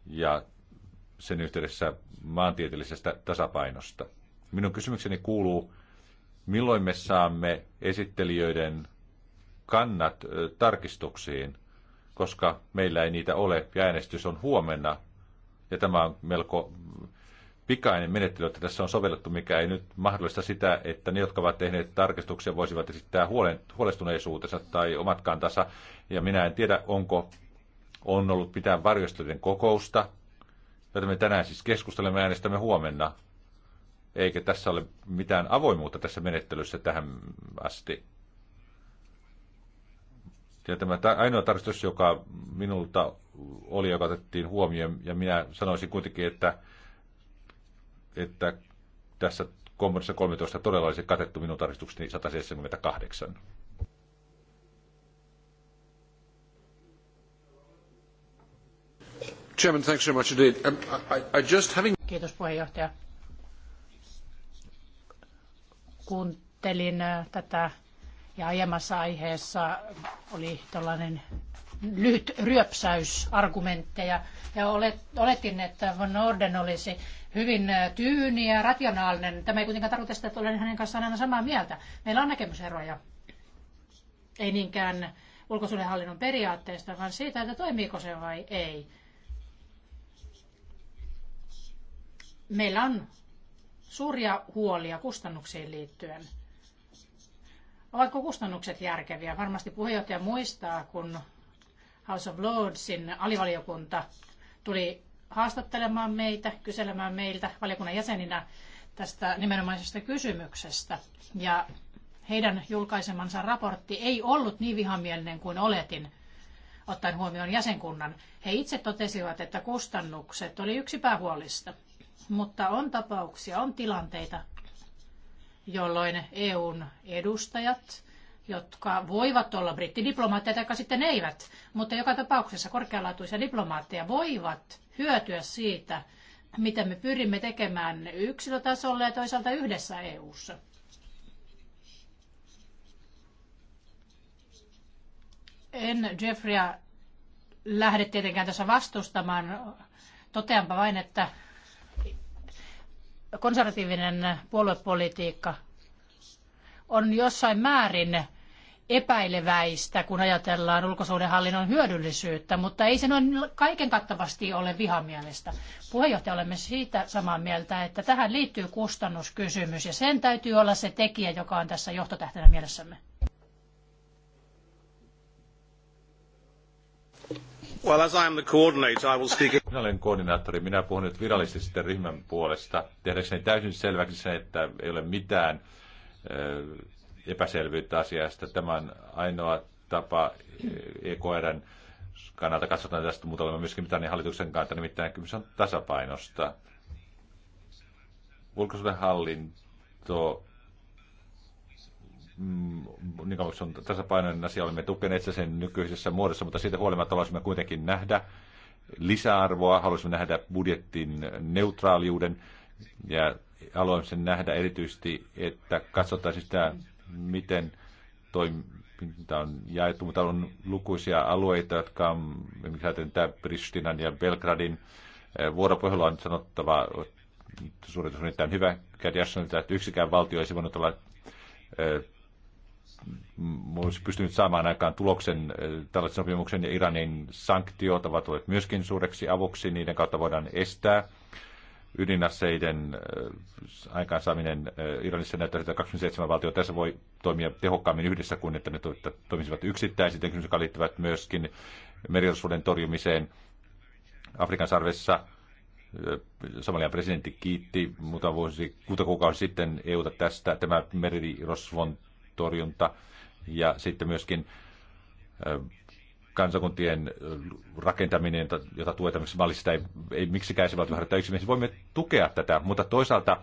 ja sen yhteydessä maantieteellisestä tasapainosta. Minun kysymykseni kuuluu, milloin me saamme esittelijöiden kannat tarkistuksiin, koska meillä ei niitä ole ja äänestys on huomenna. Ja tämä on melko pikainen menettely, että tässä on sovellettu, mikä ei nyt mahdollista sitä, että ne, jotka ovat tehneet tarkistuksia, voisivat esittää huolen, huolestuneisuutensa tai omat kantansa. Ja minä en tiedä, onko on ollut mitään varjostuneiden kokousta Joten me tänään siis keskustelemme äänestämme huomenna. Eikä tässä ole mitään avoimuutta tässä menettelyssä tähän asti. Ja tämä ainoa tarkistus, joka minulta oli, joka otettiin huomioon, ja minä sanoisin kuitenkin, että, että tässä kommentissa 13 todella olisi katettu minun tarkistukseni 178. Chairman, um, Kiitos puheenjohtaja. Kuuntelin äh, tätä ja aiemmassa aiheessa oli tällainen lyhyt ryöpsäys argumentteja ja oletin, että Van Norden olisi hyvin äh, tyyni ja rationaalinen. Tämä ei kuitenkaan tarkoita sitä, että olen hänen kanssaan aina samaa mieltä. Meillä on näkemyseroja. Ei niinkään ulkosuhdehallinnon periaatteesta, vaan siitä, että toimiiko se vai ei. Meillä on suuria huolia kustannuksiin liittyen. Ovatko kustannukset järkeviä? Varmasti puheenjohtaja muistaa, kun House of Lordsin alivaliokunta tuli haastattelemaan meitä, kyselemään meiltä valiokunnan jäseninä tästä nimenomaisesta kysymyksestä. Ja heidän julkaisemansa raportti ei ollut niin vihamielinen kuin oletin, ottaen huomioon jäsenkunnan. He itse totesivat, että kustannukset oli yksi päähuolista. Mutta on tapauksia, on tilanteita, jolloin EUn edustajat, jotka voivat olla brittidiplomaatteja tai sitten eivät, mutta joka tapauksessa korkealaatuisia diplomaatteja voivat hyötyä siitä, mitä me pyrimme tekemään yksilötasolla ja toisaalta yhdessä EU:ssa. En Jeffreya lähde tietenkään tässä vastustamaan. Toteanpa vain, että konservatiivinen puoluepolitiikka on jossain määrin epäileväistä, kun ajatellaan ulkosuhdehallinnon hyödyllisyyttä, mutta ei se noin kaiken kattavasti ole vihamielistä. Puheenjohtaja, olemme siitä samaa mieltä, että tähän liittyy kustannuskysymys ja sen täytyy olla se tekijä, joka on tässä johtotähtenä mielessämme. Well, as I am the coordinator, I will speak... Minä olen koordinaattori. Minä puhun nyt virallisesti ryhmän puolesta. Tehdäkseni täysin selväksi se, että ei ole mitään eh, epäselvyyttä asiasta. Tämä on ainoa tapa EKRn eh, e kannalta katsotaan tästä, mutta olemme myöskin mitään hallituksen kannalta, nimittäin kysymys on tasapainosta. Ulkosuuden hallinto Mm, niin kauan se on tasapainoinen asia, olemme tukeneet sen nykyisessä muodossa, mutta siitä huolimatta haluaisimme kuitenkin nähdä lisäarvoa, haluaisimme nähdä budjettin neutraaliuden ja haluaisimme sen nähdä erityisesti, että katsotaan sitä, miten toiminta on jaettu, mutta on lukuisia alueita, jotka on, esimerkiksi tämä Pristinan ja Belgradin eh, vuoropuhelu on sanottava, suoritus on hyvä. että yksikään valtio ei voinut olla eh, olisi pystynyt saamaan aikaan tuloksen äh, tällaisen sopimuksen, ja Iranin sanktiot ovat olleet myöskin suureksi avuksi. Niiden kautta voidaan estää ydinaseiden äh, aikaansaaminen äh, Iranissa näyttää että 27 valtio tässä voi toimia tehokkaammin yhdessä kuin että ne toimisivat yksittäin. Sitten kysymys, liittyvät myöskin merirosuuden torjumiseen. Afrikan sarvessa Somalian presidentti kiitti muutama vuosi, kuuta kuukausi sitten EUta tästä. Tämä merirosvon torjunta ja sitten myöskin kansakuntien rakentaminen, jota tuetaan, miksi sitä ei, ei miksikään se välttämättä Voimme tukea tätä, mutta toisaalta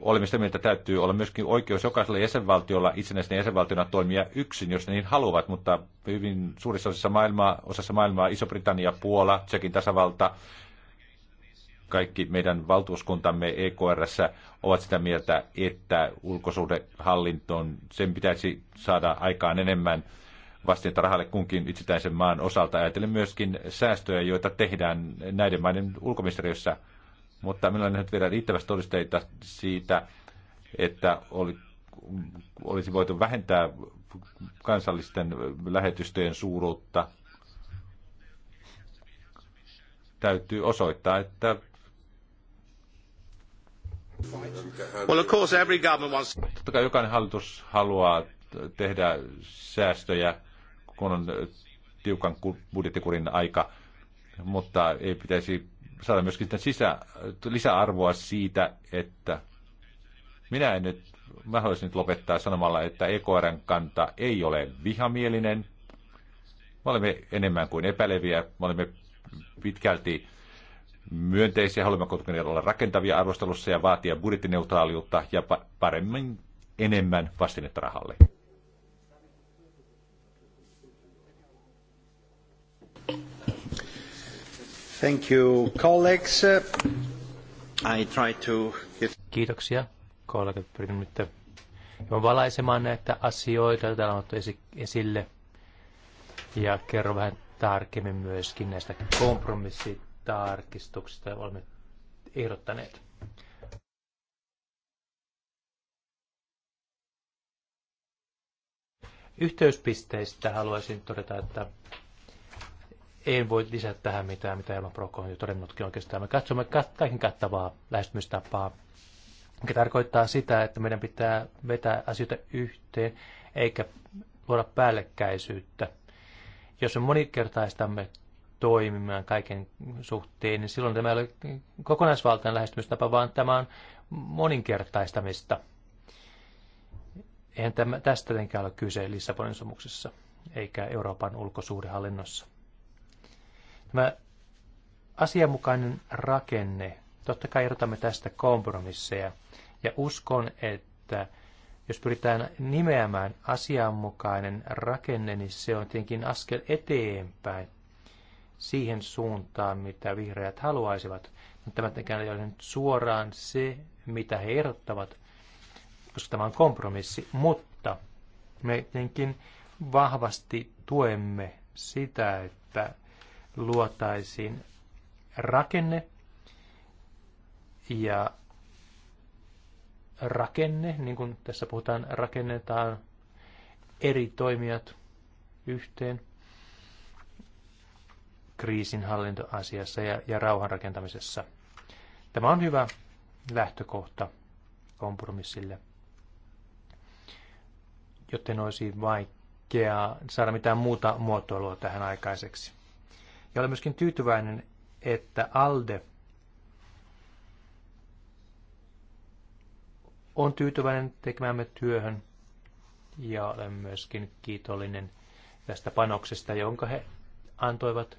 olemme sitä mieltä, että täytyy olla myöskin oikeus jokaisella jäsenvaltiolla itsenäisenä jäsenvaltiona toimia yksin, jos ne niin haluavat, mutta hyvin suurissa osissa maailmaa, osassa maailmaa Iso-Britannia, Puola, Tsekin tasavalta, kaikki meidän valtuuskuntamme EKRS ovat sitä mieltä, että ulkosuhdehallintoon sen pitäisi saada aikaan enemmän vastinta rahalle kunkin yksittäisen maan osalta. Ajatellen myöskin säästöjä, joita tehdään näiden maiden ulkoministeriössä. Mutta minulla on nyt vielä riittävästi todisteita siitä, että oli, olisi voitu vähentää kansallisten lähetystöjen suuruutta täytyy osoittaa, että Well, of course every government wants... Totta kai jokainen hallitus haluaa tehdä säästöjä, kun on tiukan budjettikurin aika, mutta ei pitäisi saada myöskin sitä sisä, lisäarvoa siitä, että minä en nyt, mä haluaisin nyt lopettaa sanomalla, että EKRn kanta ei ole vihamielinen. Me olemme enemmän kuin epäileviä, me olemme pitkälti myönteisiä, kuitenkin olla rakentavia arvostelussa ja vaatia budjettineutraaliutta ja paremmin enemmän vastinetta rahalle. Thank you, colleagues. I try to Kiitoksia, kollegat. Pyrin nyt valaisemaan näitä asioita, joita on otettu esille. Ja kerro vähän tarkemmin myöskin näistä kompromissit tarkistuksista olemme ehdottaneet. Yhteyspisteistä haluaisin todeta, että en voi lisätä tähän mitään, mitä Elma Proko on jo todennutkin oikeastaan. Me katsomme kaiken kattavaa lähestymistapaa, mikä tarkoittaa sitä, että meidän pitää vetää asioita yhteen, eikä luoda päällekkäisyyttä. Jos me monikertaistamme toimimaan kaiken suhteen, niin silloin tämä ei ole kokonaisvaltainen lähestymistapa, vaan tämä on moninkertaistamista. Eihän tämä, tästä tietenkään ole kyse Lissabonin sopimuksessa eikä Euroopan ulkosuhdehallinnossa. Tämä asianmukainen rakenne, totta kai erotamme tästä kompromisseja, ja uskon, että jos pyritään nimeämään asianmukainen rakenne, niin se on tietenkin askel eteenpäin siihen suuntaan, mitä vihreät haluaisivat. Tämä ei ole nyt suoraan se, mitä he erottavat, koska tämä on kompromissi, mutta me tietenkin vahvasti tuemme sitä, että luotaisiin rakenne ja rakenne, niin kuin tässä puhutaan, rakennetaan eri toimijat yhteen – kriisinhallintoasiassa ja, ja rauhanrakentamisessa. Tämä on hyvä lähtökohta kompromissille, joten olisi vaikea saada mitään muuta muotoilua tähän aikaiseksi. Ja olen myöskin tyytyväinen, että ALDE on tyytyväinen tekemämme työhön ja olen myöskin kiitollinen tästä panoksesta, jonka he antoivat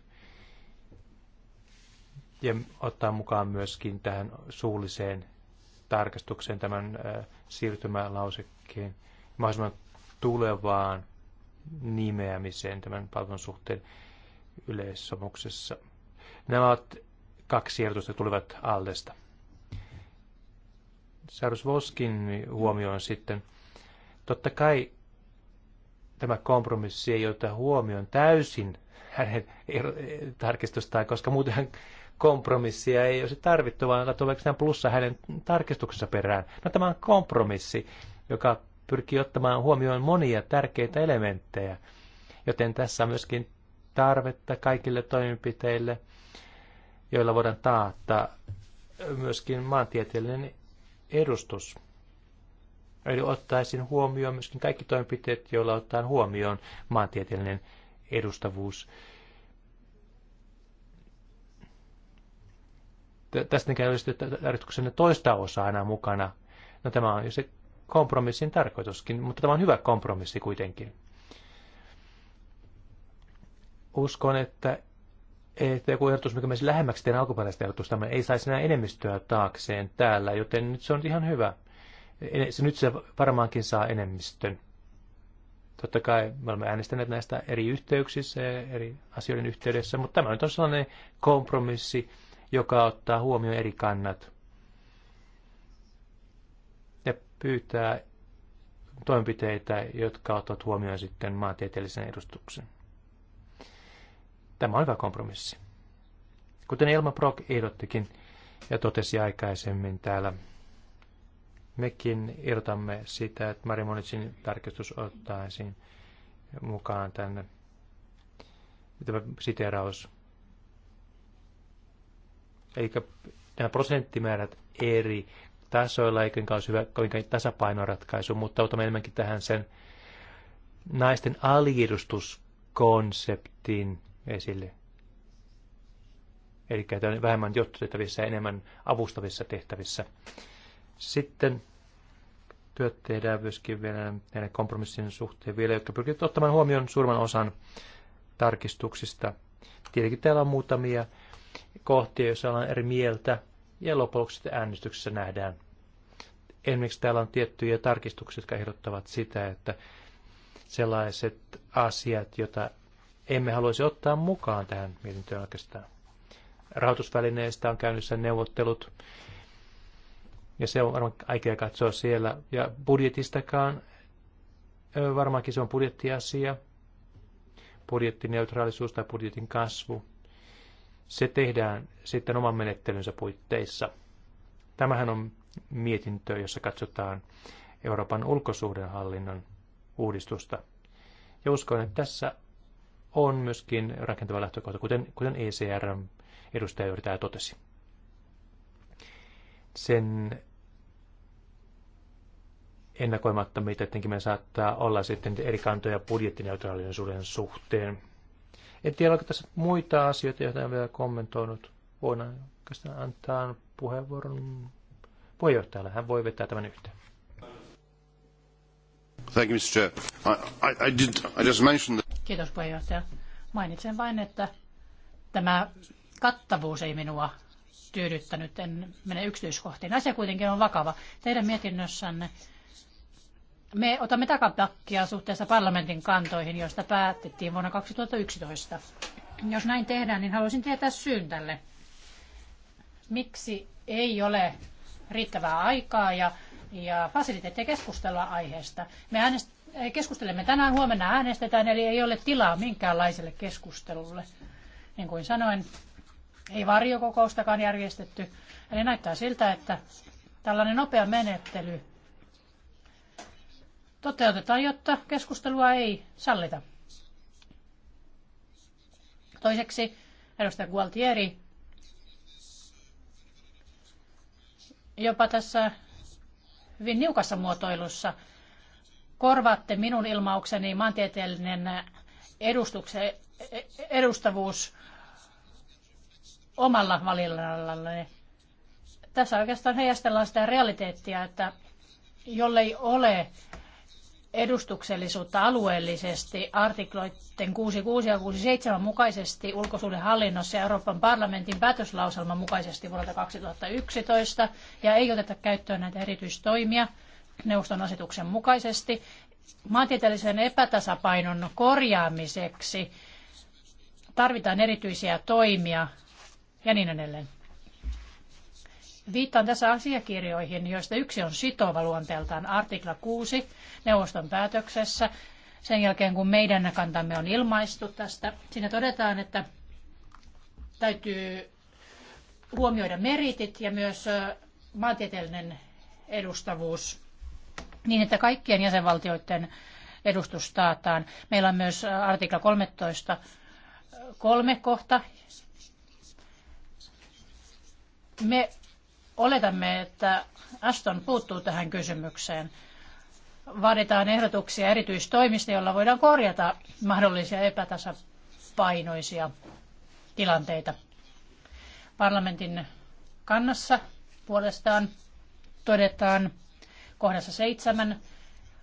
ja ottaa mukaan myöskin tähän suulliseen tarkastukseen tämän siirtymälausekkeen mahdollisimman tulevaan nimeämiseen tämän palvelun suhteen yleissomuksessa. Nämä ovat kaksi ehdotusta tulevat Aldesta. Sarus Voskin huomioon sitten. Totta kai tämä kompromissi ei ota huomioon täysin hänen tarkistustaan, koska muuten hän kompromissia ei olisi tarvittu, vaan tuleeko nämä plussa hänen tarkistuksessa perään. No tämä on kompromissi, joka pyrkii ottamaan huomioon monia tärkeitä elementtejä, joten tässä on myöskin tarvetta kaikille toimenpiteille, joilla voidaan taata myöskin maantieteellinen edustus. Eli ottaisin huomioon myöskin kaikki toimenpiteet, joilla otetaan huomioon maantieteellinen edustavuus tästäkään ei olisi tarkoituksena toista osaa enää mukana. No tämä on se kompromissin tarkoituskin, mutta tämä on hyvä kompromissi kuitenkin. Uskon, että, että joku ehdotus, mikä menisi lähemmäksi teidän alkuperäistä ehdotusta, ei saisi enää enemmistöä taakseen täällä, joten nyt se on ihan hyvä. E-, se, nyt se varmaankin saa enemmistön. Totta kai me olemme äänestäneet näistä eri yhteyksissä ja eri asioiden yhteydessä, mutta tämä nyt on sellainen kompromissi, joka ottaa huomioon eri kannat ja pyytää toimenpiteitä, jotka ottavat huomioon sitten maantieteellisen edustuksen. Tämä on hyvä kompromissi. Kuten Elma Brock ehdottikin ja totesi aikaisemmin täällä, mekin irtamme sitä, että Marimonitsin tarkistus ottaisiin mukaan tänne. Tämä siteraus Eli nämä prosenttimäärät eri tasoilla, eikä olisi hyvä kovinkaan tasapainoratkaisu, mutta otamme enemmänkin tähän sen naisten aliedustuskonseptin esille. Eli vähemmän johtotehtävissä ja enemmän avustavissa tehtävissä. Sitten työt tehdään myöskin vielä näiden kompromissien suhteen vielä, jotka pyrkivät ottamaan huomioon suurman osan tarkistuksista. Tietenkin täällä on muutamia kohtia, joissa ollaan eri mieltä, ja lopuksi äänestyksessä nähdään. Esimerkiksi täällä on tiettyjä tarkistuksia, jotka ehdottavat sitä, että sellaiset asiat, joita emme haluaisi ottaa mukaan tähän mietintöön oikeastaan. Rahoitusvälineistä on käynnissä neuvottelut, ja se on varmaan aikea katsoa siellä. Ja budjetistakaan, varmaankin se on budjettiasia, budjettineutraalisuus tai budjetin kasvu se tehdään sitten oman menettelynsä puitteissa. Tämähän on mietintö, jossa katsotaan Euroopan ulkosuhdehallinnon uudistusta. Ja uskon, että tässä on myöskin rakentava lähtökohta, kuten, kuten ecr edustaja juuri totesi. Sen ennakoimatta, mitä tietenkin me saattaa olla sitten eri kantoja budjettineutraalisuuden suhteen, en tiedä, onko tässä muita asioita, joita en vielä kommentoinut. Voin oikeastaan antaa puheenvuoron puheenjohtajalle. Hän voi vetää tämän yhteen. Thank you, Mr. Chair. I, I, did, I just mentioned that... Kiitos puheenjohtaja. Mainitsen vain, että tämä kattavuus ei minua tyydyttänyt. En mene yksityiskohtiin. Asia kuitenkin on vakava. Teidän mietinnössänne me otamme takapakkia suhteessa parlamentin kantoihin, joista päätettiin vuonna 2011. Jos näin tehdään, niin haluaisin tietää syyn tälle. Miksi ei ole riittävää aikaa ja, ja fasiliteetteja keskustella aiheesta? Me äänest- keskustelemme tänään, huomenna äänestetään, eli ei ole tilaa minkäänlaiselle keskustelulle. Niin kuin sanoin, ei varjokokoustakaan järjestetty. Eli näyttää siltä, että tällainen nopea menettely toteutetaan, jotta keskustelua ei sallita. Toiseksi edustaja Gualtieri jopa tässä hyvin niukassa muotoilussa korvaatte minun ilmaukseni maantieteellinen edustavuus omalla valinnallanne. Tässä oikeastaan heijastellaan sitä realiteettia, että jollei ole edustuksellisuutta alueellisesti artikloiden 66 ja 67 mukaisesti ulkosuhdehallinnossa ja Euroopan parlamentin päätöslauselman mukaisesti vuodelta 2011 ja ei oteta käyttöön näitä erityistoimia neuvoston asetuksen mukaisesti maantieteellisen epätasapainon korjaamiseksi tarvitaan erityisiä toimia ja niin edelleen. Viittaan tässä asiakirjoihin, joista yksi on sitova luonteeltaan artikla 6 neuvoston päätöksessä. Sen jälkeen kun meidän kantamme on ilmaistu tästä, siinä todetaan, että täytyy huomioida meritit ja myös maantieteellinen edustavuus niin, että kaikkien jäsenvaltioiden edustus taataan. Meillä on myös artikla 13 kolme kohta. Me Oletamme, että Aston puuttuu tähän kysymykseen. Vaaditaan ehdotuksia erityistoimista, joilla voidaan korjata mahdollisia epätasapainoisia tilanteita. Parlamentin kannassa puolestaan todetaan kohdassa seitsemän,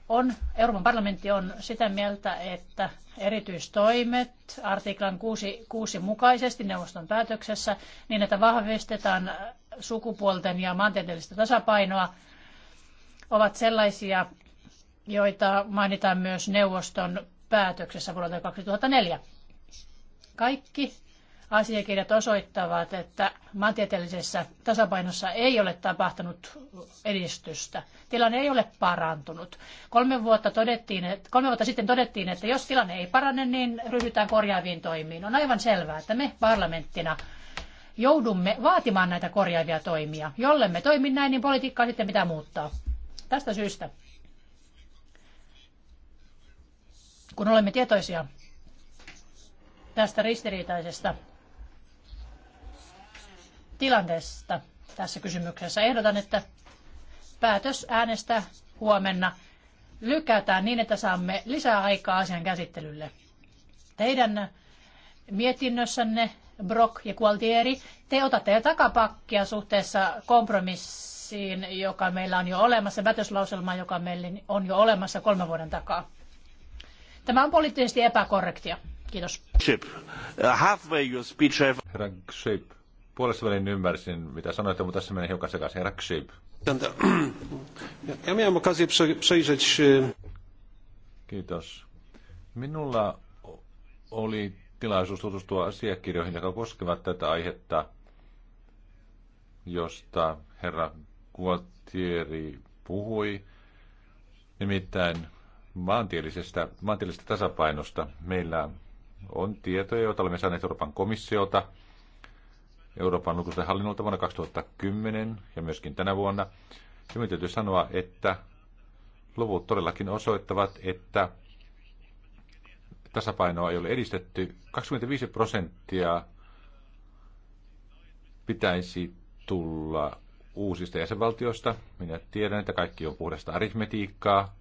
on, Euroopan parlamentti on sitä mieltä, että erityistoimet artiklan 6, 6 mukaisesti neuvoston päätöksessä niin, että vahvistetaan sukupuolten ja maantieteellistä tasapainoa ovat sellaisia, joita mainitaan myös neuvoston päätöksessä vuodelta 2004. Kaikki asiakirjat osoittavat, että maantieteellisessä tasapainossa ei ole tapahtunut edistystä. Tilanne ei ole parantunut. Kolme vuotta, todettiin, että, kolme vuotta sitten todettiin, että jos tilanne ei parane, niin ryhdytään korjaaviin toimiin. On aivan selvää, että me parlamenttina joudumme vaatimaan näitä korjaavia toimia. Jollemme toimi näin, niin politiikkaa sitten pitää muuttaa. Tästä syystä, kun olemme tietoisia tästä ristiriitaisesta tilanteesta tässä kysymyksessä, ehdotan, että päätös äänestää huomenna lykätään niin, että saamme lisää aikaa asian käsittelylle. Teidän mietinnössänne Brock ja Gualtieri, te otatte jo takapakkia suhteessa kompromissiin, joka meillä on jo olemassa, vätöslauselma, joka meillä on jo olemassa kolme vuoden takaa. Tämä on poliittisesti epäkorrektia. Kiitos. Uh, halfway your speech have... Herra Gship, puolessa välin ymmärsin, mitä sanoitte, mutta tässä meni hiukan sekaisin. Herra Gship. Ja miałem okazję przejrzeć... Kiitos. Minulla oli tilaisuus tutustua asiakirjoihin, jotka koskevat tätä aihetta, josta herra Gualtieri puhui, nimittäin maantielisestä, maantielisestä tasapainosta. Meillä on tietoja, joita olemme saaneet Euroopan komissiolta, Euroopan lukuisten hallinnolta vuonna 2010 ja myöskin tänä vuonna. Ja täytyy sanoa, että luvut todellakin osoittavat, että tasapainoa ei ole edistetty. 25 prosenttia pitäisi tulla uusista jäsenvaltioista. Minä tiedän, että kaikki on puhdasta aritmetiikkaa.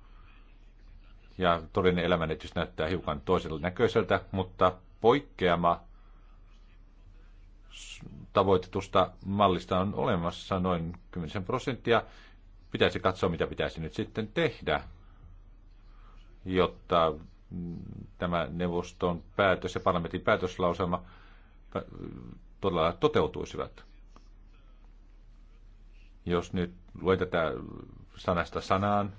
Ja todellinen elämänetys näyttää hiukan toisella näköiseltä, mutta poikkeama tavoitetusta mallista on olemassa noin 10 prosenttia. Pitäisi katsoa, mitä pitäisi nyt sitten tehdä, jotta tämä neuvoston päätös ja parlamentin päätöslauselma äh, todella toteutuisivat. Jos nyt luen tätä sanasta sanaan,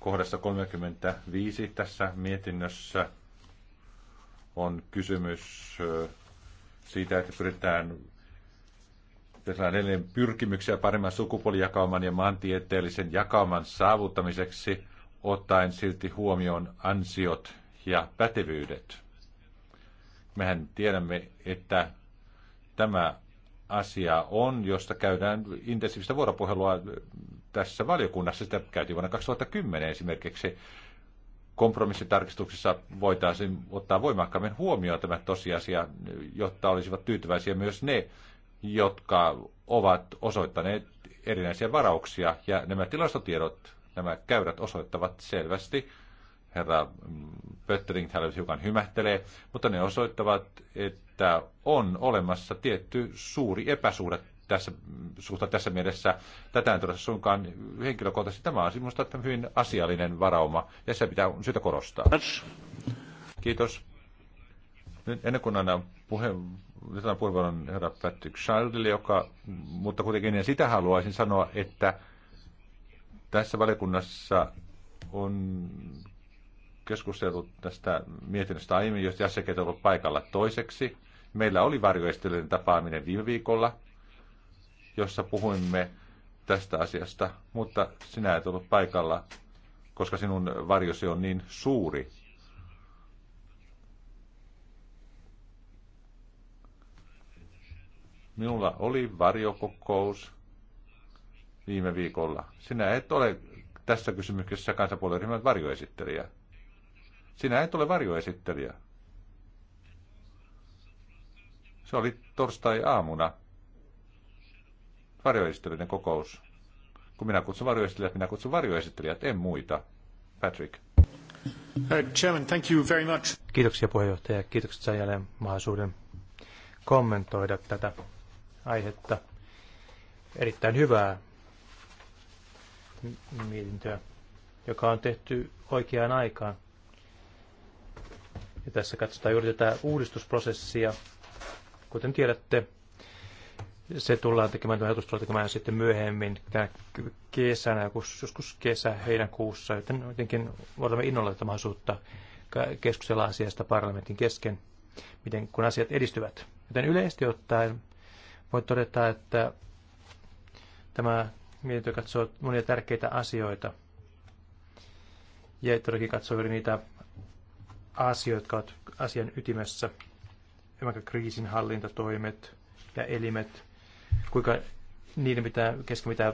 kohdassa 35 tässä mietinnössä on kysymys äh, siitä, että pyritään pyrkimyksiä paremman sukupuolijakauman ja maantieteellisen jakauman saavuttamiseksi – ottaen silti huomioon ansiot ja pätevyydet. Mehän tiedämme, että tämä asia on, josta käydään intensiivistä vuoropuhelua tässä valiokunnassa. Sitä käytiin vuonna 2010 esimerkiksi. Kompromissitarkistuksessa voitaisiin ottaa voimakkaammin huomioon tämä tosiasia, jotta olisivat tyytyväisiä myös ne, jotka ovat osoittaneet erinäisiä varauksia. Ja nämä tilastotiedot Nämä käyrät osoittavat selvästi, herra Pöttering täällä hiukan hymähtelee, mutta ne osoittavat, että on olemassa tietty suuri epäsuhde tässä, suhta tässä mielessä. Tätä en todella suinkaan henkilökohtaisesti. Tämä on minusta hyvin asiallinen varauma, ja se pitää syytä korostaa. Kiitos. Nyt ennen kuin annan puheenvuoron, puheenvuoron herra Patrick Childille, joka, mutta kuitenkin sitä haluaisin sanoa, että tässä valiokunnassa on keskusteltu tästä mietinnöstä aiemmin, jos jäsenet ovat paikalla toiseksi. Meillä oli varjoistelijoiden tapaaminen viime viikolla, jossa puhuimme tästä asiasta, mutta sinä et ollut paikalla, koska sinun varjosi on niin suuri. Minulla oli varjokokous viime viikolla. Sinä et ole tässä kysymyksessä kansanpuolueryhmän varjoesittelijä. Sinä et ole varjoesittelijä. Se oli torstai-aamuna varjoesittelijän kokous. Kun minä kutsun varjoesittelijät, minä kutsun varjoesittelijät, en muita. Patrick. Uh, Chairman, thank you very much. Kiitoksia puheenjohtaja. Kiitokset saa jälleen mahdollisuuden kommentoida tätä aihetta. Erittäin hyvää mietintöä, joka on tehty oikeaan aikaan. Ja tässä katsotaan juuri tätä uudistusprosessia. Kuten tiedätte, se tullaan tekemään, tämä ehdotus tekemään sitten myöhemmin tänä kesänä, joskus kesä, heinäkuussa, joten jotenkin voidaan innolla tätä mahdollisuutta keskustella asiasta parlamentin kesken, miten, kun asiat edistyvät. Joten yleisesti ottaen voi todeta, että tämä mietintö katsoo monia tärkeitä asioita. Ja todellakin katsoo juuri niitä asioita, jotka ovat asian ytimessä. kriisin hallintatoimet ja elimet, kuinka niiden pitää, kesken pitää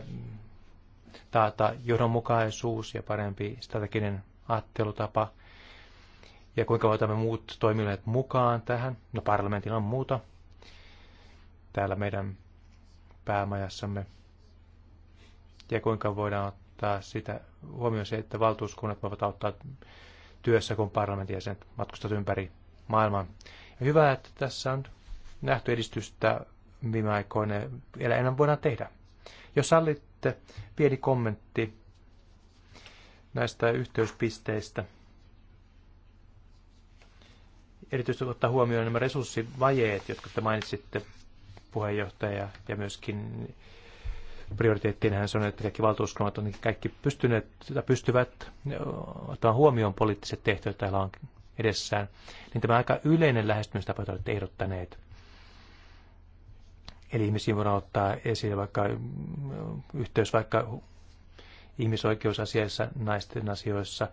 taata johdonmukaisuus ja parempi strateginen ajattelutapa. Ja kuinka otamme muut toimijat mukaan tähän? No parlamentilla on muuta. Täällä meidän päämajassamme ja kuinka voidaan ottaa sitä huomioon se, että valtuuskunnat voivat auttaa työssä, kun parlamentin jäsenet matkustavat ympäri maailmaa. Ja hyvä, että tässä on nähty edistystä viime aikoina vielä enää voidaan tehdä. Jos sallitte pieni kommentti näistä yhteyspisteistä. Erityisesti ottaa huomioon nämä resurssivajeet, jotka te mainitsitte puheenjohtaja ja myöskin prioriteettinähän se on, että kaikki valtuuskunnat on kaikki pystyneet, pystyvät ottamaan huomioon poliittiset tehtävät, joita on edessään. Niin tämä aika yleinen lähestymistapa, jota olette ehdottaneet. Eli ihmisiä voidaan ottaa esille vaikka yhteys vaikka ihmisoikeusasiassa, naisten asioissa,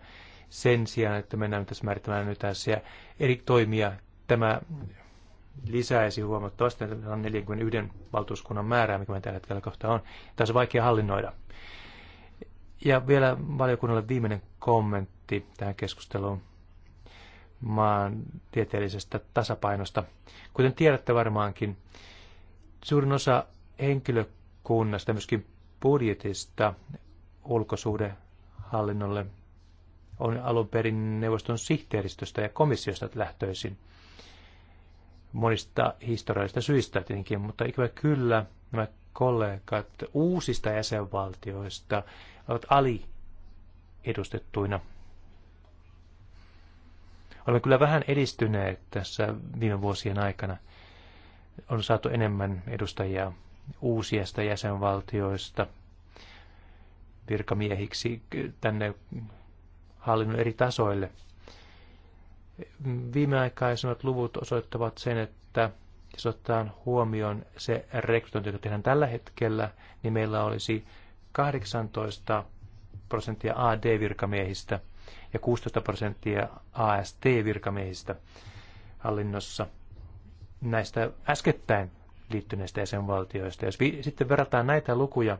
sen sijaan, että mennään tässä määrittämään nyt tässä eri toimia. Tämä lisäisi huomattavasti Meillä on 41 valtuuskunnan määrää, mikä me tällä hetkellä kohta on. Tässä on vaikea hallinnoida. Ja vielä valiokunnalle viimeinen kommentti tähän keskusteluun maantieteellisestä tasapainosta. Kuten tiedätte varmaankin, suurin osa henkilökunnasta, myöskin budjetista ulkosuhdehallinnolle on alun perin neuvoston sihteeristöstä ja komissiosta lähtöisin – monista historiallisista syistä tietenkin, mutta ikävä kyllä nämä kollegat uusista jäsenvaltioista ovat aliedustettuina. Olemme kyllä vähän edistyneet tässä viime vuosien aikana. On saatu enemmän edustajia uusista jäsenvaltioista virkamiehiksi tänne hallinnon eri tasoille – Viimeaikaisemmat luvut osoittavat sen, että jos otetaan huomioon se rekrytointi, joka tehdään tällä hetkellä, niin meillä olisi 18 prosenttia AD-virkamiehistä ja 16 prosenttia AST-virkamiehistä hallinnossa näistä äskettäin liittyneistä jäsenvaltioista. Jos vi- sitten verrataan näitä lukuja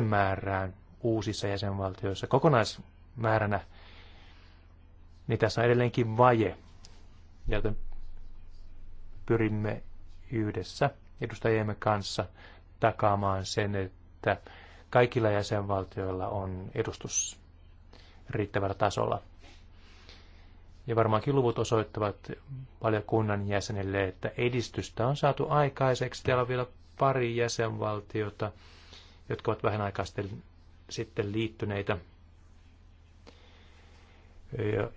määrään uusissa jäsenvaltioissa kokonaismääränä, niin tässä on edelleenkin vaje, joten pyrimme yhdessä edustajiemme kanssa takaamaan sen, että kaikilla jäsenvaltioilla on edustus riittävällä tasolla. Ja varmaankin luvut osoittavat paljon kunnan jäsenille, että edistystä on saatu aikaiseksi. Täällä on vielä pari jäsenvaltiota, jotka ovat vähän aikaa sitten liittyneitä ja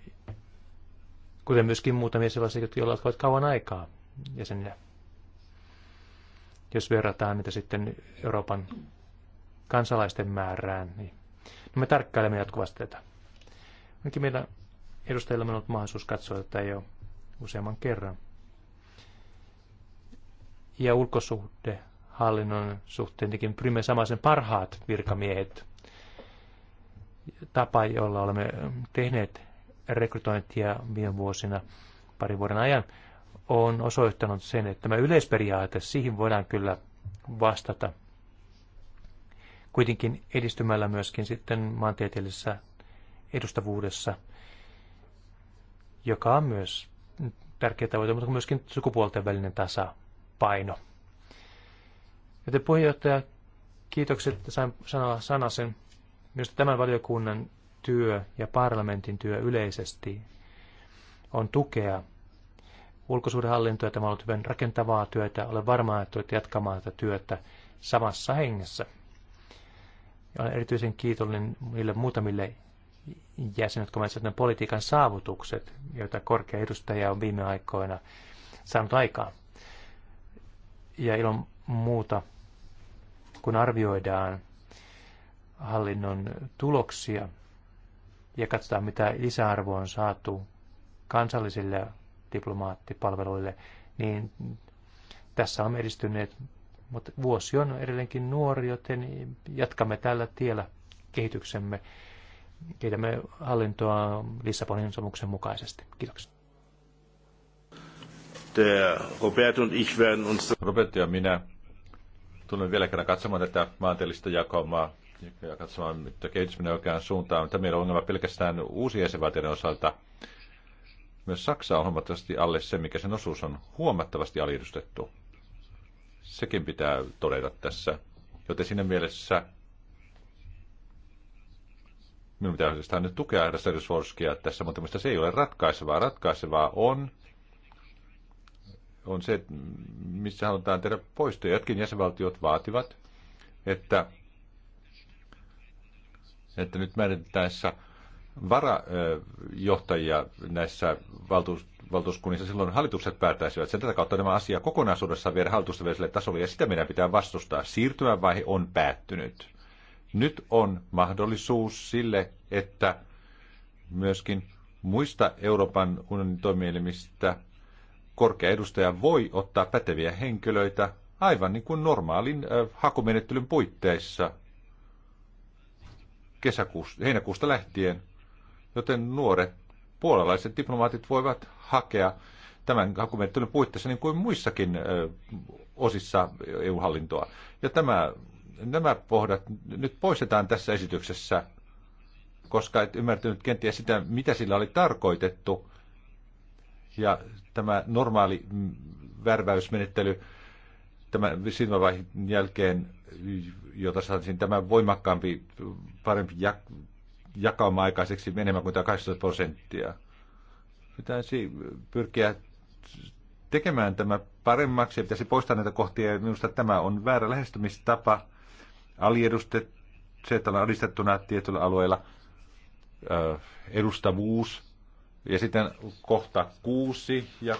kuten myöskin muutamia sellaisia, joilla ovat kauan aikaa jäseniä. Jos verrataan niitä sitten Euroopan kansalaisten määrään, niin no me tarkkailemme jatkuvasti tätä. Ainakin meillä edustajilla on ollut mahdollisuus katsoa tätä jo useamman kerran. Ja ulkosuhdehallinnon suhteen tekin Pryme samaisen parhaat virkamiehet tapa, jolla olemme tehneet rekrytointia viime vuosina parin vuoden ajan, on osoittanut sen, että tämä yleisperiaate, siihen voidaan kyllä vastata. Kuitenkin edistymällä myöskin sitten maantieteellisessä edustavuudessa, joka on myös tärkeä tavoite, mutta myöskin sukupuolten välinen tasapaino. Joten puheenjohtaja, kiitokset, että sain sanoa sanasen. Minusta tämän valiokunnan työ ja parlamentin työ yleisesti on tukea ulkosuhdehallintoa. Tämä on ollut hyvin rakentavaa työtä. Olen varma, että olette jatkamaan tätä työtä samassa hengessä. Ja olen erityisen kiitollinen niille muutamille jäsenille, jotka mainitsevat nämä politiikan saavutukset, joita korkea edustaja on viime aikoina saanut aikaan. Ja ilman muuta, kun arvioidaan hallinnon tuloksia ja katsotaan, mitä lisäarvoa on saatu kansallisille diplomaattipalveluille, niin tässä on edistyneet, mutta vuosi on edelleenkin nuori, joten jatkamme tällä tiellä kehityksemme. Kiitämme hallintoa Lissabonin sopimuksen mukaisesti. Kiitoksia. Robert, und ich uns... Robert ja minä tulemme vielä kerran katsomaan tätä maantieteellistä jakaumaa ja katsomaan, että kehitys menee oikeaan suuntaan. Tämä meillä on ongelma pelkästään uusien jäsenvaltioiden osalta. Myös Saksa on huomattavasti alle se, mikä sen osuus on huomattavasti aliedustettu. Sekin pitää todeta tässä. Joten siinä mielessä minun pitää oikeastaan nyt tukea Ersterisvorskia tässä, mutta minusta se ei ole ratkaisevaa. Ratkaisevaa on, on se, missä halutaan tehdä poistoja. Jotkin jäsenvaltiot vaativat, että että nyt määritettäessä varajohtajia näissä valtuus, valtuuskunnissa silloin hallitukset päättäisivät sen tätä kautta tämä asia kokonaisuudessaan viedä hallitusten väliselle tasolle ja sitä meidän pitää vastustaa. Siirtymävaihe on päättynyt. Nyt on mahdollisuus sille, että myöskin muista Euroopan unionin toimielimistä korkea edustaja voi ottaa päteviä henkilöitä aivan niin kuin normaalin äh, hakumenettelyn puitteissa kesäkuusta, heinäkuusta lähtien, joten nuoret puolalaiset diplomaatit voivat hakea tämän hakumenettelyn puitteissa niin kuin muissakin osissa EU-hallintoa. Ja tämä, nämä pohdat nyt poistetaan tässä esityksessä, koska et ymmärtänyt kenties sitä, mitä sillä oli tarkoitettu. Ja tämä normaali mm, värväysmenettely tämän silmävaihin jälkeen, jota saisin tämä voimakkaampi parempi jak- jakauma aikaiseksi enemmän kuin tämä 18 prosenttia. Pitäisi pyrkiä tekemään tämä paremmaksi ja pitäisi poistaa näitä kohtia. Ja minusta tämä on väärä lähestymistapa. Aliedustet, se, että on alistettuna tietyillä alueilla, edustavuus ja sitten kohta kuusi ja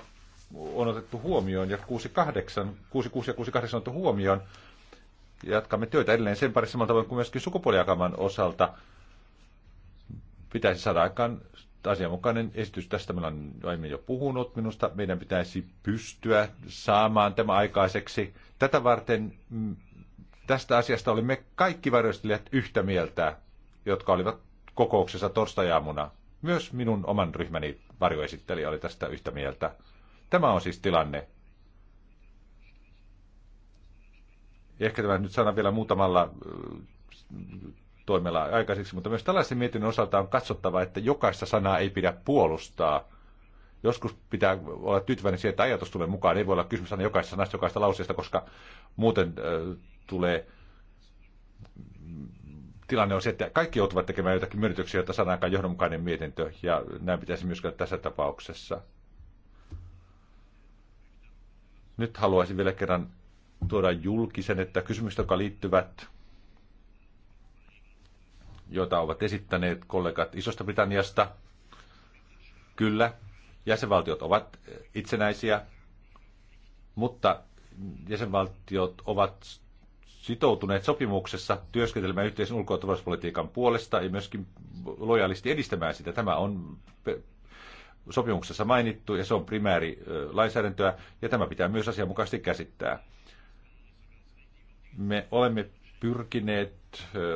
on otettu huomioon ja kuusi kahdeksan kuusi kuusi ja kahdeksan on otettu huomioon, jatkamme työtä edelleen sen parissa samalla tavoin kuin myöskin sukupuoliakaman osalta. Pitäisi saada aikaan asianmukainen esitys. Tästä meillä on aiemmin jo puhunut. Minusta meidän pitäisi pystyä saamaan tämä aikaiseksi. Tätä varten mm, tästä asiasta olimme kaikki varjostelijat yhtä mieltä, jotka olivat kokouksessa torstajaamuna. Myös minun oman ryhmäni varjoesittelijä oli tästä yhtä mieltä. Tämä on siis tilanne. Ehkä tämä nyt saadaan vielä muutamalla toimella aikaiseksi, mutta myös tällaisen mietinnön osalta on katsottava, että jokaista sanaa ei pidä puolustaa. Joskus pitää olla tyytyväinen siihen, että ajatus tulee mukaan. Ei voi olla kysymys aina jokaisesta sanasta, jokaisesta lauseesta, koska muuten äh, tulee tilanne on se, että kaikki joutuvat tekemään jotakin myönnytyksiä, jotta saadaan johdonmukainen mietintö, ja näin pitäisi myöskään tässä tapauksessa. Nyt haluaisin vielä kerran tuoda julkisen, että kysymykset, jotka liittyvät, joita ovat esittäneet kollegat Isosta Britanniasta, kyllä, jäsenvaltiot ovat itsenäisiä, mutta jäsenvaltiot ovat sitoutuneet sopimuksessa työskentelemään yhteisen ulko- ja puolesta ja myöskin lojaalisti edistämään sitä. Tämä on sopimuksessa mainittu ja se on primääri lainsäädäntöä ja tämä pitää myös asianmukaisesti käsittää. Me olemme pyrkineet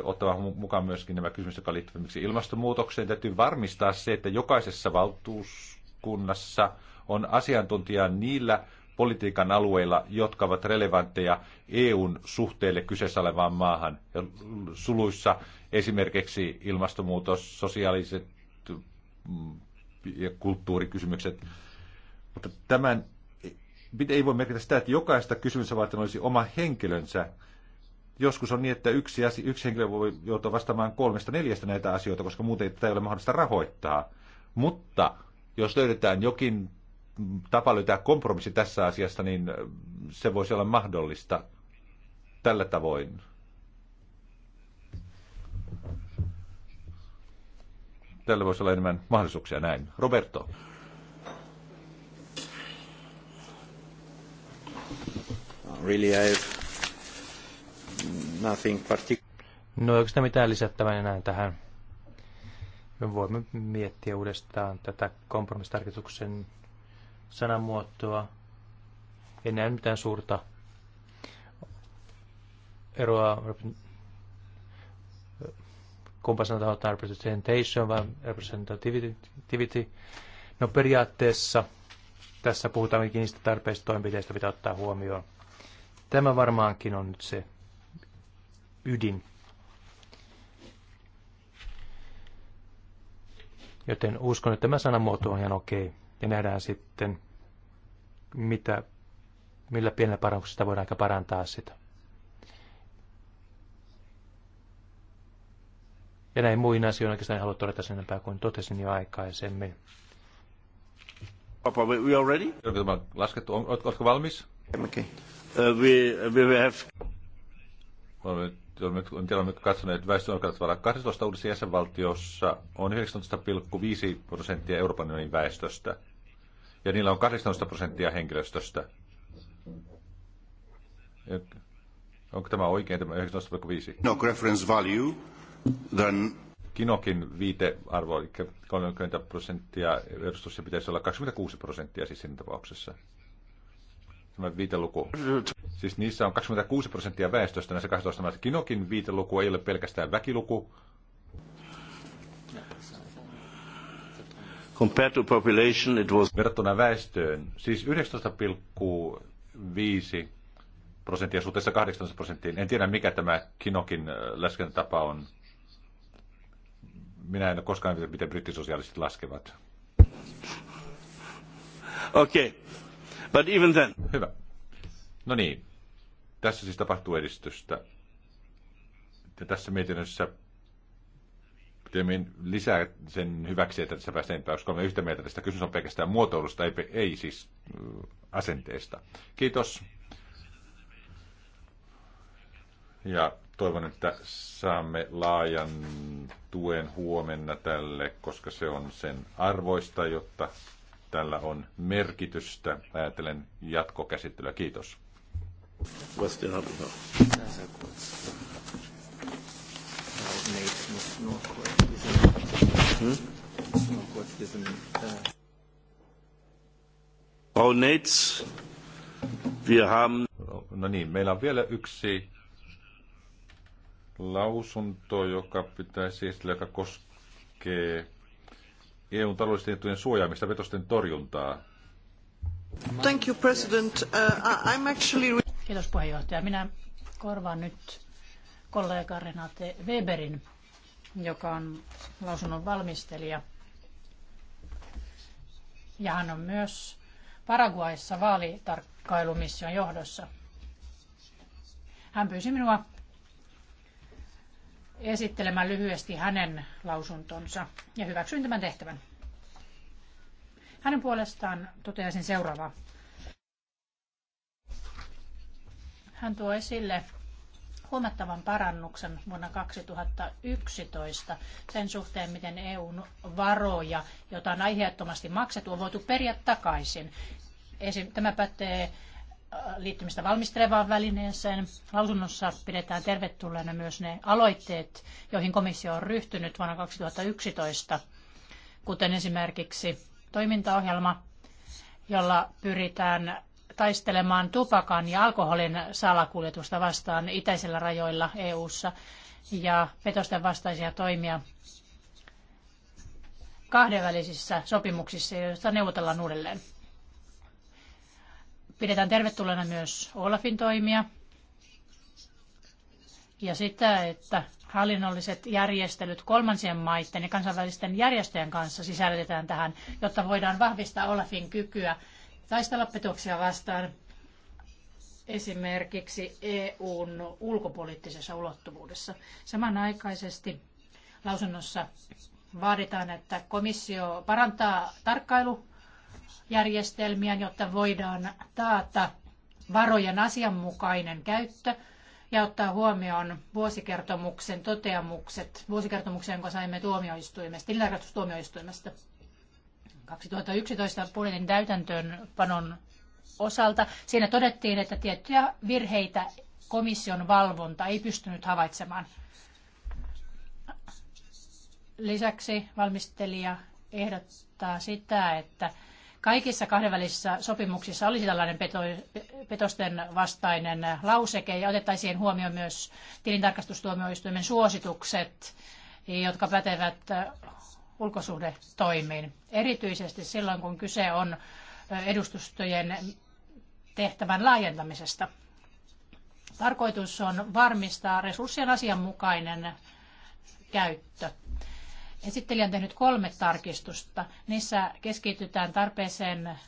ottamaan mukaan myöskin nämä kysymykset, jotka liittyvät ilmastonmuutokseen. Täytyy varmistaa se, että jokaisessa valtuuskunnassa on asiantuntija niillä politiikan alueilla, jotka ovat relevantteja EUn suhteelle kyseessä olevaan maahan. Suluissa esimerkiksi ilmastonmuutos, sosiaaliset mm, ja kulttuurikysymykset. Mutta tämän ei voi merkitä sitä, että jokaista kysymystä varten olisi oma henkilönsä joskus on niin, että yksi, asia, yksi henkilö voi joutua vastaamaan kolmesta neljästä näitä asioita, koska muuten tätä ei ole mahdollista rahoittaa. Mutta jos löydetään jokin tapa löytää kompromissi tässä asiassa, niin se voisi olla mahdollista tällä tavoin. Tällä voisi olla enemmän mahdollisuuksia näin. Roberto. Really, I've nothing particular. No onko sitä mitään lisättävää enää tähän? Me voimme miettiä uudestaan tätä kompromissitarkoituksen sanamuotoa. En näe mitään suurta eroa kumpa sanotaan representation vai representativity. No periaatteessa tässä puhutaan niistä tarpeista toimenpiteistä, pitää ottaa huomioon. Tämä varmaankin on nyt se ydin. Joten uskon, että tämä sanamuoto on ihan okei. Ja nähdään sitten, mitä, millä pienellä parannuksella voidaan aika parantaa sitä. Ja näin muihin asioihin oikeastaan en halua todeta sen enempää kuin totesin jo aikaisemmin. Papa, we are ready? Laskettu, oletko valmis? Okay. Uh, we, we have... Olemme nyt nyt katsoneet, että väestönokat ovat 12 uudessa jäsenvaltiossa on 19,5 prosenttia Euroopan unionin väestöstä. Ja niillä on 18 prosenttia henkilöstöstä. Onko tämä oikein, tämä 19,5? No reference value, then... Kinokin viitearvo, eli 30 prosenttia edustus, pitäisi olla 26 prosenttia siis siinä tapauksessa tämä viiteluku. Siis niissä on 26 prosenttia väestöstä näissä 12 maissa. Kinokin viiteluku ei ole pelkästään väkiluku. Compared to population, it was... Verrattuna väestöön, siis 19,5 prosenttia suhteessa 18 prosenttiin. En tiedä, mikä tämä Kinokin laskentatapa on. Minä en ole koskaan tiedä, miten brittisosiaaliset laskevat. Okei. Okay. But even then. Hyvä. No niin. Tässä siis tapahtuu edistystä. Ja tässä mietinnössä lisää sen hyväksi, että tässä päästään eteenpäin. Olemme yhtä mieltä tästä. Kysymys on pelkästään muotoilusta, ei, ei siis asenteesta. Kiitos. Ja toivon, että saamme laajan tuen huomenna tälle, koska se on sen arvoista, jotta tällä on merkitystä. Ajattelen jatkokäsittelyä. Kiitos. Frau No niin, meillä on vielä yksi lausunto, joka pitäisi siis joka koskee EUn taloudellisten etujen suojaamista vetosten torjuntaa. Thank you, President. Uh, I'm actually... Kiitos puheenjohtaja. Minä korvaan nyt kollega Renate Weberin, joka on lausunnon valmistelija. Ja hän on myös Paraguaissa vaalitarkkailumission johdossa. Hän pyysi minua esittelemään lyhyesti hänen lausuntonsa ja hyväksyin tämän tehtävän. Hänen puolestaan toteaisin seuraavaa. Hän tuo esille huomattavan parannuksen vuonna 2011 sen suhteen, miten EUn varoja, joita on aiheettomasti maksettu, on voitu periä takaisin. Tämä pätee liittymistä valmistelevaan välineeseen. Lausunnossa pidetään tervetulleena myös ne aloitteet, joihin komissio on ryhtynyt vuonna 2011, kuten esimerkiksi toimintaohjelma, jolla pyritään taistelemaan tupakan ja alkoholin salakuljetusta vastaan itäisillä rajoilla EU:ssa ja petosten vastaisia toimia kahdenvälisissä sopimuksissa, joista neuvotellaan uudelleen. Pidetään tervetulleena myös Olafin toimia ja sitä, että hallinnolliset järjestelyt kolmansien maiden ja kansainvälisten järjestöjen kanssa sisällytetään tähän, jotta voidaan vahvistaa Olafin kykyä taistella petoksia vastaan esimerkiksi EUn ulkopoliittisessa ulottuvuudessa. Samanaikaisesti lausunnossa vaaditaan, että komissio parantaa tarkkailu järjestelmiä, jotta voidaan taata varojen asianmukainen käyttö ja ottaa huomioon vuosikertomuksen toteamukset, vuosikertomuksen, jonka saimme tuomioistuimesta, tilintarkastustuomioistuimesta. 2011 budjetin täytäntöönpanon osalta. Siinä todettiin, että tiettyjä virheitä komission valvonta ei pystynyt havaitsemaan. Lisäksi valmistelija ehdottaa sitä, että Kaikissa kahdenvälisissä sopimuksissa olisi tällainen petosten vastainen lauseke ja otettaisiin huomioon myös tilintarkastustuomioistuimen suositukset, jotka pätevät ulkosuhdetoimiin. Erityisesti silloin, kun kyse on edustustojen tehtävän laajentamisesta. Tarkoitus on varmistaa resurssien asianmukainen käyttö. Esittelijä on tehnyt kolme tarkistusta. Niissä keskitytään tarpeeseen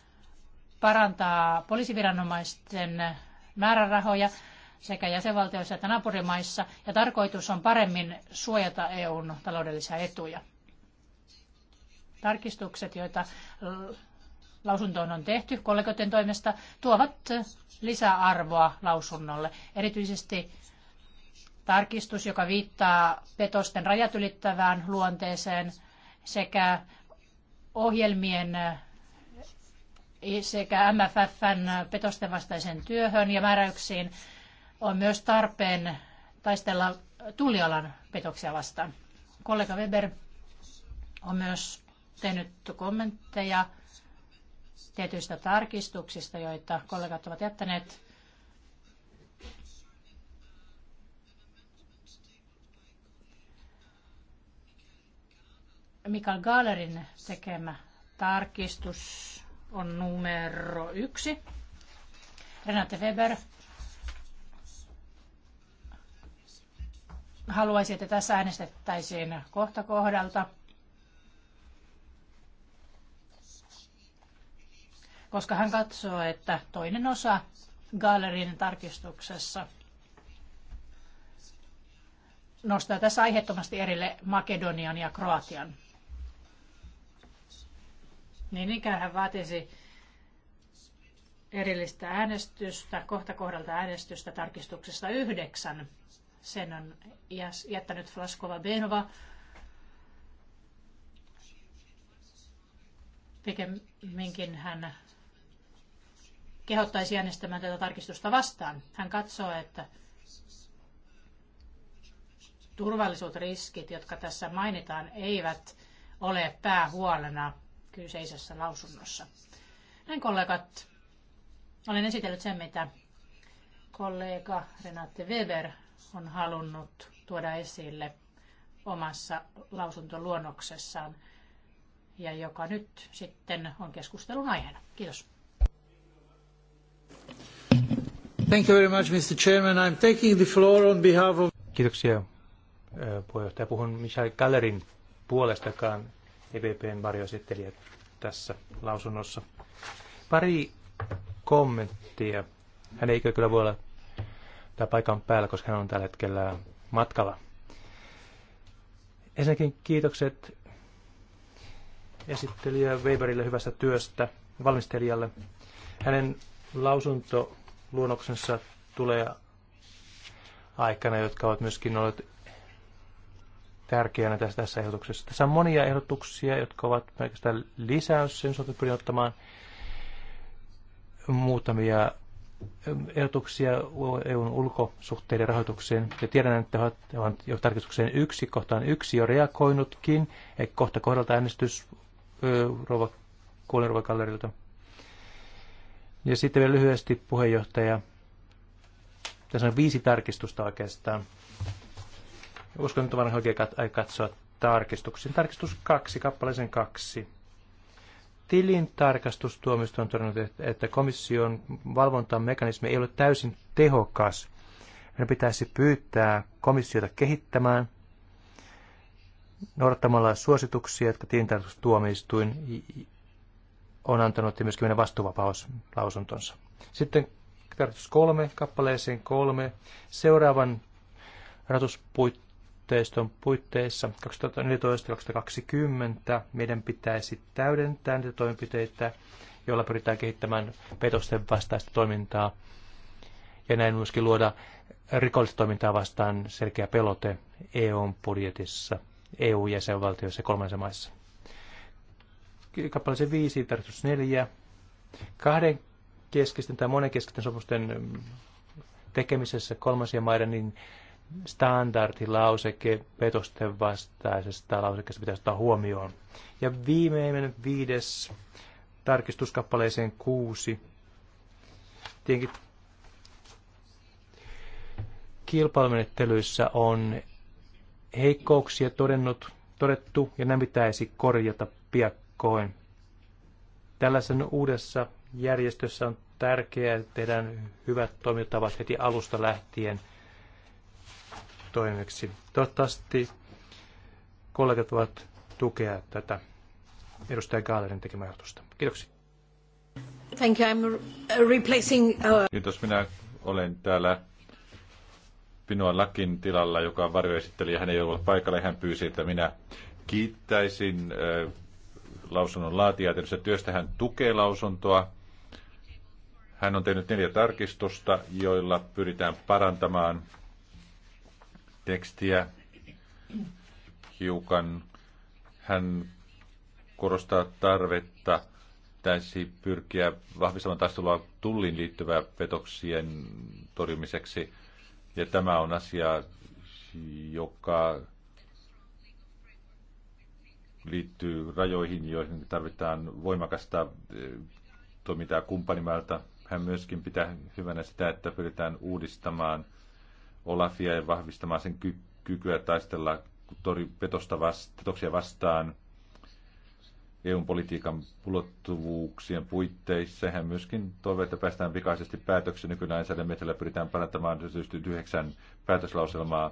parantaa poliisiviranomaisten määrärahoja sekä jäsenvaltioissa että naapurimaissa, ja tarkoitus on paremmin suojata EUn taloudellisia etuja. Tarkistukset, joita lausuntoon on tehty kollegoiden toimesta, tuovat lisäarvoa lausunnolle. Erityisesti tarkistus, joka viittaa petosten rajat ylittävään luonteeseen sekä ohjelmien sekä MFFn petosten vastaisen työhön ja määräyksiin on myös tarpeen taistella tulialan petoksia vastaan. Kollega Weber on myös tehnyt kommentteja tietyistä tarkistuksista, joita kollegat ovat jättäneet. Mikael Gaalerin tekemä tarkistus on numero yksi. Renate Weber haluaisi, että tässä äänestettäisiin kohta kohdalta, koska hän katsoo, että toinen osa Gallerin tarkistuksessa nostaa tässä aiheettomasti erille Makedonian ja Kroatian niin ikään hän vaatisi erillistä äänestystä, kohta kohdalta äänestystä tarkistuksesta yhdeksän. Sen on jättänyt Flaskova Benova. Pikemminkin hän kehottaisi äänestämään tätä tarkistusta vastaan. Hän katsoo, että turvallisuusriskit, jotka tässä mainitaan, eivät ole päähuolena kyseisessä lausunnossa. Näin kollegat, olen esitellyt sen, mitä kollega Renate Weber on halunnut tuoda esille omassa lausuntoluonnoksessaan ja joka nyt sitten on keskustelun aiheena. Kiitos. Thank you very much, Mr. Chairman. I'm taking the floor on behalf of... Kiitoksia puheenjohtaja. Puhun Michel Gallerin puolestakaan EPPn varjoesittelijä tässä lausunnossa. Pari kommenttia. Hän ei kyllä voi olla tämä paikan päällä, koska hän on tällä hetkellä matkalla. Ensinnäkin kiitokset esittelijä Weberille hyvästä työstä, valmistelijalle. Hänen lausuntoluonnoksensa tulee aikana, jotka ovat myöskin olleet tärkeänä tässä, tässä ehdotuksessa. Tässä on monia ehdotuksia, jotka ovat pelkästään lisäys, sen suhteen pyrin ottamaan muutamia ähm, ehdotuksia EUn ulkosuhteiden rahoitukseen. Ja tiedän, että he ovat jo tarkistukseen yksi, kohtaan yksi jo reagoinutkin, eli kohta kohdalta äänestys rouva Kuolinruokakallerilta. Ja sitten vielä lyhyesti puheenjohtaja. Tässä on viisi tarkistusta oikeastaan. Uskon, että on oikein katsoa tarkistuksiin. Tarkistus kaksi, kappaleeseen kaksi. Tilin tarkastustuomioistuin on todennut, että komission valvontamekanismi ei ole täysin tehokas. Meidän pitäisi pyytää komissiota kehittämään noudattamalla suosituksia, jotka tilintarkastustuomioistuin on antanut ja myöskin meidän vastuuvapauslausuntonsa. Sitten tarkastus kolme, kappaleeseen kolme. Seuraavan ratuspuitteen puitteiston puitteissa 2014-2020 meidän pitäisi täydentää niitä toimenpiteitä, joilla pyritään kehittämään petosten vastaista toimintaa ja näin myöskin luoda rikollista toimintaa vastaan selkeä pelote EUn budjetissa, EU-jäsenvaltioissa ja kolmansissa maissa. Kappaleeseen 5, tarkoitus 4. Kahden keskisten tai monen keskisten sopimusten tekemisessä kolmansien maiden, niin standardilauseke petosten vastaisesta lausekkeesta pitäisi ottaa huomioon. Ja viimeinen viides tarkistuskappaleeseen kuusi. Tietenkin kilpailumenettelyissä on heikkouksia todennut, todettu ja nämä pitäisi korjata piakkoin. Tällaisessa uudessa järjestössä on tärkeää, että tehdään hyvät toimintatavat heti alusta lähtien – toimeksi. Toivottavasti kollegat voivat tukea tätä edustaja Gaalerin tekemää ehdotusta. Kiitoksia. Thank you. I'm replacing our... Kiitos. Minä olen täällä Pinoa Lakin tilalla, joka on ja Hän ei ollut paikalla hän pyysi, että minä kiittäisin äh, lausunnon laatijaa Tietysti työstä. Hän tukee lausuntoa. Hän on tehnyt neljä tarkistusta, joilla pyritään parantamaan tekstiä hiukan. Hän korostaa tarvetta täysi pyrkiä vahvistamaan taistelua tullin liittyvää petoksien torjumiseksi. Ja tämä on asia, joka liittyy rajoihin, joihin tarvitaan voimakasta eh, toimintaa kumppanimäältä. Hän myöskin pitää hyvänä sitä, että pyritään uudistamaan Olafia ja vahvistamaan sen ky- kykyä taistella tori petosta vast- petoksia vastaan eu politiikan ulottuvuuksien puitteissa. sehän myöskin toivoo, että päästään pikaisesti päätöksen nykylainsäädännön metellä pyritään parantamaan yhdeksän päätöslauselmaa,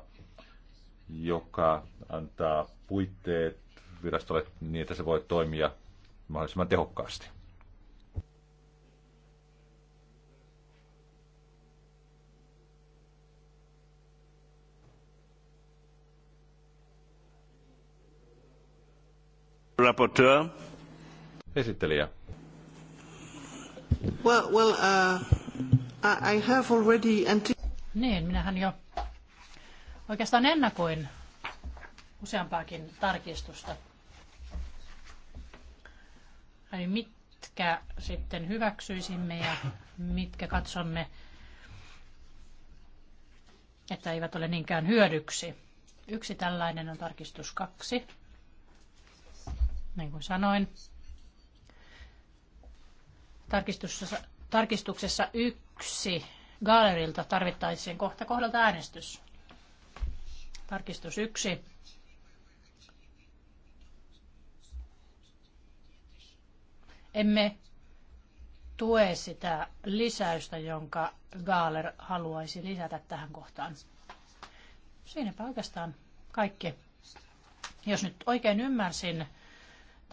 joka antaa puitteet virastolle niin, että se voi toimia mahdollisimman tehokkaasti. Rapporteur. Esittelijä. Well, well, uh, I have already niin, minähän jo oikeastaan ennakoin useampaakin tarkistusta. Eli mitkä sitten hyväksyisimme ja mitkä katsomme, että eivät ole niinkään hyödyksi. Yksi tällainen on tarkistus kaksi. Niin kuin sanoin, tarkistuksessa, yksi Gallerilta tarvittaisiin kohta kohdalta äänestys. Tarkistus yksi. Emme tue sitä lisäystä, jonka Gaaler haluaisi lisätä tähän kohtaan. Siinäpä oikeastaan kaikki. Jos nyt oikein ymmärsin,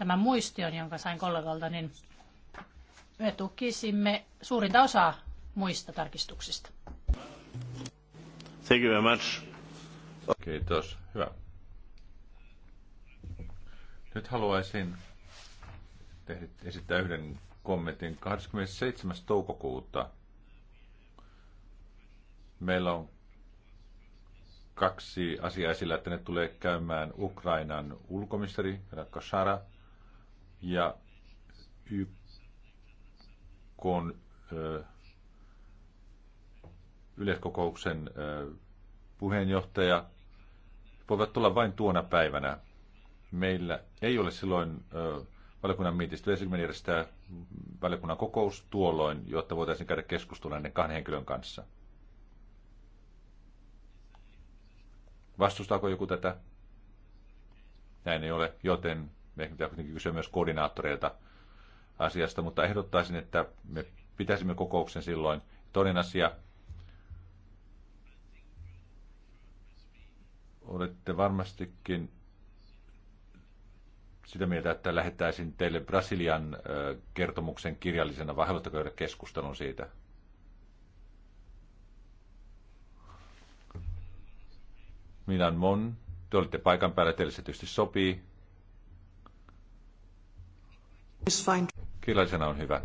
tämän muistion, jonka sain kollegalta, niin me tukisimme suurinta osaa muista tarkistuksista. Thank you very much. Kiitos. Hyvä. Nyt haluaisin tehdä, esittää yhden kommentin. 27. toukokuuta meillä on kaksi asiaa esillä, että ne tulee käymään Ukrainan ulkoministeri Rakko Sara ja YK on yleiskokouksen puheenjohtaja voivat tulla vain tuona päivänä. Meillä ei ole silloin valiokunnan mietistä. Esimerkiksi järjestää valiokunnan kokous tuolloin, jotta voitaisiin käydä keskustelua näiden kahden henkilön kanssa. Vastustaako joku tätä? Näin ei ole, joten ehkä pitää kuitenkin kysyä myös koordinaattoreilta asiasta, mutta ehdottaisin, että me pitäisimme kokouksen silloin. Toinen asia, olette varmastikin sitä mieltä, että lähettäisin teille Brasilian kertomuksen kirjallisena, vai haluatteko käydä keskustelun siitä? Milan Mon, te olitte paikan päällä, teille se tietysti sopii. Kirjallisena on hyvä.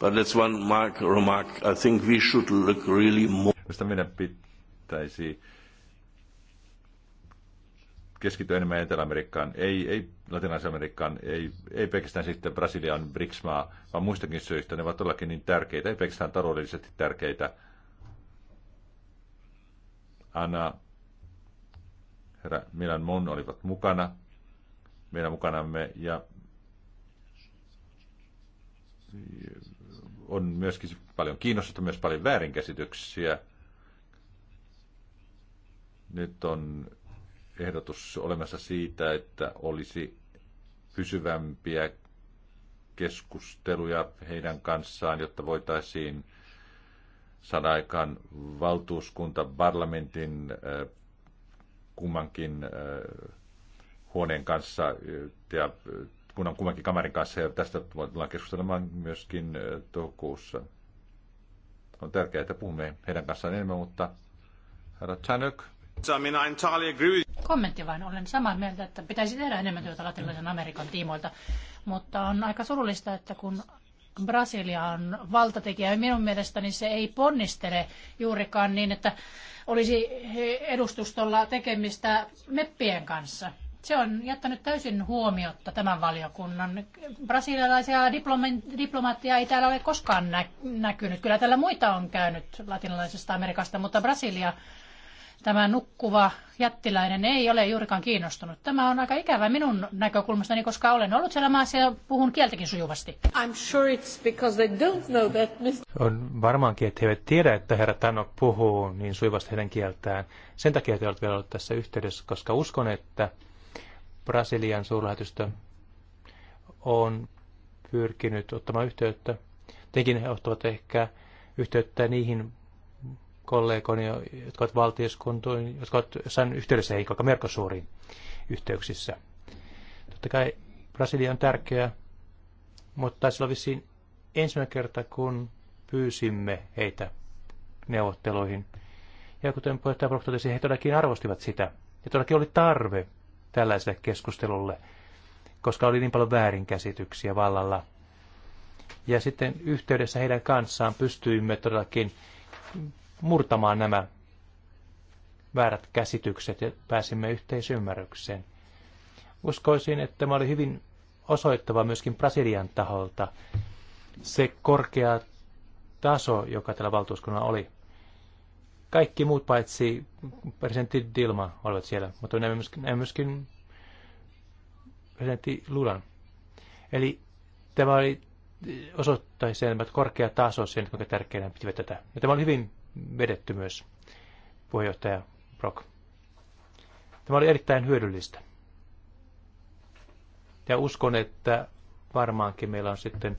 But that's one mark, remark. I think we should look really more... meidän pitäisi keskittyä enemmän Etelä-Amerikkaan, ei, ei Latinalais-Amerikkaan, ei, ei pelkästään sitten Brasilian BRICS-maa, vaan muistakin syistä. Ne ovat todellakin niin tärkeitä, ei pelkästään taloudellisesti tärkeitä. Anna, herra Milan Mon olivat mukana meidän mukanamme ja on myöskin paljon kiinnostusta, myös paljon väärinkäsityksiä. Nyt on ehdotus olemassa siitä, että olisi pysyvämpiä keskusteluja heidän kanssaan, jotta voitaisiin saada aikaan valtuuskunta parlamentin äh, kummankin äh, huoneen kanssa ja kun on kummankin kamarin kanssa, ja tästä tullaan keskustelemaan myöskin toukokuussa. On tärkeää, että puhumme heidän kanssaan enemmän, mutta herra Chanuk. Kommentti vain. Olen samaa mieltä, että pitäisi tehdä enemmän työtä latinalaisen Amerikan tiimoilta, mutta on aika surullista, että kun Brasilia on valtatekijä ja minun mielestäni se ei ponnistele juurikaan niin, että olisi edustustolla tekemistä meppien kanssa. Se on jättänyt täysin huomiotta tämän valiokunnan. Brasilialaisia diplomaatteja ei täällä ole koskaan näkynyt. Kyllä täällä muita on käynyt latinalaisesta Amerikasta, mutta Brasilia, tämä nukkuva jättiläinen, ei ole juurikaan kiinnostunut. Tämä on aika ikävä minun näkökulmastani, koska olen ollut siellä maassa ja puhun kieltäkin sujuvasti. I'm sure it's because they don't know that, On varmaankin, että he eivät tiedä, että herra Tano puhuu niin sujuvasti heidän kieltään. Sen takia te olette vielä olleet tässä yhteydessä, koska uskon, että Brasilian suurlähetystö on pyrkinyt ottamaan yhteyttä. Tekin he ottavat ehkä yhteyttä niihin kollegoihin, jotka ovat valtioskuntoihin, jotka ovat jossain yhteydessä heihin, vaikka Merkosuuriin yhteyksissä. Totta kai Brasilia on tärkeä, mutta taisi olla vissiin ensimmäinen kerta, kun pyysimme heitä neuvotteluihin. Ja kuten puheenjohtaja Brock totesi, he todellakin arvostivat sitä. Ja todellakin oli tarve tällaiselle keskustelulle, koska oli niin paljon väärinkäsityksiä vallalla. Ja sitten yhteydessä heidän kanssaan pystyimme todellakin murtamaan nämä väärät käsitykset ja pääsimme yhteisymmärrykseen. Uskoisin, että tämä oli hyvin osoittava myöskin Brasilian taholta se korkea taso, joka tällä valtuuskunnalla oli. Kaikki muut paitsi presidentti Dilma olivat siellä, mutta näin myöskin, näemme myöskin presidentti Lulan. Eli tämä oli, osoittaa sen, että korkea taso sen, kuinka tärkeänä pitivät tätä. Ja tämä oli hyvin vedetty myös, puheenjohtaja Brock. Tämä oli erittäin hyödyllistä. Ja uskon, että varmaankin meillä on sitten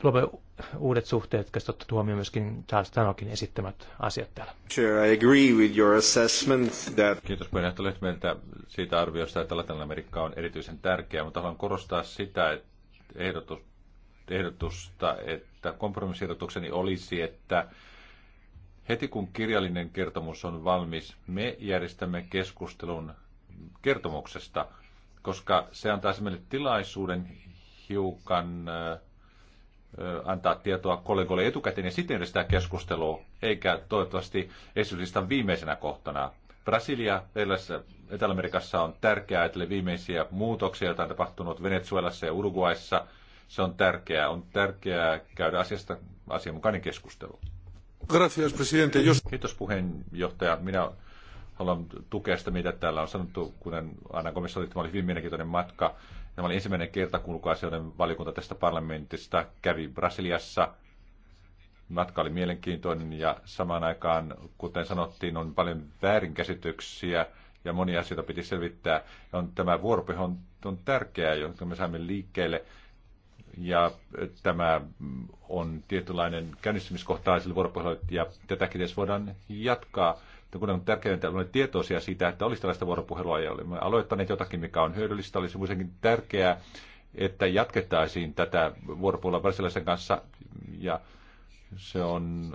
tulemme uudet suhteet, jotka ottavat huomioon myöskin Charles Tanokin esittämät asiat täällä. Sure, I agree with your assessment that... Kiitos puheenjohtaja Lehtmeltä siitä arviosta, että Latin Amerikka on erityisen tärkeä, mutta haluan korostaa sitä että ehdotus, ehdotusta, että kompromissiehdotukseni olisi, että heti kun kirjallinen kertomus on valmis, me järjestämme keskustelun kertomuksesta, koska se antaa meille tilaisuuden hiukan äh, antaa tietoa kollegoille etukäteen ja sitten sitä keskustelua, eikä toivottavasti esitystä viimeisenä kohtana. Brasilia Etelä-Amerikassa on tärkeää ajatella viimeisiä muutoksia, joita on tapahtunut Venezuelassa ja Uruguayssa. Se on tärkeää. On tärkeää käydä asiasta asianmukainen keskustelu. Gracias, presidente. Jos... Kiitos puheenjohtaja. Minä haluan tukea sitä, mitä täällä on sanottu, kun aina komissio oli, oli hyvin mielenkiintoinen matka Tämä oli ensimmäinen kerta, kun ulkoasioiden valiokunta tästä parlamentista kävi Brasiliassa. Matka oli mielenkiintoinen ja samaan aikaan, kuten sanottiin, on paljon väärinkäsityksiä ja monia asioita piti selvittää. On, tämä vuoropuhe on, on tärkeää, jonka me saimme liikkeelle. Ja tämä on tietynlainen käynnistymiskohtaiselle vuoropuhelulle ja tätäkin edes voidaan jatkaa mutta kun on tärkeintä, olemme tietoisia siitä, että olisi tällaista vuoropuhelua ja olemme aloittaneet jotakin, mikä on hyödyllistä, olisi muutenkin tärkeää, että jatkettaisiin tätä vuoropuhelua varsinaisen kanssa ja se on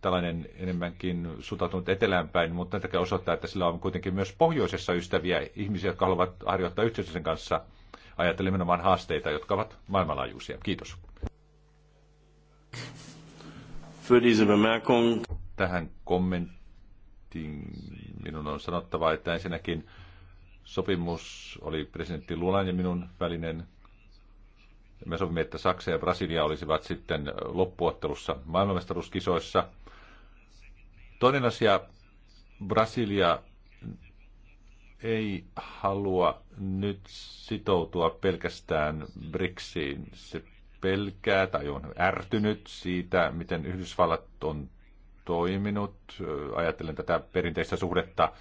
tällainen enemmänkin sutatunut eteläänpäin, mutta näitäkin osoittaa, että sillä on kuitenkin myös pohjoisessa ystäviä ihmisiä, jotka haluavat harjoittaa yhteistyötä kanssa ajatellen vain haasteita, jotka ovat maailmanlaajuisia. Kiitos. Tähän kommentti niin minun on sanottava, että ensinnäkin sopimus oli presidentti Lulan ja minun välinen. Me sovimme, että Saksa ja Brasilia olisivat sitten loppuottelussa maailmanmestaruuskisoissa. Toinen asia, Brasilia ei halua nyt sitoutua pelkästään BRICSiin. Se pelkää tai on ärtynyt siitä, miten Yhdysvallat on toiminut. Ajattelen tätä perinteistä suhdetta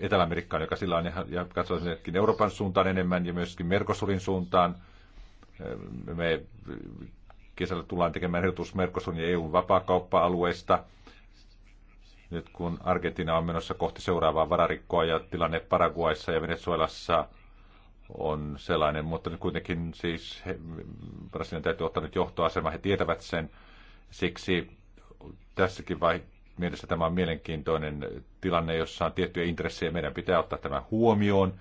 Etelä-Amerikkaan, joka sillä on, ja katsotaan Euroopan suuntaan enemmän ja myöskin Merkosurin suuntaan. Me kesällä tullaan tekemään ehdotus Merkosurin ja EUn vapaakauppa-alueesta. Nyt kun Argentiina on menossa kohti seuraavaa vararikkoa ja tilanne Paraguayssa ja Venezuelassa on sellainen, mutta nyt kuitenkin siis Brasilian täytyy ottaa nyt johtoasema, he tietävät sen. Siksi tässäkin vai mielessä tämä on mielenkiintoinen tilanne, jossa on tiettyjä intressejä. Meidän pitää ottaa tämä huomioon.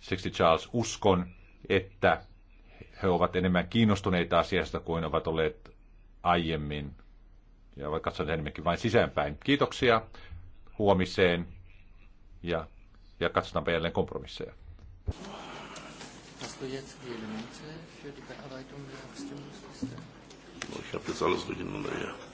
Siksi Charles uskon, että he ovat enemmän kiinnostuneita asiasta kuin ovat olleet aiemmin. Ja voi katsoa enemmänkin vain sisäänpäin. Kiitoksia huomiseen ja, ja katsotaanpa jälleen kompromisseja. Ich habe das alles durcheinander hier.